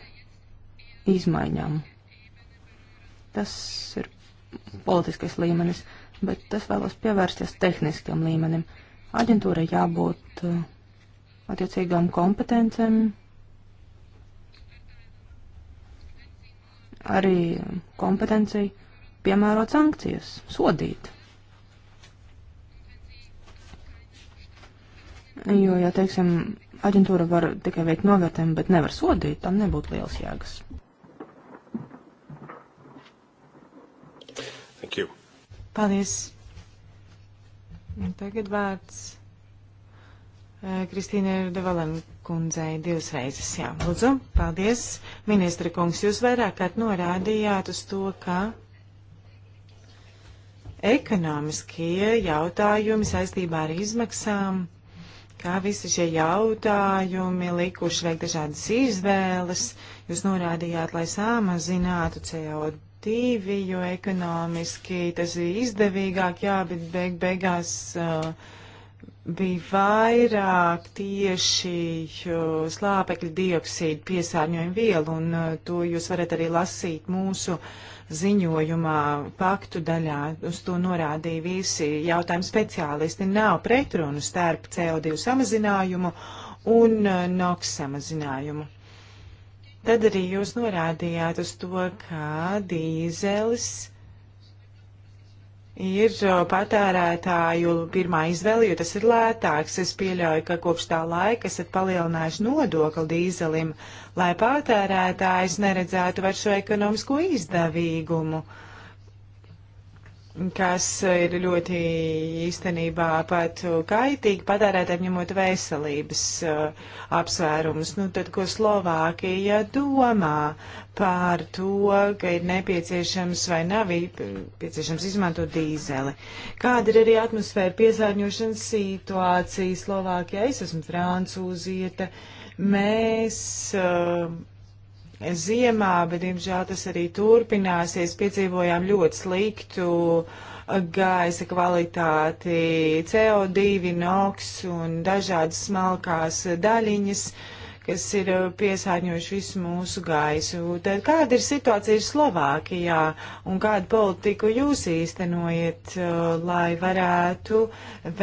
izmaiņām Tas ir politiskais līmenis, bet es vēlos pievērsties tehniskam līmenim. Aģentūrai jābūt uh, attiecīgām kompetencēm, arī kompetencija piemērot sankcijas, sodīt. Jo, ja teiksim, aģentūra var tikai veikt novērtējumu, bet nevar sodīt, tam nebūtu liels jēgas. Thank you. Paldies. Un tagad vārds eh, Kristīne Devalen kundzei divas reizes. Jā, lūdzu, paldies. Ministra kungs, jūs vairāk kārt norādījāt uz to, ka ekonomiskie jautājumi saistībā ar izmaksām kā visi šie jautājumi likuši veikt dažādas izvēles, jūs norādījāt, lai samazinātu CO2 inovatīvi, jo ekonomiski tas ir izdevīgāk, jā, bet beig beigās uh, bija vairāk tieši uh, slāpekļa dioksīdu piesārņojumu vielu, un uh, to jūs varat arī lasīt mūsu ziņojumā, faktu daļā. Uz to norādīja visi jautājumu speciālisti. Nav pretrunu starp CO2 samazinājumu un uh, NOX samazinājumu. Tad arī jūs norādījāt uz to, kā dīzelis ir patērētāju pirmā izvēle, jo tas ir lētāks. Es pieļauju, ka kopš tā laika esat palielinājuši nodokli dīzelim, lai patērētājs neredzētu vairs šo ekonomisko izdevīgumu. Uh, kas ir ļoti īstenībā pat kaitīgi patērētēm ņemot veselības uh, apsvērumus. Nu, tad, ko Slovākija domā par to, ka ir nepieciešams vai nav nepieciešams izmantot dīzeli? Kāda ir arī atmosfēra piesārņošanas situācija Slovākijā? Es esmu francūzieta. Mēs. Uh, ziemā, bet, diemžēl, tas arī turpināsies. Piedzīvojām ļoti sliktu uh, gaisa kvalitāti, CO2, NOx un dažādas smalkās daļiņas. Uh, kas ir eh, piesārņojuši visu mūsu gaisu. Tad kāda ir situācija Slovākijā un kādu politiku jūs īstenojiet, eh, lai varētu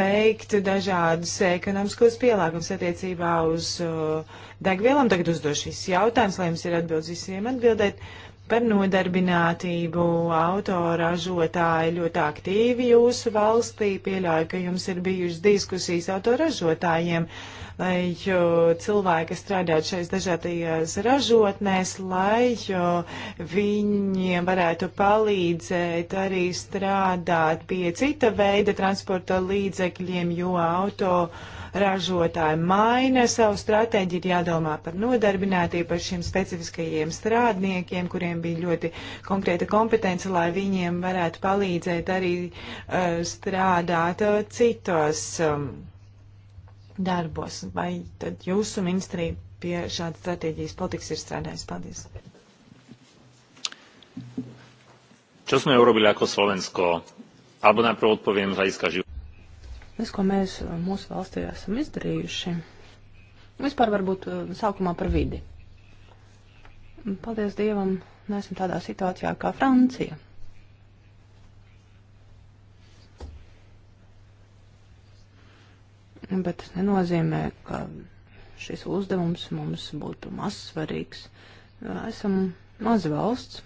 veikt dažādus ekonomiskos pielāgums attiecībā uz eh, degvielām? Tagad uzdošu visus jautājumus, lai jums ir atbildes visiem atbildēt par nodarbinātību. Autoražotāji ļoti aktīvi jūsu valstī pieļauj, ka jums ir bijušas diskusijas autoražotājiem, lai jo, cilvēki, kas strādātu šais dažādajās ražotnēs, lai jo, viņiem varētu palīdzēt arī strādāt pie cita veida transporta līdzekļiem, jo auto. Uh, ražotāji maina savu stratēģiju, ir jādomā par nodarbinātību, par šiem specifiskajiem strādniekiem, kuriem bija ļoti konkrēta kompetence, lai viņiem varētu palīdzēt arī uh, strādāt uh, citos um, darbos. Vai tad jūsu ministrija pie šādas stratēģijas politikas ir strādājusi? Paldies! Čo sme urobili ako Slovensko? Alebo najprv odpoviem z hľadiska života viss, ko mēs uh, mūsu valstī esam izdarījuši. Vispār varbūt uh, sākumā par vidi. Paldies Dievam, neesam nu, tādā situācijā kā Francija. Bet tas nenozīmē, ka šis uzdevums mums būtu mazsvarīgs. Esam maza valsts,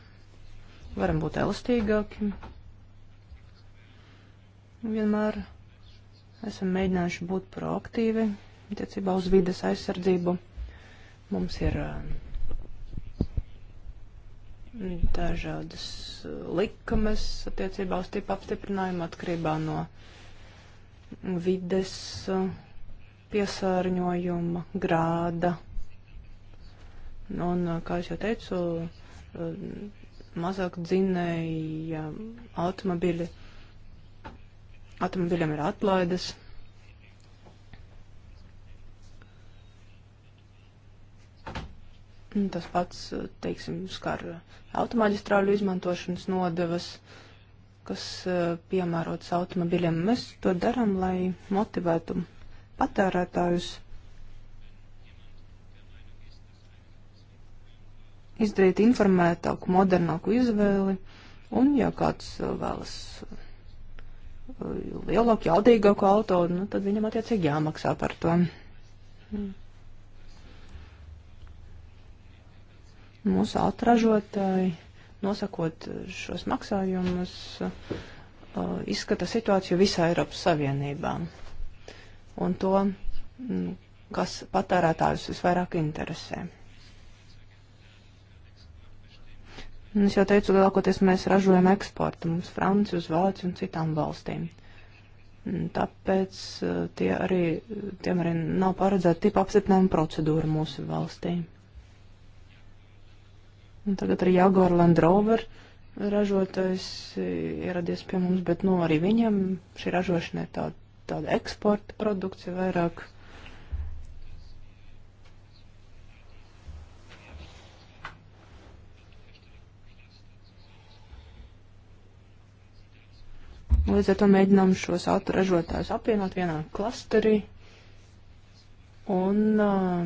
varam būt elastīgāki. Vienmēr Esam mēģinājuši būt proaktīvi attiecībā uz vides aizsardzību. Mums ir um, dažādas uh, likumas attiecībā uz tipu apstiprinājumu atkarībā no vides uh, piesārņojuma grāda. Un, uh, kā jau teicu, mazāk dzinēja automobīļi Automobiļam ir atlaides. Tas pats, teiksim, skar automaģistrāļu izmantošanas nodevas, kas eh, piemērotas automobiļiem. Mēs to darām, lai motivētu patērētājus izdarīt informētāku, modernāku izvēli, un ja kāds eh, vēlas lielāku, jaudīgāku auto, nu, tad viņam attiecīgi jāmaksā par to. Mm. Mūsu atražotāji, nosakot šos maksājumus, uh, izskata situāciju visā Eiropas Savienībā un to, mm, kas patērētājus visvairāk interesē. Un es jau teicu, lielākoties mēs ražojam eksportu mums Franciju, uz Vāciju un citām valstīm. Un tāpēc eh, tie arī, tiem arī nav paredzēta tipa apstiprinājuma procedūra mūsu valstī. Un tagad arī Jaguar Land Rover ražotājs eh, ieradies pie mums, bet nu, arī viņam šī ražošana ir tāda, tāda eksporta produkcija vairāk. Līdz ar to mēģinām šos autoražotājus apvienot vienā klasterī un uh,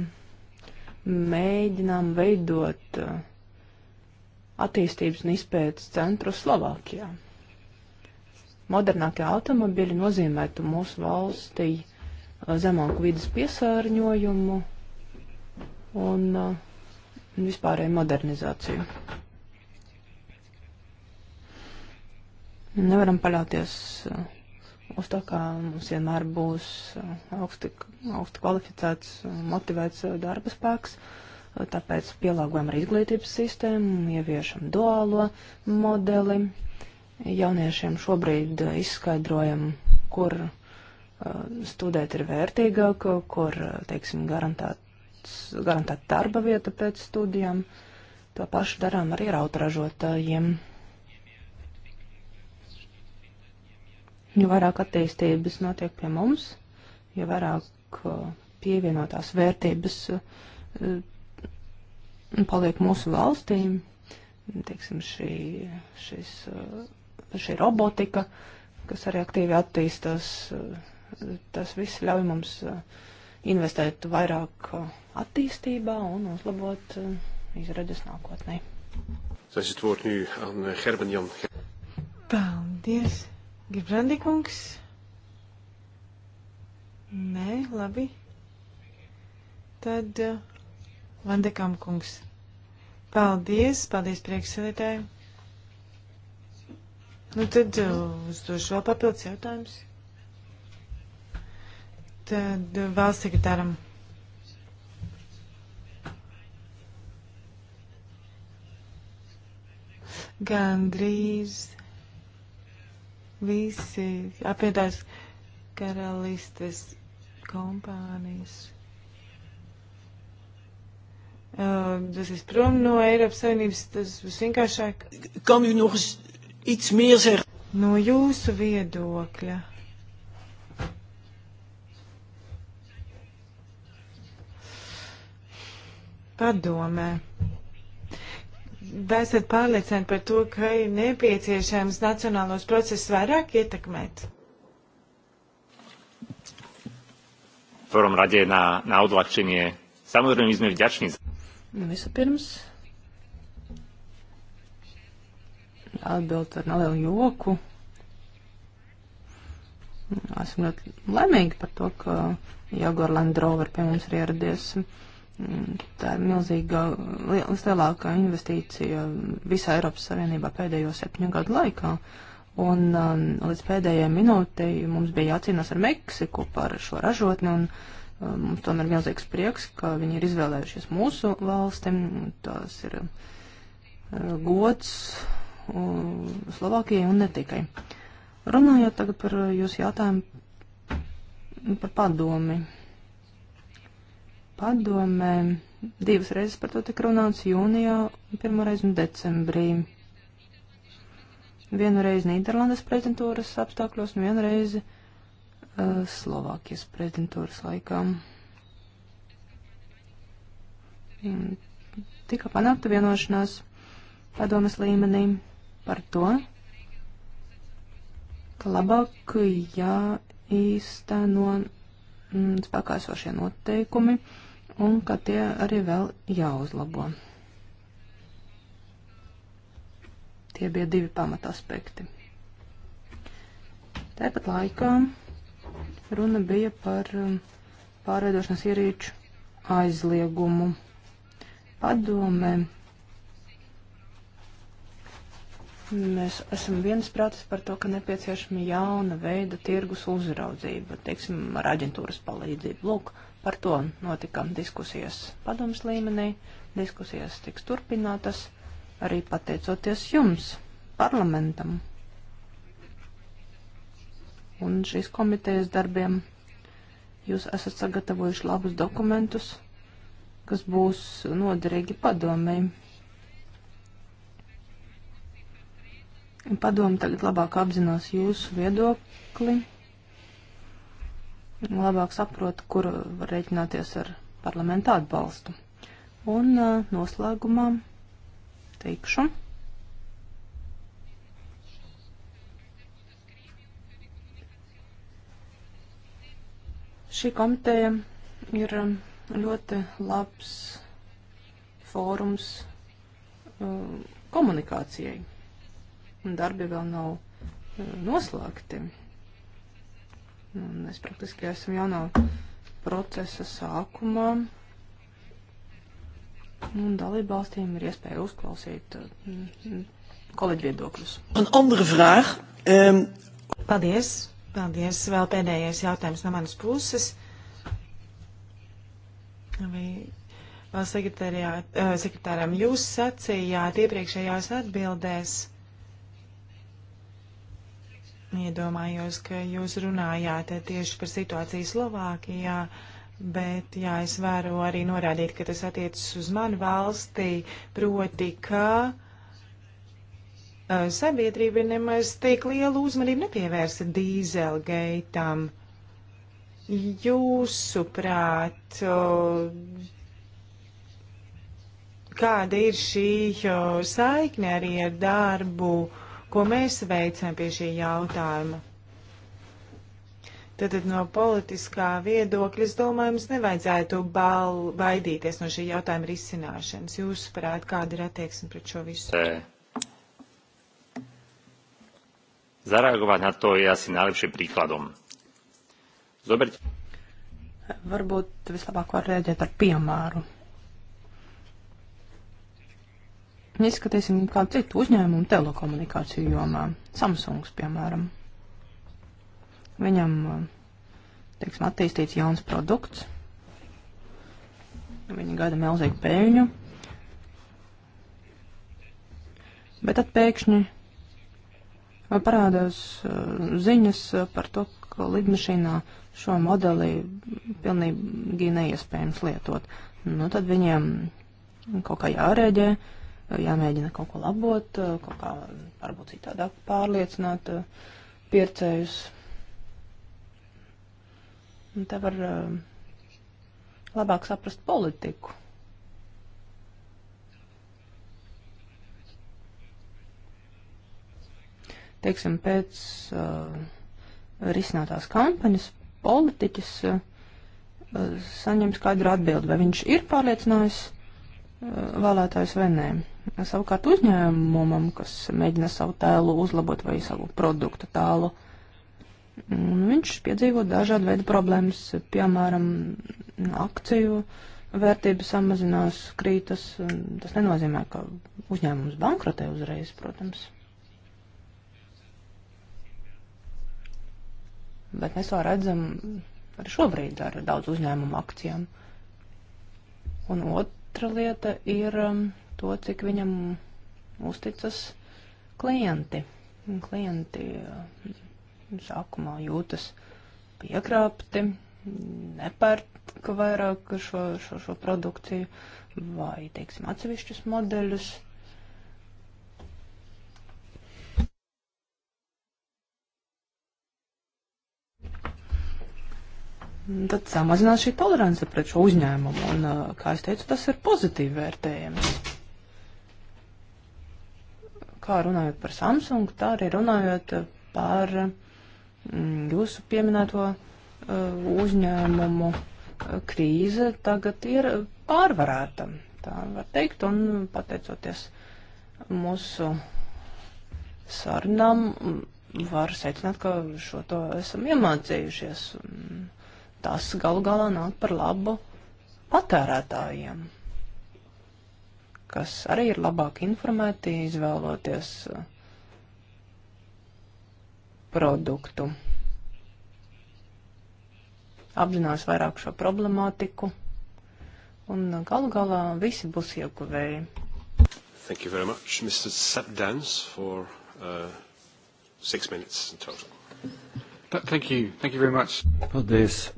mēģinām veidot uh, attīstības un izpētes centru Slovākijā. Modernākie automobiļi nozīmētu mūsu valstī uh, zemāku vidas piesārņojumu un uh, vispārēju modernizāciju. Nevaram paļauties uh, uz to, ka mums vienmēr būs uh, augsti, augsti kvalificēts, uh, motivēts darba spēks. Tāpēc pielāgojam arī izglītības sistēmu, ieviešam duālo modeli. Jauniešiem šobrīd izskaidrojam, kur studēt ir vērtīgāk, kur, teiksim, garantēta darba vieta pēc studijām. To pašu darām arī rautražotājiem. Ja Jo vairāk attīstības notiek pie mums, jo vairāk uh, pievienotās vērtības uh, paliek mūsu valstīm, teiksim, šī, šis, uh, šī robotika, kas arī aktīvi attīstās, tas viss ļauj mums investēt vairāk attīstībā un uzlabot izredzes nākotnē. Tas ir tvort nu an eh, Gerben Jan. Paldies. Gibrandikungs? Nē, labi. Tad uh, Vandekam kungs. Paldies, paldies priekšsēdētāji. Nu tad eh, uzdošu vēl papildus jautājumus. Tad eh, valsts sekretāram. Gandrīz visi apvienotās karalistes kompānijas. Uh, tas ir prom no Eiropas Savienības, tas būs vienkāršāk. Kan u nog eens iets meer zeggen? No jūsu viedokļa. Padomē esat pārliecināti par to, ka ir nepieciešams nacionālos procesus vairāk ietekmēt? V prvom rade na, na odľahčenie. Samozrejme, my sme vďační. Nu, vispirms atbild ar nelielu joku. Esmu ļoti laimīgi par to, ka Jogor Landrover pie mums ir ieradies. Uh, Mm, tā ir milzīga, vislielākā investīcija visā Eiropas Savienībā pēdējo septiņu gadu laikā. Un um, līdz pēdējai minūtei mums bija jācīnās ar Meksiku par šo ražotni, un um, mums tomēr ir milzīgs prieks, ka viņi ir izvēlējušies mūsu valsti. Tas ir uh, gods uh, Slovākijai un ne tikai. Runājot tagad par jūsu jautājumu par padomi padomē divas reizes par to tika runāts jūnijā, pirmoreiz un decembrī. Vienu reizi Nīderlandes prezidentūras apstākļos un vienu reizi uh, Slovākijas prezidentūras laikā. Tika panākta vienošanās padomas līmenī par to, ka labāk jāīsteno mm, spēkā esošie noteikumi. Uh, un ka tie arī vēl jāuzlabo. Tie bija divi pamataspekti. Tāpat laikā runa bija par um, pārveidošanas ierīču aizliegumu. Padomē Mēs esam viensprātis par to, ka nepieciešama jauna veida tirgus uzraudzība, teiksim, ar aģentūras palīdzību. Lūk, uh, Par to notika diskusijas padoms līmenī, diskusijas tiks turpinātas arī pateicoties jums, parlamentam un šīs komitejas darbiem. Jūs esat sagatavojuši labus dokumentus, kas būs noderīgi padomēji. Padoma tagad labāk apzinās jūsu viedokli labāk saprotu, kur var rēķināties ar parlamentu atbalstu. Un noslēgumā teikšu. Šī komiteja ir ļoti labs fórums komunikācijai. Darbi vēl nav noslēgti. Un mēs praktiski esam jaunā procesa sākumā. Un dalībvalstīm ir iespēja uzklausīt mm, kolēģi viedokļus. Un andere vraag. Um... Paldies. Paldies. Vēl pēdējais jautājums no manas puses. Vai eh, sekretāram jūs sacījāt iepriekšējās atbildēs? Iedomājos, ka jūs runājāt tieši par situāciju Slovākijā, bet jā, es varu arī norādīt, ka tas attiecas uz manu valstī, proti, ka uh, sabiedrība nemaz tik lielu uzmanību nepievērsa dīzelgeitam. Jūsuprāt, uh, kāda ir šī uh, saikne arī ar darbu? ko mēs veicam pie šī jautājuma. Tātad no politiskā viedokļa, es domāju, mums nevajadzētu bal, baidīties no šī jautājuma risināšanas. Jūs saprāt, kāda ir attieksme pret šo visu? Zareagovať na to je asi najlepším príkladom. Zoberte. Varbūt vislabāk var rēģēt ar piemēru. Izskatīsim kādu citu uzņēmumu telekomunikāciju jomā. Samsungs, piemēram. Viņam, eh, teiksim, attīstīts jauns produkts. Viņi gada milzīgu pēļņu. Bet tad pēkšņi parādās eh, ziņas eh, par to, ka lidmašīnā šo modeli pilnīgi neiespējams lietot. Nu, tad viņiem kaut kā jārēģē. Uh, jāmēģina kaut ko labot, eh, kaut kā varbūt citādāk pārliecināt eh, pircējus. Un te var eh, labāk saprast politiku. Teiksim, pēc uh, risinātās kampaņas politiķis uh, saņems kādu atbildi, vai viņš ir pārliecinājis uh, vēlētājus vai nē. Savukārt uzņēmumam, kas mēģina savu tēlu uzlabot vai savu produktu tālu, mm, viņš piedzīvo dažādu veidu problēmas, piemēram, akciju vērtība samazinās, krītas. Tas nenozīmē, ka uzņēmums bankrotē uzreiz, protams. Bet mēs to redzam arī šobrīd ar daudz uzņēmumu akcijām. Un ot, Otra lieta ir um, to, cik viņam uzticas klienti. Klienti um, sākumā jūtas piekrāpti, nepērk vairāk šo, šo, šo produkciju vai, teiksim, atsevišķus modeļus. tad samazinās šī tolerance pret šo uzņēmumu. Un, uh, kā es teicu, tas ir pozitīvi vērtējams. Kā runājot par Samsung, tā arī runājot uh, par mm, jūsu pieminēto uh, uzņēmumu krīze tagad ir pārvarēta, tā var teikt, un pateicoties mūsu sarunām mm, var secināt, ka šo to esam iemācījušies. Un, tas galu galā nāk par labu patērētājiem, kas arī ir labāk informēti izvēloties uh, produktu. Apzinās vairāk šo problemātiku, un galu galā visi būs iekuvēji. Thank you very much, Mr. Sapdans, for uh, six minutes in total. Th thank you. Thank you very much. Paldies.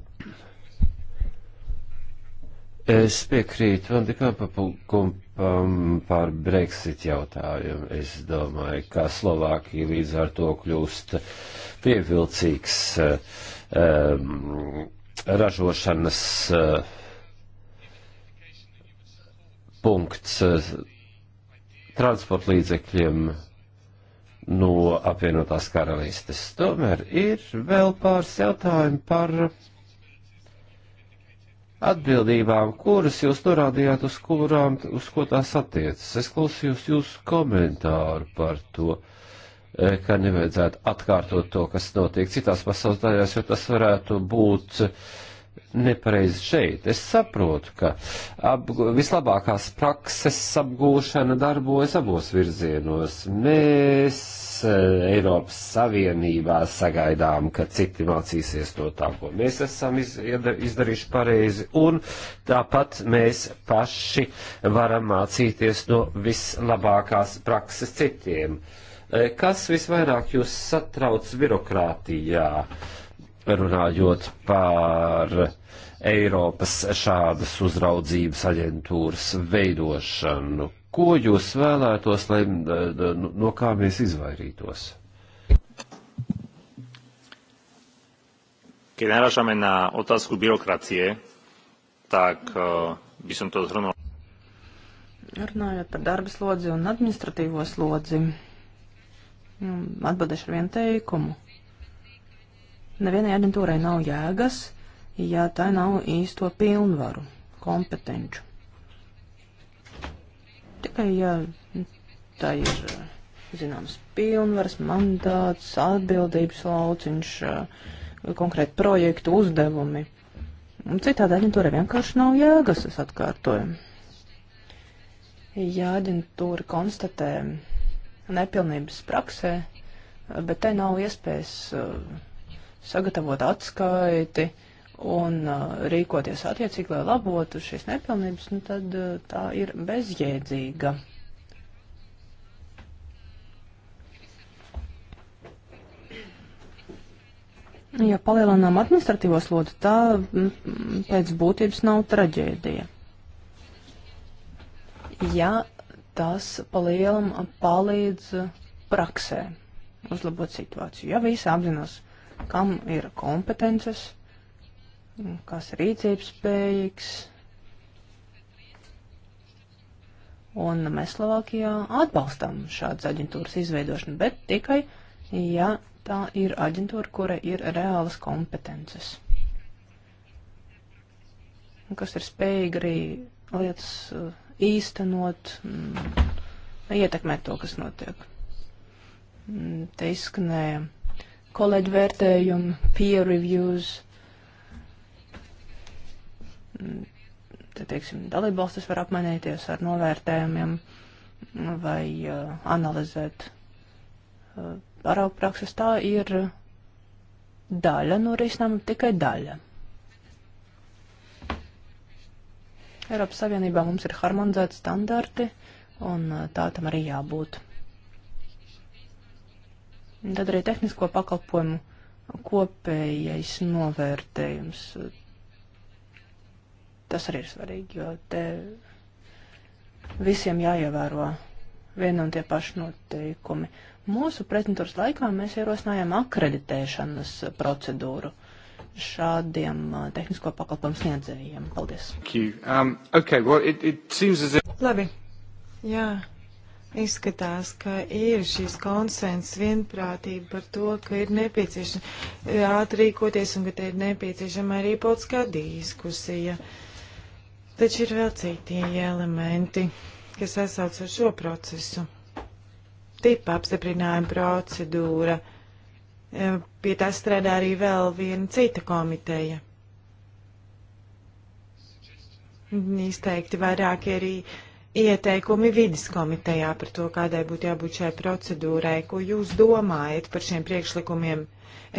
Es piekrītu Vandikampapumpam par Brexit jautājumu. Es domāju, ka Slovākija līdz ar to kļūst pievilcīgs um, ražošanas uh, punkts uh, transporta līdzekļiem no apvienotās karalistes. Tomēr ir vēl pāris jautājumi par. Uh, atbildībām, kuras jūs norādījāt, uz kurām, uz ko tās attiecas. Es klausījos jūsu komentāru par to, e, ka nevajadzētu atkārtot to, kas notiek citās pasaules daļās, jo tas varētu būt nepareizi šeit. Es saprotu, ka ap, vislabākās prakses apgūšana darbojas abos virzienos. Mēs Eh, Eiropas Savienībā sagaidām, ka citi mācīsies no tā, ko mēs esam izdarījuši pareizi, un tāpat mēs paši varam mācīties no vislabākās prakses citiem. Eh, kas visvairāk jūs satrauc birokrātijā, runājot par Eiropas šādas uzraudzības aģentūras veidošanu? ko jūs vēlētos, lai, eh, nu, no kā mēs izvairītos? Keď narážame na otázku byrokracie, tak uh, by som to zhrnul. Runājot par darba slodzi un administratīvo slodzi, nu, atbildēšu ar vienu teikumu. Nevienai aģentūrai nav jēgas, ja tā nav īsto pilnvaru, kompetenču. Tikai, ja tā ir, eh, zināms, pilnvaras, mandāts, atbildības lauciņš, eh, konkrēti projektu uzdevumi. Citādi aģentūra vienkārši nav jēgas, es atkārtoju. Ja aģentūra konstatē nepilnības praksē, bet te nav iespējas eh, sagatavot atskaiti, uh, un uh, rīkoties attiecīgi, lai labotu šīs nepilnības, nu tad uh, tā ir bezjēdzīga. Ja palielinām administratīvo slodzi, tā mm, mm, pēc būtības nav traģēdija. Ja tas palielam palīdz praksē uzlabot situāciju, ja visi apzinās, kam ir kompetences, kas rīcības spējīgs. Un mēs Slovākijā atbalstam šādas aģentūras izveidošanu, bet tikai, ja tā ir aģentūra, kura ir reālas kompetences. Un kas ir spējīga arī lietas uh, īstenot, ietekmēt to, kas notiek. Mm, te izskanēja kolēģi vērtējumi, peer reviews te, teiksim, dalībvalstis var apmainīties ar novērtējumiem vai uh, analizēt uh, paraugu prakses. Tā ir daļa no risinājuma, tikai daļa. Eiropas Savienībā mums ir harmonizēti standarti, un uh, tā tam arī jābūt. Un tad arī tehnisko pakalpojumu kopējais novērtējums. Tas arī ir svarīgi, jo te visiem jāievēro viena un tie paši noteikumi. Mūsu pretendūras laikā mēs ierosinājām akreditēšanas procedūru šādiem uh, tehnisko pakalpojumu sniedzējiem. Paldies. Um, okay, well, it, it as... Labi. Jā. Izskatās, ka ir šīs konsens vienprātība par to, ka ir nepieciešama ātrīkoties un ka te ir nepieciešama arī politiskā diskusija. Uh, Taču ir vēl citi elementi, kas sasauc ar šo procesu. Tipa apstiprinājuma procedūra. E, pie tā strādā arī vēl viena cita komiteja. Izteikti vairāki arī ieteikumi vidas komitejā par to, kādai būtu jābūt šai procedūrai, ko jūs domājat par šiem priekšlikumiem.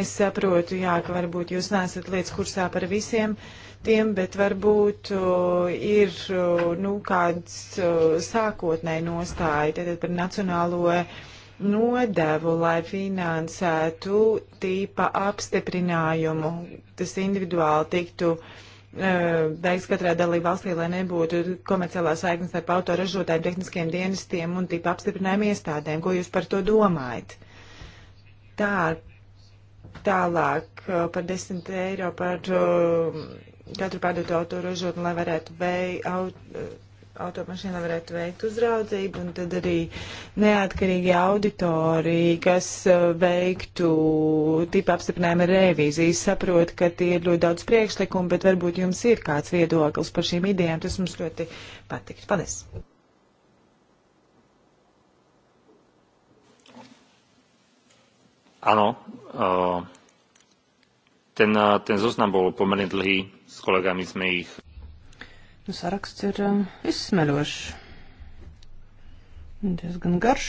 Es saprotu, jā, ka varbūt jūs nesat lietas kursā par visiem tiem, bet varbūt ir nu, kāds sākotnēji nostāja tātad par nacionālo nodevu, lai finansētu tīpa apstiprinājumu. Tas individuāli tiktu veiks e, katrā dalība valstī, lai nebūtu komerciālā saiknes starp autoražotājiem, tehniskiem dienestiem un tīpa apstiprinājumu iestādēm. Ko jūs par to domājat? Tā, tālāk par 10 eiro par uh, katru pārdotu autoražotni, lai varētu vei, aut, automašīna varētu veikt uzraudzību, un tad arī neatkarīgi auditori, kas uh, veiktu tipa apstiprinājumu revīzijas, saprot, ka tie ir ļoti daudz priekšlikumu, bet varbūt jums ir kāds viedoklis par šīm idejām, tas mums ļoti patikt. Paldies! Áno, eh, ten, eh, ten zoznam bol pomerne dlhý, s kolegami sme ich. Nu, saraksts ir um, izsmeļošs. Diezgan garš.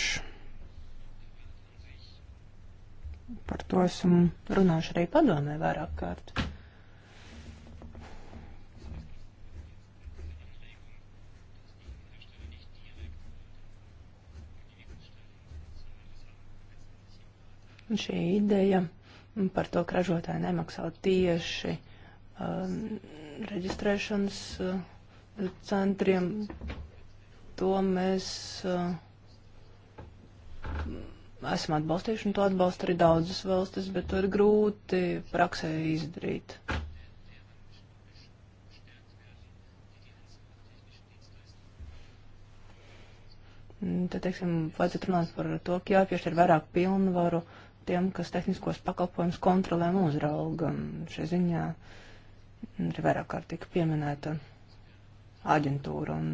Par to esam runājuši arī padomē vairāk kārt. Un šī ideja par to, ka ražotāji nemaksā tieši Um, reģistrēšanas uh, centriem. To mēs uh, esam atbalstījuši, un to atbalsta arī daudzas valstis, bet to ir grūti praksē izdarīt. Te, teiksim, vajadzētu runāt par to, ka jāpiešķir vairāk pilnvaru tiem, kas tehniskos pakalpojumus kontrolē un uzrauga. Šai ziņā uh, ir vairāk kārtīgi pieminēta aģentūra un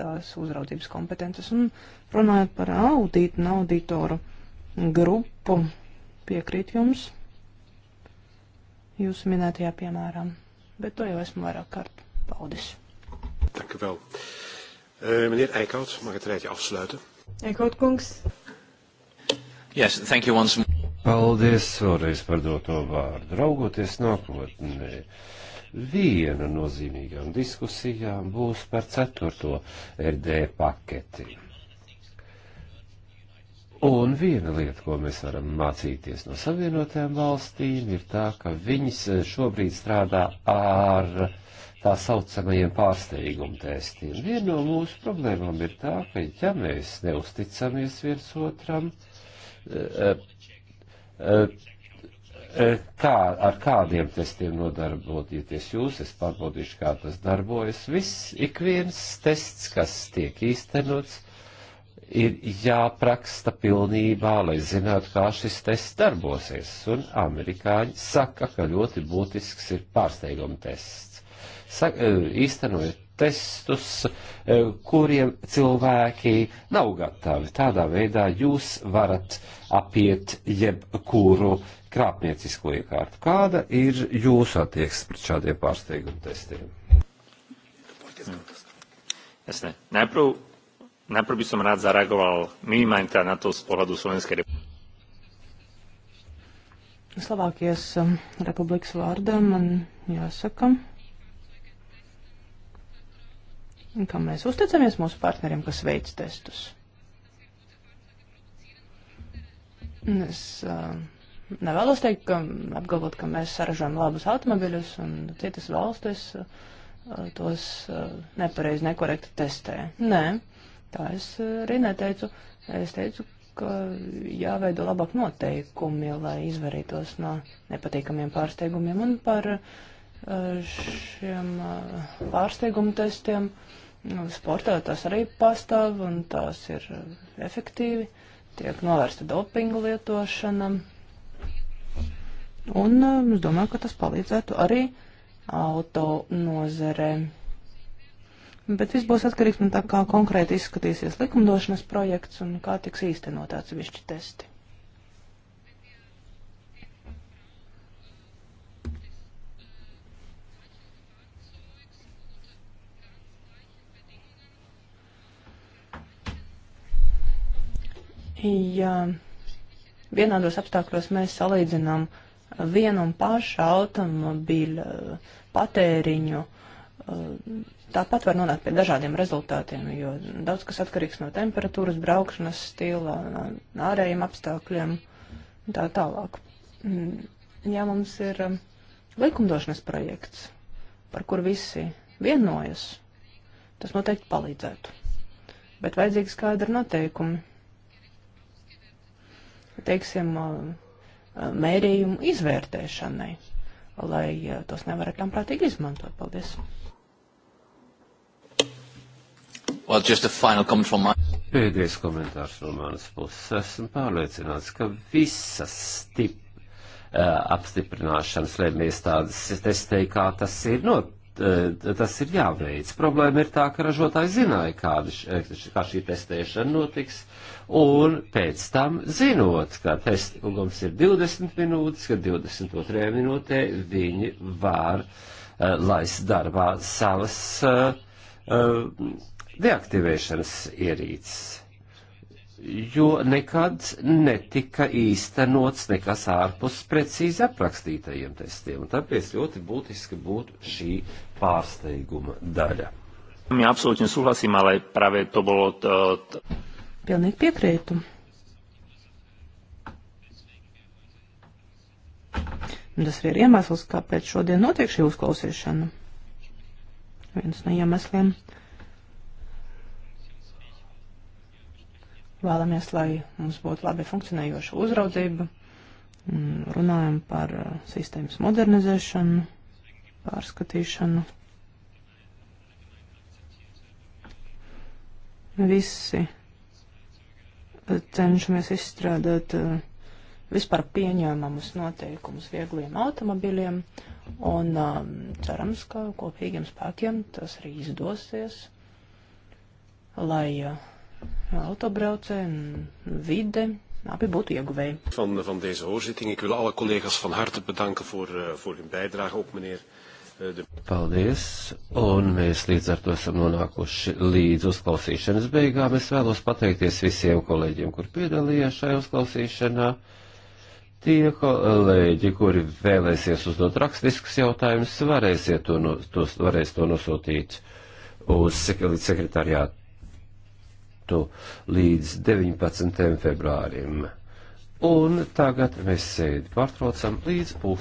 tās uzraudzības kompetences. Un runājot par audītu un auditoru grupu, piekrīt jums, jūsu minētajā piemēram, bet to jau esmu vairāk kārt paudis. Dank u wel. Uh, meneer Eickhout, mag ik het rijtje afsluiten? Eickhout, kungs. Yes, thank you once more. Paldies vēlreiz par doto vārdu. Raugoties nākotnē, viena no zīmīgām diskusijām būs par ceturto RD paketi. Un viena lieta, ko mēs varam mācīties no savienotajām valstīm, ir tā, ka viņas šobrīd strādā ar tā saucamajiem pārsteiguma testiem. Viena no mūsu problēmām ir tā, ka ja mēs neusticamies viens otram, eh, E, e, kā, ar kādiem testiem nodarboties jūs, es pārbaudīšu, kā tas darbojas. Viss, ik viens tests, kas tiek īstenots, ir jāpraksta pilnībā, lai zinātu, kā šis tests darbosies. Un amerikāņi saka, ka ļoti būtisks ir pārsteiguma tests. Saka, e, īstenojot testus, eh, kuriem cilvēki nav gatavi. Tādā veidā jūs varat apiet jebkuru krāpniecisko iekārtu. Kāda ir jūsu attieksme pret šādiem pārsteigumu testiem? Jasné. Najprv, najprv by som rád zareagoval minimálne teda na to z pohľadu Slovenskej eh, republiky. Slovākijas republikas vārdā man jāsaka, kam mēs uzticamies mūsu partneriem, kas veic testus. Es uh, nevēlos teikt, ka apgalvot, ka mēs saražojam labus automobiļus un citas valstis uh, tos uh, nepareizi, nekorekti testē. Nē, tā es uh, arī neteicu. Es teicu, ka jāveido labāk noteikumi, lai izvarītos no nepatīkamiem pārsteigumiem un par uh, šiem uh, pārsteigumu testiem. Uh, Nu, sportā tas arī pastāv un tās ir uh, efektīvi. Tiek novērsta dopingu lietošana. Un um, es domāju, ka tas palīdzētu arī auto nozarē. Bet viss būs atkarīgs no tā, kā konkrēti izskatīsies likumdošanas projekts un kā tiks īstenot atsevišķi testi. ja vienādos apstākļos mēs salīdzinām vienu un pašu automobīļu patēriņu, eh, tāpat var nonākt pie dažādiem rezultātiem, jo daudz kas atkarīgs no temperatūras, braukšanas stila, ārējiem apstākļiem un tā tālāk. Mm, ja mums ir eh, likumdošanas projekts, par kur visi vienojas, tas noteikti palīdzētu. Bet vajadzīgs kāda ir noteikumi teiksim, eh, mērījumu izvērtēšanai, lai eh, tos nevarētu ļaunprātīgi izmantot. Paldies! Well, just a final comment from my... Pēdējais komentārs no manas puses. Esmu pārliecināts, ka visas stip, uh, apstiprināšanas lēmējas tādas testēji, kā tas ir, no, Eh, tas ir jāveic. Problēma ir tā, ka ražotāji zināja, kāda, eh, kā šī testēšana notiks, un pēc tam zinot, ka testa ilgums ir 20 minūtes, ka 22. minūtē viņi var uh, laist darbā savas uh, uh, deaktivēšanas ierīces jo nekad netika īstenots nekas ārpus precīzi aprakstītajiem testiem, un tāpēc ļoti būtiski būtu šī pārsteiguma daļa. My absolūtne súhlasím, ale práve to bolo... To, to... Pilnīgi piekrītu. Un tas arī ir iemesls, kāpēc šodien notiek šī uzklausīšana. Viens no iemesliem. Uh, Vēlamies, lai mums būtu labi funkcionējoša uzraudzība, runājam par uh, sistēmas modernizēšanu, pārskatīšanu. Visi uh, cenšamies izstrādāt uh, vispār pieņēmamus noteikumus viegliem automobiļiem, un um, cerams, ka kopīgiem spēkiem tas arī izdosies, lai uh, autobraucēji un vide. Abi būtu ieguvēji. Van, van deze hoorzitting. Ik wil alle collega's van harte bedanken voor, uh, voor hun bijdrage, ook meneer eh, de... Paldies, un mēs līdz ar to esam nonākuši līdz uzklausīšanas beigām. Es vēlos pateikties visiem kolēģiem, kur piedalījās šajā uzklausīšanā. Tie kolēģi, kuri vēlēsies uzdot rakstiskus jautājumus, varēsiet to, no, to, varēs to nosūtīt uz sek sekretariātu mandātu līdz 19. februārim. Un tagad mēs sēdi pārtraucam līdz pūkstens.